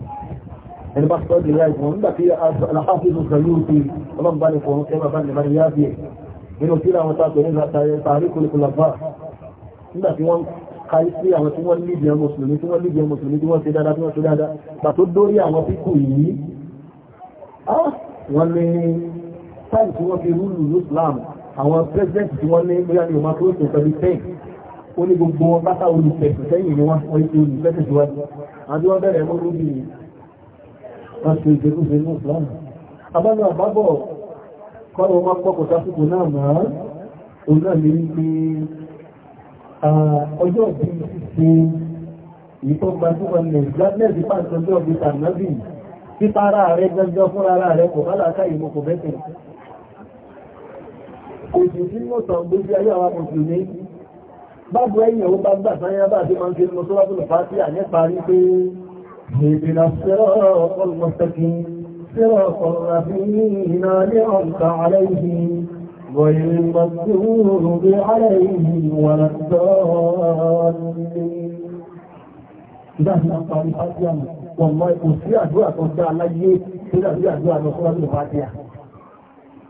ẹni bá sọ́ọ́ dìrẹ́ ìgbọ̀n nígbà tí aláhàfíìsù sàyúùtì ọlọ́mbà ní kòrò kẹ́ bàbá nìbá ní yáàbí ẹ̀ nínú tí àwọn tàbí ní tàrí kòlùkùlàbà nígbà tí wọ́n káyí sí àwọn tí wọ́n lídìí mùsùlùmí tí wọ́n lídìí mùsùlùmí tí wọ́n ṣe dáadáa tí wọ́n ṣe Ah, wọ́n ní táìmù tí wọ́n fi rúlù Islam àwọn pẹ́sidẹ́ntì tí wọ́n ní bóyá ní òmàkúrósì pẹ̀lú ten ó ní gbogbo wọn bátà olùfẹ̀sì sẹ́yìn ni wọ́n wọ́n ti olùfẹ́sì síwájú àti wọ́n bẹ̀rẹ̀ mọ́ lórí wọ́n ti ìgbèrúfẹ́ ní Islam abánú àbábọ̀ kọ́rọ̀ wọn pọ̀pọ̀ sásìkò náà máa òun náà lè rí pé ọjọ́ ìdí ṣe ìtọ́gbàtúwà nẹ̀ títàrà rẹ̀ gẹ́gẹ́ fún ara rẹ̀ kò bá láta ìmú kò bẹ́ẹ̀ kò sì sí mọ́tàn gbójú ayé àwọn mùsùlùmí bábú ẹ̀yìn ó bá gbà sáyá bá sí máa ń fi lọ sọ́wọ́pù lọ fásíà nípa rí pé ìbìnà sẹ́rọ̀ ọlọ́mọ̀sẹ́kì wọ́n mọ́ sí àdúrà tó dá aláyé tó dàbí àdúrà lọ fún àdúrà fàtíà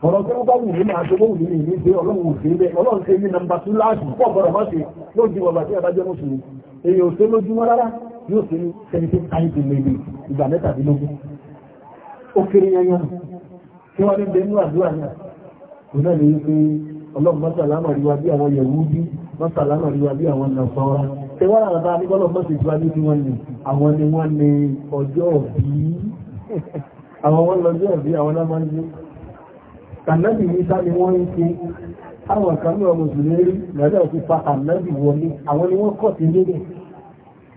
ọ̀rọ̀ tó bá wù ní máa tó bó wù ní ìlú pé ọlọ́run ò sí bẹ́ ọlọ́run ṣe ní nàmbà tún láàṣù pọ̀ bọ̀rọ̀ mọ́ sí lójú ọba tí abájọ́ mùsùlùmí èyí ò sí lójúmọ́ rárá yóò sí ní seventeen times in maybe ìgbà mẹ́tàdínlógún ó kéré yanyan tí wọ́n ní bẹ́ẹ̀ ní àdúrà náà kò náà ní wípé ọlọ́run mọ́sàlámà rí wa bí àwọn yẹ̀wú bí mọ́sàlámà rí wa tẹwàrà àbá nígbọ́lọ̀ mọ́ sí ìjọba níbi wọn ni àwọn ni wọ́n ní ọjọ́ ọ̀bí àwọn wọ́n lọ́jọ́ ọ̀bí àwọn lámájú kànábì ní sáà ni wọ́n ń ṣe àwọn kàmí ọmọ ìsìlérí lọ́jọ́ ti fa kànábì wọlé àwọn ni wọ́n kọ̀ sí lérè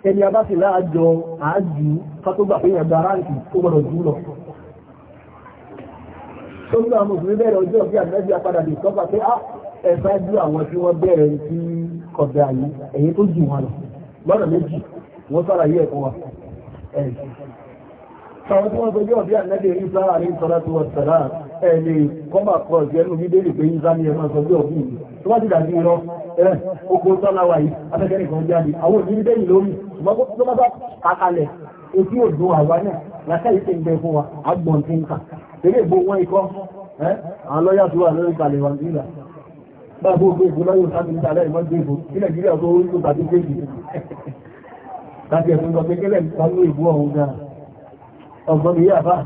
ẹni a bá sì láàjọ àájú fátógbà pé ẹ̀dà ráǹkì tó gbọdọ̀ jù lọ tó gbà ọmọ ìsìlérí bẹ̀rẹ̀ ọjọ́ ọ̀bí ànábì apadà dè sọ́gbà pé ah, ẹ ṣáájú àwọn tí wọ́n bẹ̀rẹ̀ sí kọ̀dà yìí ẹ̀yìn tó jù wọn lọ lọ́nà méjì wọ́n sàlàyé ẹ̀kọ́ wa ẹ̀yìn. Àwọn tí wọ́n sọ yóò bí ànẹ́dẹ̀ Ìsá àrí ìsọ́lá tí wọ́n sẹ̀rá ẹ̀ lè kọ́mà kọ́ ọ̀sẹ̀ ẹnu bí délì pé Ìsá ní ẹ̀mọ́ sọ yóò bí tó bá ti dàbí irọ́ ẹ̀ oko sọ́láwà yìí afẹ́fẹ́ nìkan jáde àwọn òbí délì lórí ṣùgbọ́n tó bá bá kàkalẹ̀ etí òdo àwa náà làkà yìí ti ń bẹ fún wa àgbọ̀n ti ń kà eré ìgbó wọn ikọ́ àwọn lọ́yà tó wà lórí kalẹ̀ wà nílà báwo gbogbo ìgbó lọ́yọ̀ sáàbì ní alẹ́ ìmọ́ gbé ìbò ní nàìjíríà tó ń lò tàbí gbé ìbò láti ẹ̀sùn lọ kékeré ìpamọ́ ìbò ọ̀hún náà ọgbọ́n mi yà bá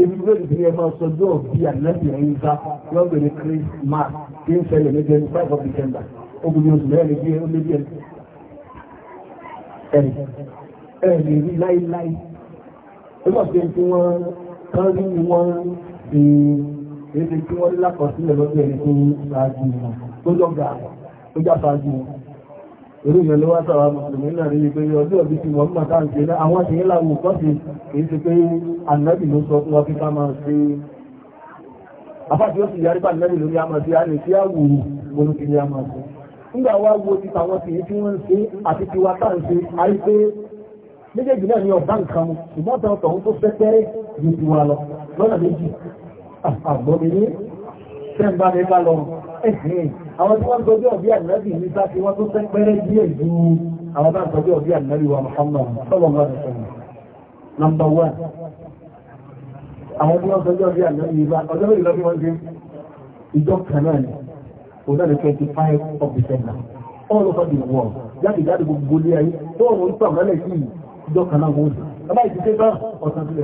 ibi tó lè fi ẹmọ sọjọ́ bí àlẹ́bì ẹ̀yìn sá lọ́gbẹ̀rẹ̀ Christmas tí ń ṣẹlẹ̀ ní twenty five of December obìnrin oṣù mẹ́rin bí ó lé bí ẹni ẹni rí láíláí ó lọ́ọ̀ṣẹ́ tí wọ́n kán rí wọn ṣe èdè tí wọ́n lákọsílẹ̀ lọ́dọ̀ ẹni tó ṣáájú wọn tó lọ́gbà tó já ṣáájú wọn orí ìyẹn ló wá sára mùsùlùmí náà rí pé ọdún ọdún tí wọ́n mọ̀ táǹkì náà àwọn àti ńlá wò kọ́ sí èyí ti pé ànábì ló sọ fún wa fífá máa ṣe afáàtí ó sì yarí bá ànábì lórí àmọ̀ sí àlè sí àwò gbogbo kiri àmọ̀ sí nígbà wá wo ti tàwọn sì tí wọ́n ń ṣe àti ti wa táà ń ṣe àrí pé méjèèjì náà ní ọ̀bá nǹkan ṣùgbọ́n tọ̀hún àgbọ́mìnì tẹ́m̀bá mi bá lọ àwọn tí wọ́n tọ́jú ọ̀bí ànábì ní bá ti wọ́n tó tẹ́ pẹ́rẹ́ díẹ̀ ju àwọn bá tọ́jú ọ̀bí ànábì wa Muhammad sallallahu alaihi wasallam number one àwọn tí wọ́n tọ́jú ọ̀bí ànábì bá ọjọ́ mẹ́rin lọ́bí wọ́n dé ìjọ kanáà ni five of December all over the world jáde jáde gbogbo ilé ayé tó ọ̀rọ̀ ń tọ̀ mọ́lẹ̀ sí ìjọ kanáà wọ́n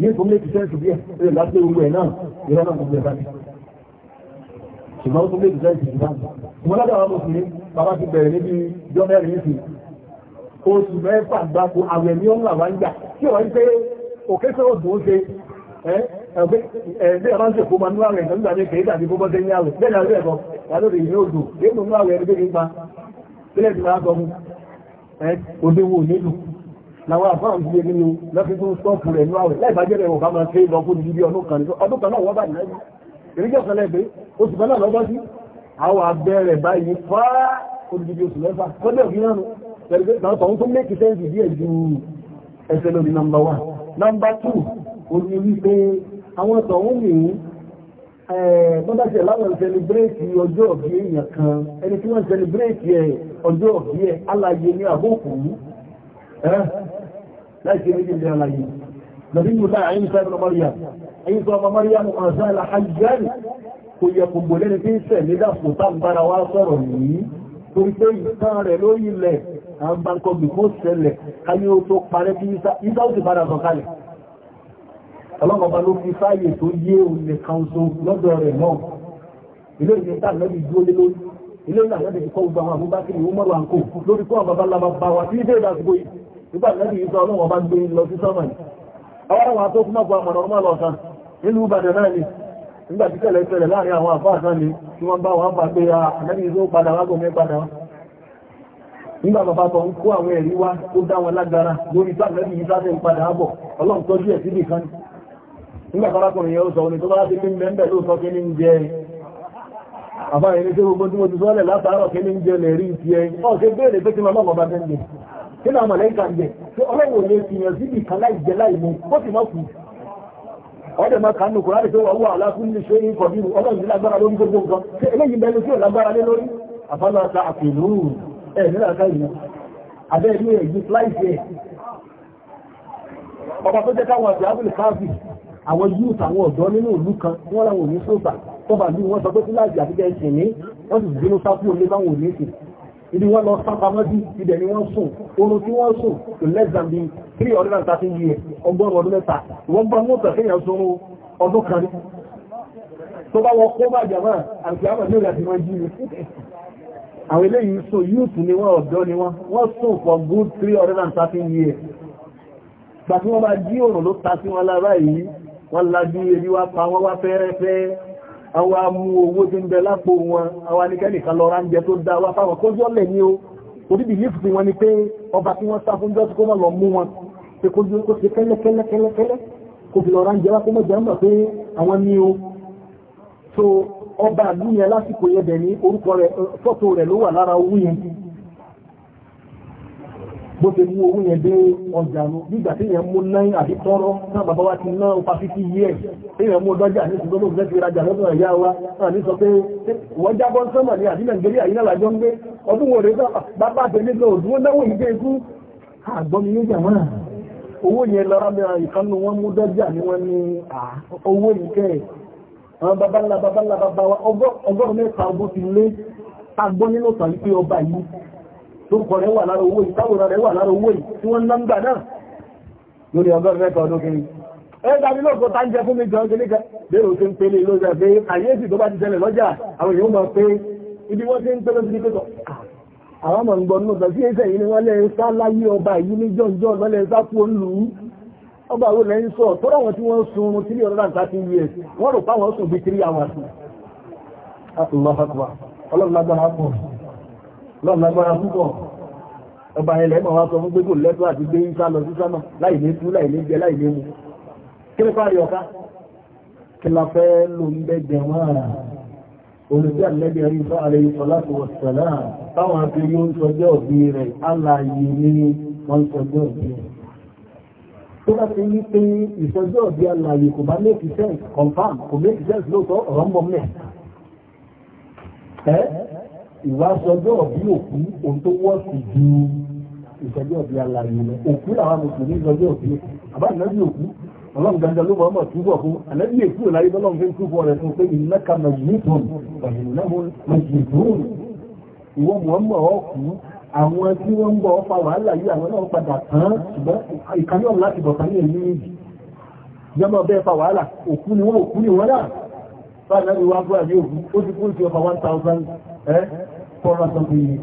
ní ètò méjì sẹ́ǹsì díẹ̀ ó lè láti gbogbo ẹ̀ náà bàbá ti bẹ̀rẹ̀ níbi jọ́mẹ́rin nìsín oṣù mẹ́fà gbáko àwẹ̀ ní ọ̀nà tí wọ́n ń pé òkè tó ò dùn ó ṣe ẹgbẹ́ ọ̀ránṣẹ́ kó máa ní àwẹ̀ ìgbà ẹgbẹ́ làwọn àfáà ń gbé lọ́fí tó sọ́ọ̀pù rẹ̀ ní àwẹ̀ láìbájẹ́ rẹ̀ máa ṣe lọ́kún ní ibi ọdún kan ọdún kan náà wọ́n bá nìyàjú ìrìnjẹ́ kan lẹ́gbẹ̀ẹ́ oṣù kan náà lọ́gbọ́n sí àwọn abẹ́rẹ̀ báyìí fá oṣù mẹ́fà náà láìsí méjì ní aláyé nàbí yóò láà ẹ̀yìn sáà mọ́ríà ẹ̀yìn sọ ọmọ mọ́ríà mọ́ ọ̀sán aláhàjẹ́rì kò yẹ kò gbò lẹ́ni tí ń sẹ̀ ní dàpò tá ń bára wá sọ̀rọ̀ yìí torí pé ìtàn rẹ̀ lórí ilẹ̀ à ń bá ń kọ́ gbìkó sẹlẹ̀ káyé ó tó parẹ́ bí ìsá ó sì padà sọ kalẹ̀ ọlọ́mọba ló fi sáàyè tó yé òun kan so lọ́dọ̀ rẹ̀ náà ilé ìgbé tá lẹ́bi dúró lé lórí ilé ìlànà ìkọ́ gbogbo àwọn àbúbákiri ó mọ́rọ̀ àǹkó lórí kó àwọn babaláwa bá wa sí ilé ìdásígbó yìí nígbà lẹ́bí ìsọ ọlọ́wọ́ bá gbe lọ sí sọ́mọ̀ àwọn àwọn tó kúmọ̀ gba ọmọ ọmọ lọ kan nínú Ìbàdàn náà ni nígbà kẹlẹ̀ tẹ̀lẹ̀ láàrin àwọn àfáà kan ni tí wọ́n bá wọn bá pé ah, àlẹ́bí ìsọ padà wágò mẹ́ padà nígbà bàbá kó àwọn ẹ̀rí wá dá wọn lágbára lórí nínú àwọn mọ̀lẹ́kà ń bẹ̀ tí ọlọ́wọ̀ lè fi yàn sí ìkan láì jẹ láì mú ó sì má kú ọdẹ̀ máa kà nù kùnrin àdìsẹ́ wà wà aláàfin ní ṣe ń kọ̀bí ọlọ́run lágbára lórí gbogbo nǹkan tí eléyìí bẹ̀rẹ̀ sí lágbára lé lórí àbálá ta àpèlú ẹ̀ nílà káyìí abẹ́ ilé ẹ̀jú fláìsì ẹ̀ ọba tó jẹ́ káwọn àti abúlé káàbì àwọn yúùtù àwọn ọ̀dọ́ nínú ìlú kan wọ́n láwọn òní sóòtà tó bá ní wọ́n sọ pé fúláàjì àti ibi wọ́n lọ sápamọ́sí ibẹ̀ ni wọ́n sùn oorun tí wọ́n sùn to less than the three hundred and thirty years ọgbọ́n ọdún mẹ́ta wọ́n gbọ́ mọ́tò kéèyàn sọ ọdún kan tó bá wọ kó bá jàmá àti àmà ní ìrìnàjò wọn jí àwọn eléyìí sùn youth ni wọ́n ọ̀dọ́ ni wọ́n wọ́n sùn for good three hundred and thirty years gbàtí wọ́n bá jí oòrùn ló ta sí wọn lára yìí wọ́n lajú ebi wá pa wọ́n wá àwọn amú owó tí ń bẹ lápò wọn àwọn anìkẹ́nìkan lọ ránjẹ tó dá wá fáwọn kójọ́ lẹ̀ ní o oríbi yìí fi wọn ni pé ọba tí wọ́n sá fún jọ́ tí kó mọ̀ lọ mú wọn pé kójú ó ṣe kẹ́lẹ́kẹ́lẹ́kẹ́lẹ́ kò fi lọ ránjẹ wá kó mọ̀ jẹ́ mọ̀ pé àwọn ní so ọba àdúyẹn lásìkò yẹn bẹ̀ ní orúkọ rẹ̀ fọ́tò bó ṣe mú owó yẹn dé ọjà nù nígbà tí yẹn mú náírà àti tọ́rọ́ náà bàbá wa ti ná ọpa fífi yẹ tí yẹn mú dọ́jà ní ṣùgbọ́n òṣìṣẹ́ ti rajà lọ́dún ẹ̀yà wa náà ní sọ pé wọ́n jábọ́ sọ́mọ̀ ní àbí nàìjíríà yìí náà lájọ́ ń gbé ọdún wo rèé bàbá àtẹ̀lé lọ òdúró náwó yìí dé ikú àgbọ́n mi níjà náà owó yẹn lọ rábìnrin ìkànnù wọn mú dọ́jà ni wọ́n ní owó ìkẹ́ àwọn babalá babalá babalá ọgọ́rùn-ún mẹ́ta ọgbọ́n ti lé agbọ́n nínú tàbí ọba yìí lórúkọ rẹ̀ wà lára owó ìtàwòrán rẹ̀ wà lára owó tí wọ́n ná ń gbà náà lórí ọgọ́rùn mẹ́ta ọdún kiri ẹ dábí lóòkó tá ń jẹ fún mi jọ kiri kan lérò tí ń pélé ló jẹ pé àyèsí tó bá ti tẹlẹ lọ́jà àwọn èèyàn mọ̀ pé ibi wọ́n ti ń pélé sí pé àwọn ọmọ ìgbọ̀n náà tọ́sí ẹsẹ̀ yìí ni wọ́n lẹ́ sá láyé ọba yìí ní jọ́njọ́ lọ́lẹ́ sá kú olú lọ́nà agbára púpọ̀ ọba ilẹ̀ mọ̀ wá sọ fún gbégò lẹ́tọ́ àti gbé ń sá lọ sí sánà láì ní tú láì ní jẹ láì ní mu kí ní fáyọ̀ ká kí la fẹ́ ló ń bẹ́gbẹ̀ wọ́n àrà olùsí àlẹ́bẹ̀ rí fún ààrẹ ìfọ̀ láti wọ̀ sẹ̀lá ìwà ọ̀bí òkú ohun tó wọ́ sí ju ìsọjọ́ ọ̀bí alààyè lọ òkú làwọn mùsùlùmí ìsọjọ́ ọ̀bí àbá ìnáwó òkú ọlọ́run dandan ló mọ̀ọ́mọ̀ túbọ̀ fún ànábì èkú ìlàyé lọ́lọ́run fi ń túbọ̀ rẹ̀ fún pé ìnáka mẹ̀jìnìtòn mẹ̀jìnìtòn ìwọ fọ́nrán sọ pé yìí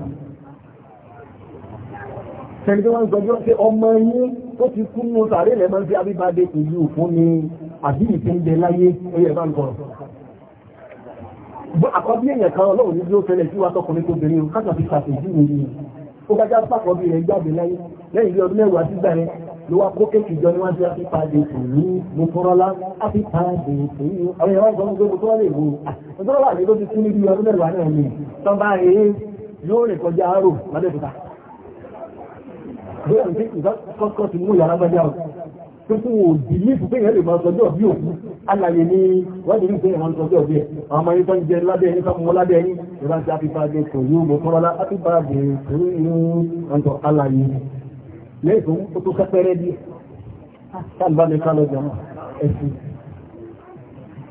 tẹ̀lé tí wọ́n ń gbọ́jọ́ pé ọmọ yín tó ti kú mú sàárè lẹ́mọ́ sí abíbádé pẹ̀lú òfún ni àbí ìpínlẹ̀ láyé oyè bá ń kọ̀rọ̀ àkọ́bí èèyàn kan ọlọ́run ní bí ó tẹ́lẹ̀ sí wa tọkùnrin tó bẹ̀rẹ̀ kájà fi ṣàpèjì nìyí ó gájá pàkọ́bí rẹ̀ jáde láyé lẹ́yìn bí ọdún mẹ́wàá sígbà yẹn ló wá kókè ìjọ níwájú àti pàdé tò ní mọ́tọ́rọ́lá àti pàdé tò ní àwọn ìyàwó ìjọba gbogbo tó wọ́n lè wò mọ́tọ́rọ́lá ní ló ti kú níbi ọdún mẹ́rìnwá náà ni tán bá rè é yóò rìn kọjá àárò lábẹ́kúta bóyá ní kọ́kọ́ ti mú yàrá gbájá o tó kú wò dìlí fún pé èèyàn lè máa sọjọ́ bí òkú alàyè ní wọ́n dìlí fún èèyàn sọjọ́ bí ẹ̀ àwọn ọmọ yìí jẹ lábẹ́ ẹni sọ́kùnmọ́ lábẹ́ ẹni ìrántí àfipá kò yóò mọ̀ tọ́lá àfipá kò yóò mọ̀ tọ́ alàyè lẹ́ẹ̀kùn ó tó kẹ́pẹ́rẹ́ bí sálùbámẹ́ká lọ́jọ́ ẹ̀sìn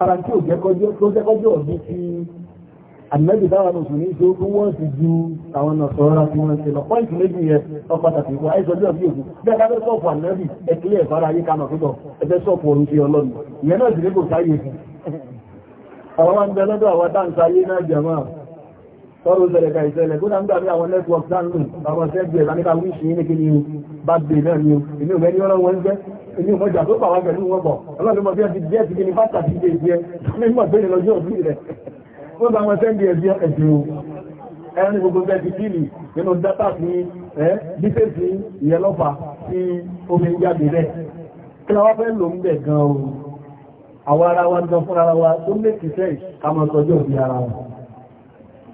ara tí ó jẹ́kọ́jọ́ ọ̀dún ti àmẹ́bì dáwà lóṣù ní tó tó wọ́n sì ju àwọn nọ̀sọ̀rọ̀ tí wọ́n ṣe lọ pọ́ìntì méjì yẹ ọpàtàkì ìwọ̀ àìsọjọ́ bí òkú bí ẹgbẹ́ bẹ́ sọ́ọ̀pù àmẹ́bì ẹ̀kílẹ̀ ìfara ayé kanà tó tọ̀ ẹgbẹ́ sọ́ọ̀pù orun fi ọlọ́nu ìyẹn náà sì lébò sáyé fún àwọn wa ń bẹ lọ́dọ̀ àwọn táǹkà ayé náà jẹ̀mọ́ tọ́rọ ìṣẹ̀lẹ̀ ka ìṣẹ̀lẹ̀ kó dáńgbà ní àwọn network dánù àwọn ṣẹ́gbẹ̀ ìlànìkà wíṣì ní kí ni bá dé náà ni inú ìwẹ́ ní ọlọ́wọ́ ń jẹ́ inú ìmọ̀jà tó pàwọn pẹ̀lú wọn bọ̀ ọlọ́dúnmọ̀ bí ẹti jẹ́ ti kí ni pátá ti dé ìgbẹ́ mímọ̀ tó ní lọ́jọ́ òbí rẹ̀ ó bá wọn sẹ́ndì ẹ̀bí ẹ̀sìn o ẹni gbogbo bẹ́ẹ̀ ti kílì nínú dátà sí ẹ́ bíṣẹ́sì ìyẹlọ́fà sí omi jáde rẹ̀ kí la wá fẹ́ lò ń bẹ̀ gan o àwọn ara wa gan fúnra wa tó lè kìí sẹ́yìn ká máa sọjọ́ òbí ara wa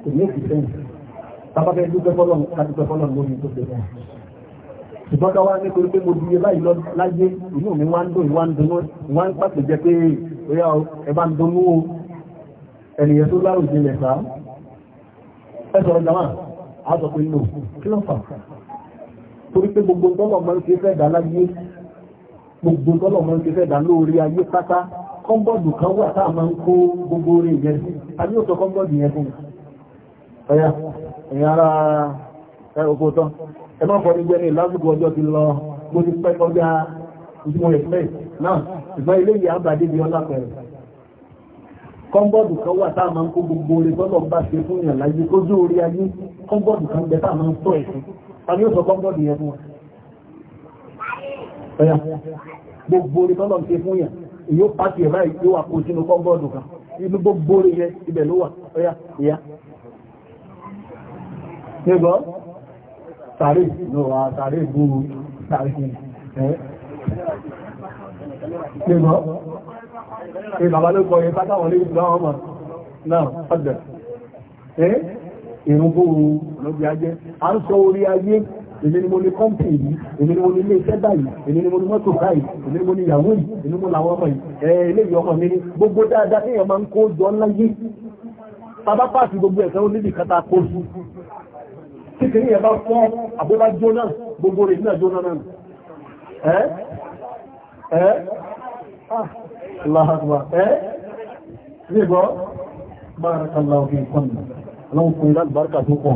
kò ní èkì sẹ́yìn tábàbẹ́ dúpẹ́ fọ́lọ́ kádúpẹ́ fọ́lọ́ lórí tó ṣe náà ṣùgbọ́n ká wá nítorí pé mo dúró báyìí lọ láyé inú mi wá ń dùn wá ń dunnú wá ń pàtó jẹ pé bóyá ẹ bá ń dunnú o ẹnìyẹn tó lárò jinlẹ̀ sá ẹ sọ̀rọ̀ jàmá a sọ pé nù kí ló fà torí pé gbogbo tọ́lọ̀ máa ń ṣe fẹ́ dá láyé gbogbo tọ́lọ̀ máa ń ṣe fẹ́ dá lórí ayé pátá kọ́ńbọ̀dù kan wà tá a máa ń kó gbogbo orin yẹn ọ̀yá ẹ̀yìn ara ẹ̀rọ̀kó tán ẹ má fọ́n gbẹ́ni lásìkò ọjọ́ ti lọ bó ti pẹ́ kọjá ìdímọ̀ ẹ̀fẹ́ náà ìgbà ilé ìyá àbàdé di ọlá pẹ̀rẹ̀ kọ́ńbọ́ọ̀dù kan wà táà máa ń kó gbogbo orí tọ́lọ̀ bá ṣe fún ìyàn láyé kó jó orí ayé kọ́ńbọ́ọ̀dù kan gbẹ táà máa ń tọ́ ẹ̀sìn ta ni ó sọ kọ́ńbọ́ọ̀dù yẹn fún ọ̀yá gbogbo orí tọ́lọ̀ ṣe fún ìyàn ìyó pàṣẹ ráì yóò wà kó sínú kọ́ńbọ́ọ̀dù kan inú gbogbo orí yẹn ibẹ̀ ló wà ọ̀yá ìyá nígbọ́ tàrí ìlúwà tàrí ìgbúrú tàrí nígbọ́ ṣe bàbá ló kọ yẹn pátáwọn lè gbá ọmọ náà ọ̀dẹ̀ ẹ́ ìrúgbòrò lọ́gbẹ̀ ajé a ń sọ orí ayé èmi ni mo ní kọ́mpì yìí èmi ni mo ní ilé iṣẹ́ báyìí èmi ni mo ní mọ́tò báyìí èmi ni mo ní ìyàwó yìí èmi ni mo làwọn ọmọ yìí ẹ ilé ìyọ́ ọmọ mi ní gbogbo dáadáa téèyàn máa ń kó jọ ńlá yìí bàbá pàṣẹ gbogbo ẹ̀sẹ̀ oníbìkan ta kó sí tí kìí yẹ bá fọ́ àbúrá jóná gbogbo rẹ̀ náà jóná náà ẹ́ ẹ́ láàrùwà ẹ́ rígbọ́ bárakàlá òfin ìkọ́nà lọ́wọ́ fún ìlàgbàrkà tó pọ̀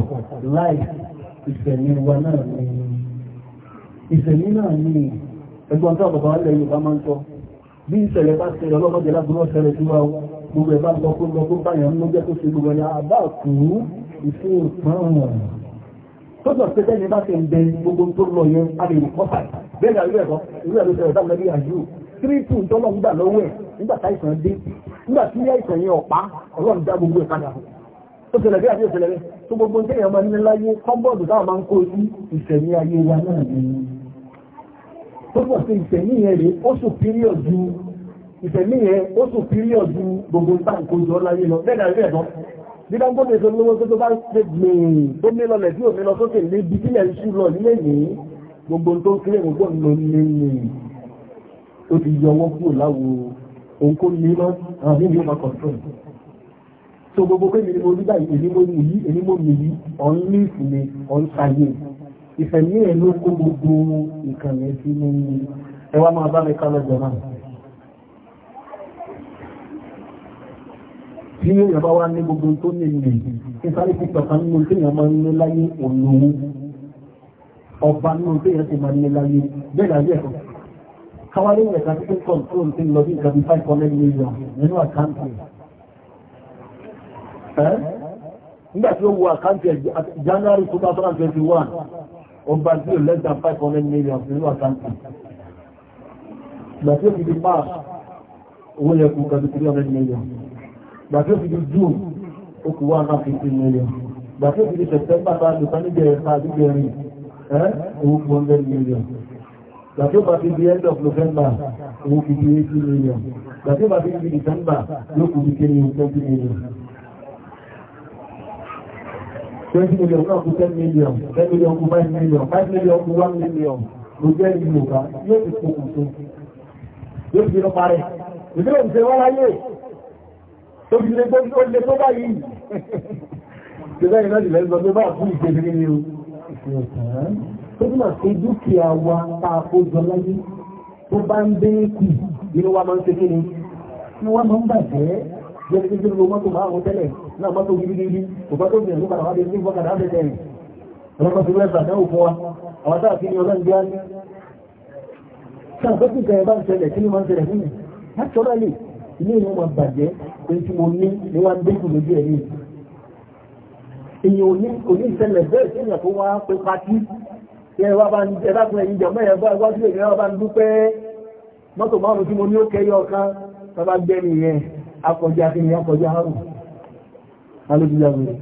láì ìṣẹ̀lẹ̀ wa náà ní ìṣẹ̀lẹ̀ náà ní ẹgbọ́n tó àbàbà ilẹ̀ Yorùbá máa ń sọ bí ìṣẹ̀lẹ̀ bá ṣẹlẹ̀ ọlọ́mọdé lágbúrọ̀ ṣẹlẹ̀ tí wá gbogbo ẹ̀bá lọ́kún lọ́kún báyàn ló jẹ́ tó ṣe gbogbo ẹ̀yà àbá kú ìṣẹ́ ìpáwọn tọ́jọ́ pé tẹ́ni bá ti ń gbogbo tó lọ yẹn a kọ́ta bẹ́ẹ̀ àríwẹ̀ ẹ̀kọ́ ìwé ẹ̀rọ ìṣẹ̀lẹ̀ dáwọn àjú tírípù tọ́lọ́ ń gbà lọ́wọ́ ẹ̀ nígbà ìsàn dé nígbà tí yẹn ọ̀pá ọlọ́run dá gbogbo ẹ̀ padà ó ṣẹlẹ̀ bí àbí ìṣẹ̀lẹ̀ tó gbogbo ní máa ní láyé kọ́mbọ̀dù táwọn máa ń kó sí ìṣẹ̀mí ayé wa náà ni tó pọ̀ sí ìṣẹ̀mí yẹn rèé ó sùn píríọ̀ ìṣẹ̀mí yẹn ó sùn píríọ̀ gbogbo táwọn kó jọ láyé lọ bẹ́ẹ̀ bí Dangote tó lówó tó bá ń ṣe gbìyìn tó ní lọlẹ̀ tí òfin lọ sókè lé bí sílẹ̀ ń ṣú lọ nílé ní gbogbo tó ń kílẹ̀ gbogbo ń lò ní ní ó ti yọ ọwọ́ kúrò láwo òun kó ní mọ́ àwọn ìlú ọmọ kọ̀ọ̀tún tó gbogbo pé èmi mo rí báyìí èmi tí èèyàn bá wá ní gbogbo tó lè lè ìsáré ti tọ̀ka nínú tí èèyàn máa ń ní láyé olówó ọba nínú tí èèyàn ti máa ń ní láyé bẹ́ẹ̀ láyé ẹ̀kọ́ káwárí rẹ̀ ká tí control ti lọ bí nǹkan bí five hundred million nínú àkáǹtì nígbà tí ó wo àkáǹtì January two thousand twenty one ọba tí ó less than five hundred million nínú àkáǹtì ìgbà tí ó fi di March owó yẹ kú kan bí million gbàtí ó fi di june ó kù wá náà fifteen million gbàtí ó fi di september tá a lò sá níbi ẹ̀ka àdúgbò ẹ̀rin ẹ̀ owó kù hundred million gbàtí ó bá fi di end of november owó kù di eighty million gbàtí ó bá fi di december ló kù di kéde twenty million twenty million náà kù ten million ten million kù five million five million kù one million ló jẹ́ ìlú ọ̀gá yóò ti kó kù tó yóò fi lọ parẹ́ ìdílé ìṣẹ́wọ́n láyé tó fi lè tó o tó túnmọ̀ sí dúkìá wa ta àkójọ láyé tó bá ń dé kù inú wa máa ń ṣe kí ni inú wa máa ń bàjẹ́ jẹ́ kí ló mọ́tò máa ń tẹ́lẹ̀ náà mọ́tò gidigidi kò bá tó gbìyànjú padà wá dé ilé ìwọ̀n máa bàjẹ́ pé tí mo ní ní wá ń déjù lójú ẹ̀ ní. èèyàn òní òní ìṣẹ̀lẹ̀ bẹ́ẹ̀ sí ìyàn tó wá pé pátí ẹ wá bá ń ẹ bá fún ẹ̀yin jọmọ ẹ bá wá sí èmi wá bá ń dúpẹ́ mọ́tò márùn tí mo ní ó kẹyọ ọ̀kan bàbá gbẹ́ni yẹn akọjá kí ni akọjá àrùn alójúyàwó rẹ̀.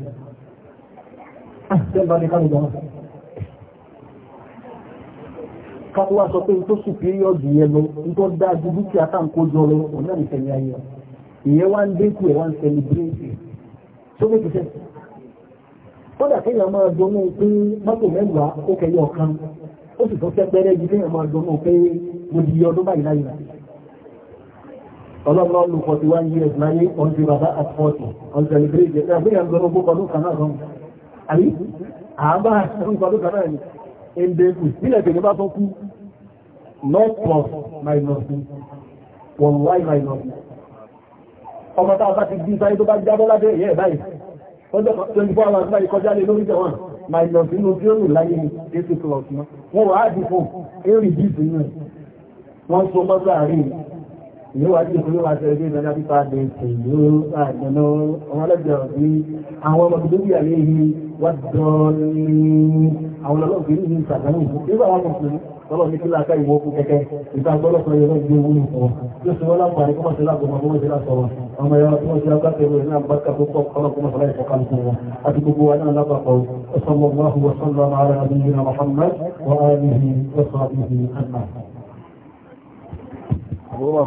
kákó sọ pé tó superior jù yẹn lọ tó dá ju dúkìá tá à kó jọ lọ òun náà nìfẹ̀mí wa ìyẹn wá ń dínkù ẹ̀ wá ń celebrate tó bẹ́ẹ̀ kéèyàn máa dùnnú pé mọ́tò mẹ́wàá ó kẹyọ ọ̀kan ó sì tó tẹ́pẹ́rẹ́ ju kéèyàn máa dùnnú pé mo di ọdún báyìí láyé ọlọ́run 41 years láyé ọ̀n bàbá at celebrate àgbéyàn lọ́nà ọdún ẹ̀ndẹ̀kù sílẹ̀ tẹ̀lé bá tún kú north plus minus one y minus ọmọ táwọn bá ti bí sáyé tó bá jábọ́ lábẹ́ ẹ̀yẹ́ ẹ̀ báyìí ọjọ́ 24 hours báyìí kọjá lé lórí jẹ̀wọ̀n minus inú tí ó rù láyé ní 8 plus wọ́n wà á dìfò èrì dìfò náà wọ́n so mọ́ sáàrin ìlúwàjú ìlúwàjú ẹgbẹ́ ìrìnà pípa dé ìlú àjọ̀nà ọmọlẹ́gbẹ̀ ọ̀bí àwọn ọmọ ìdókì àlẹ́ yìí wádọ́ọ̀lì àwọn ọlọ́gbẹ̀ ní ìsàdánù nígbà wọn mọ̀sùn lọ́lọ́ ní kílá aká ìwọ̀ kẹ́kẹ́ ìta gbọ́lọ́pọ̀ ẹ̀rọ ìgbé owó nìkan yóò ọmọ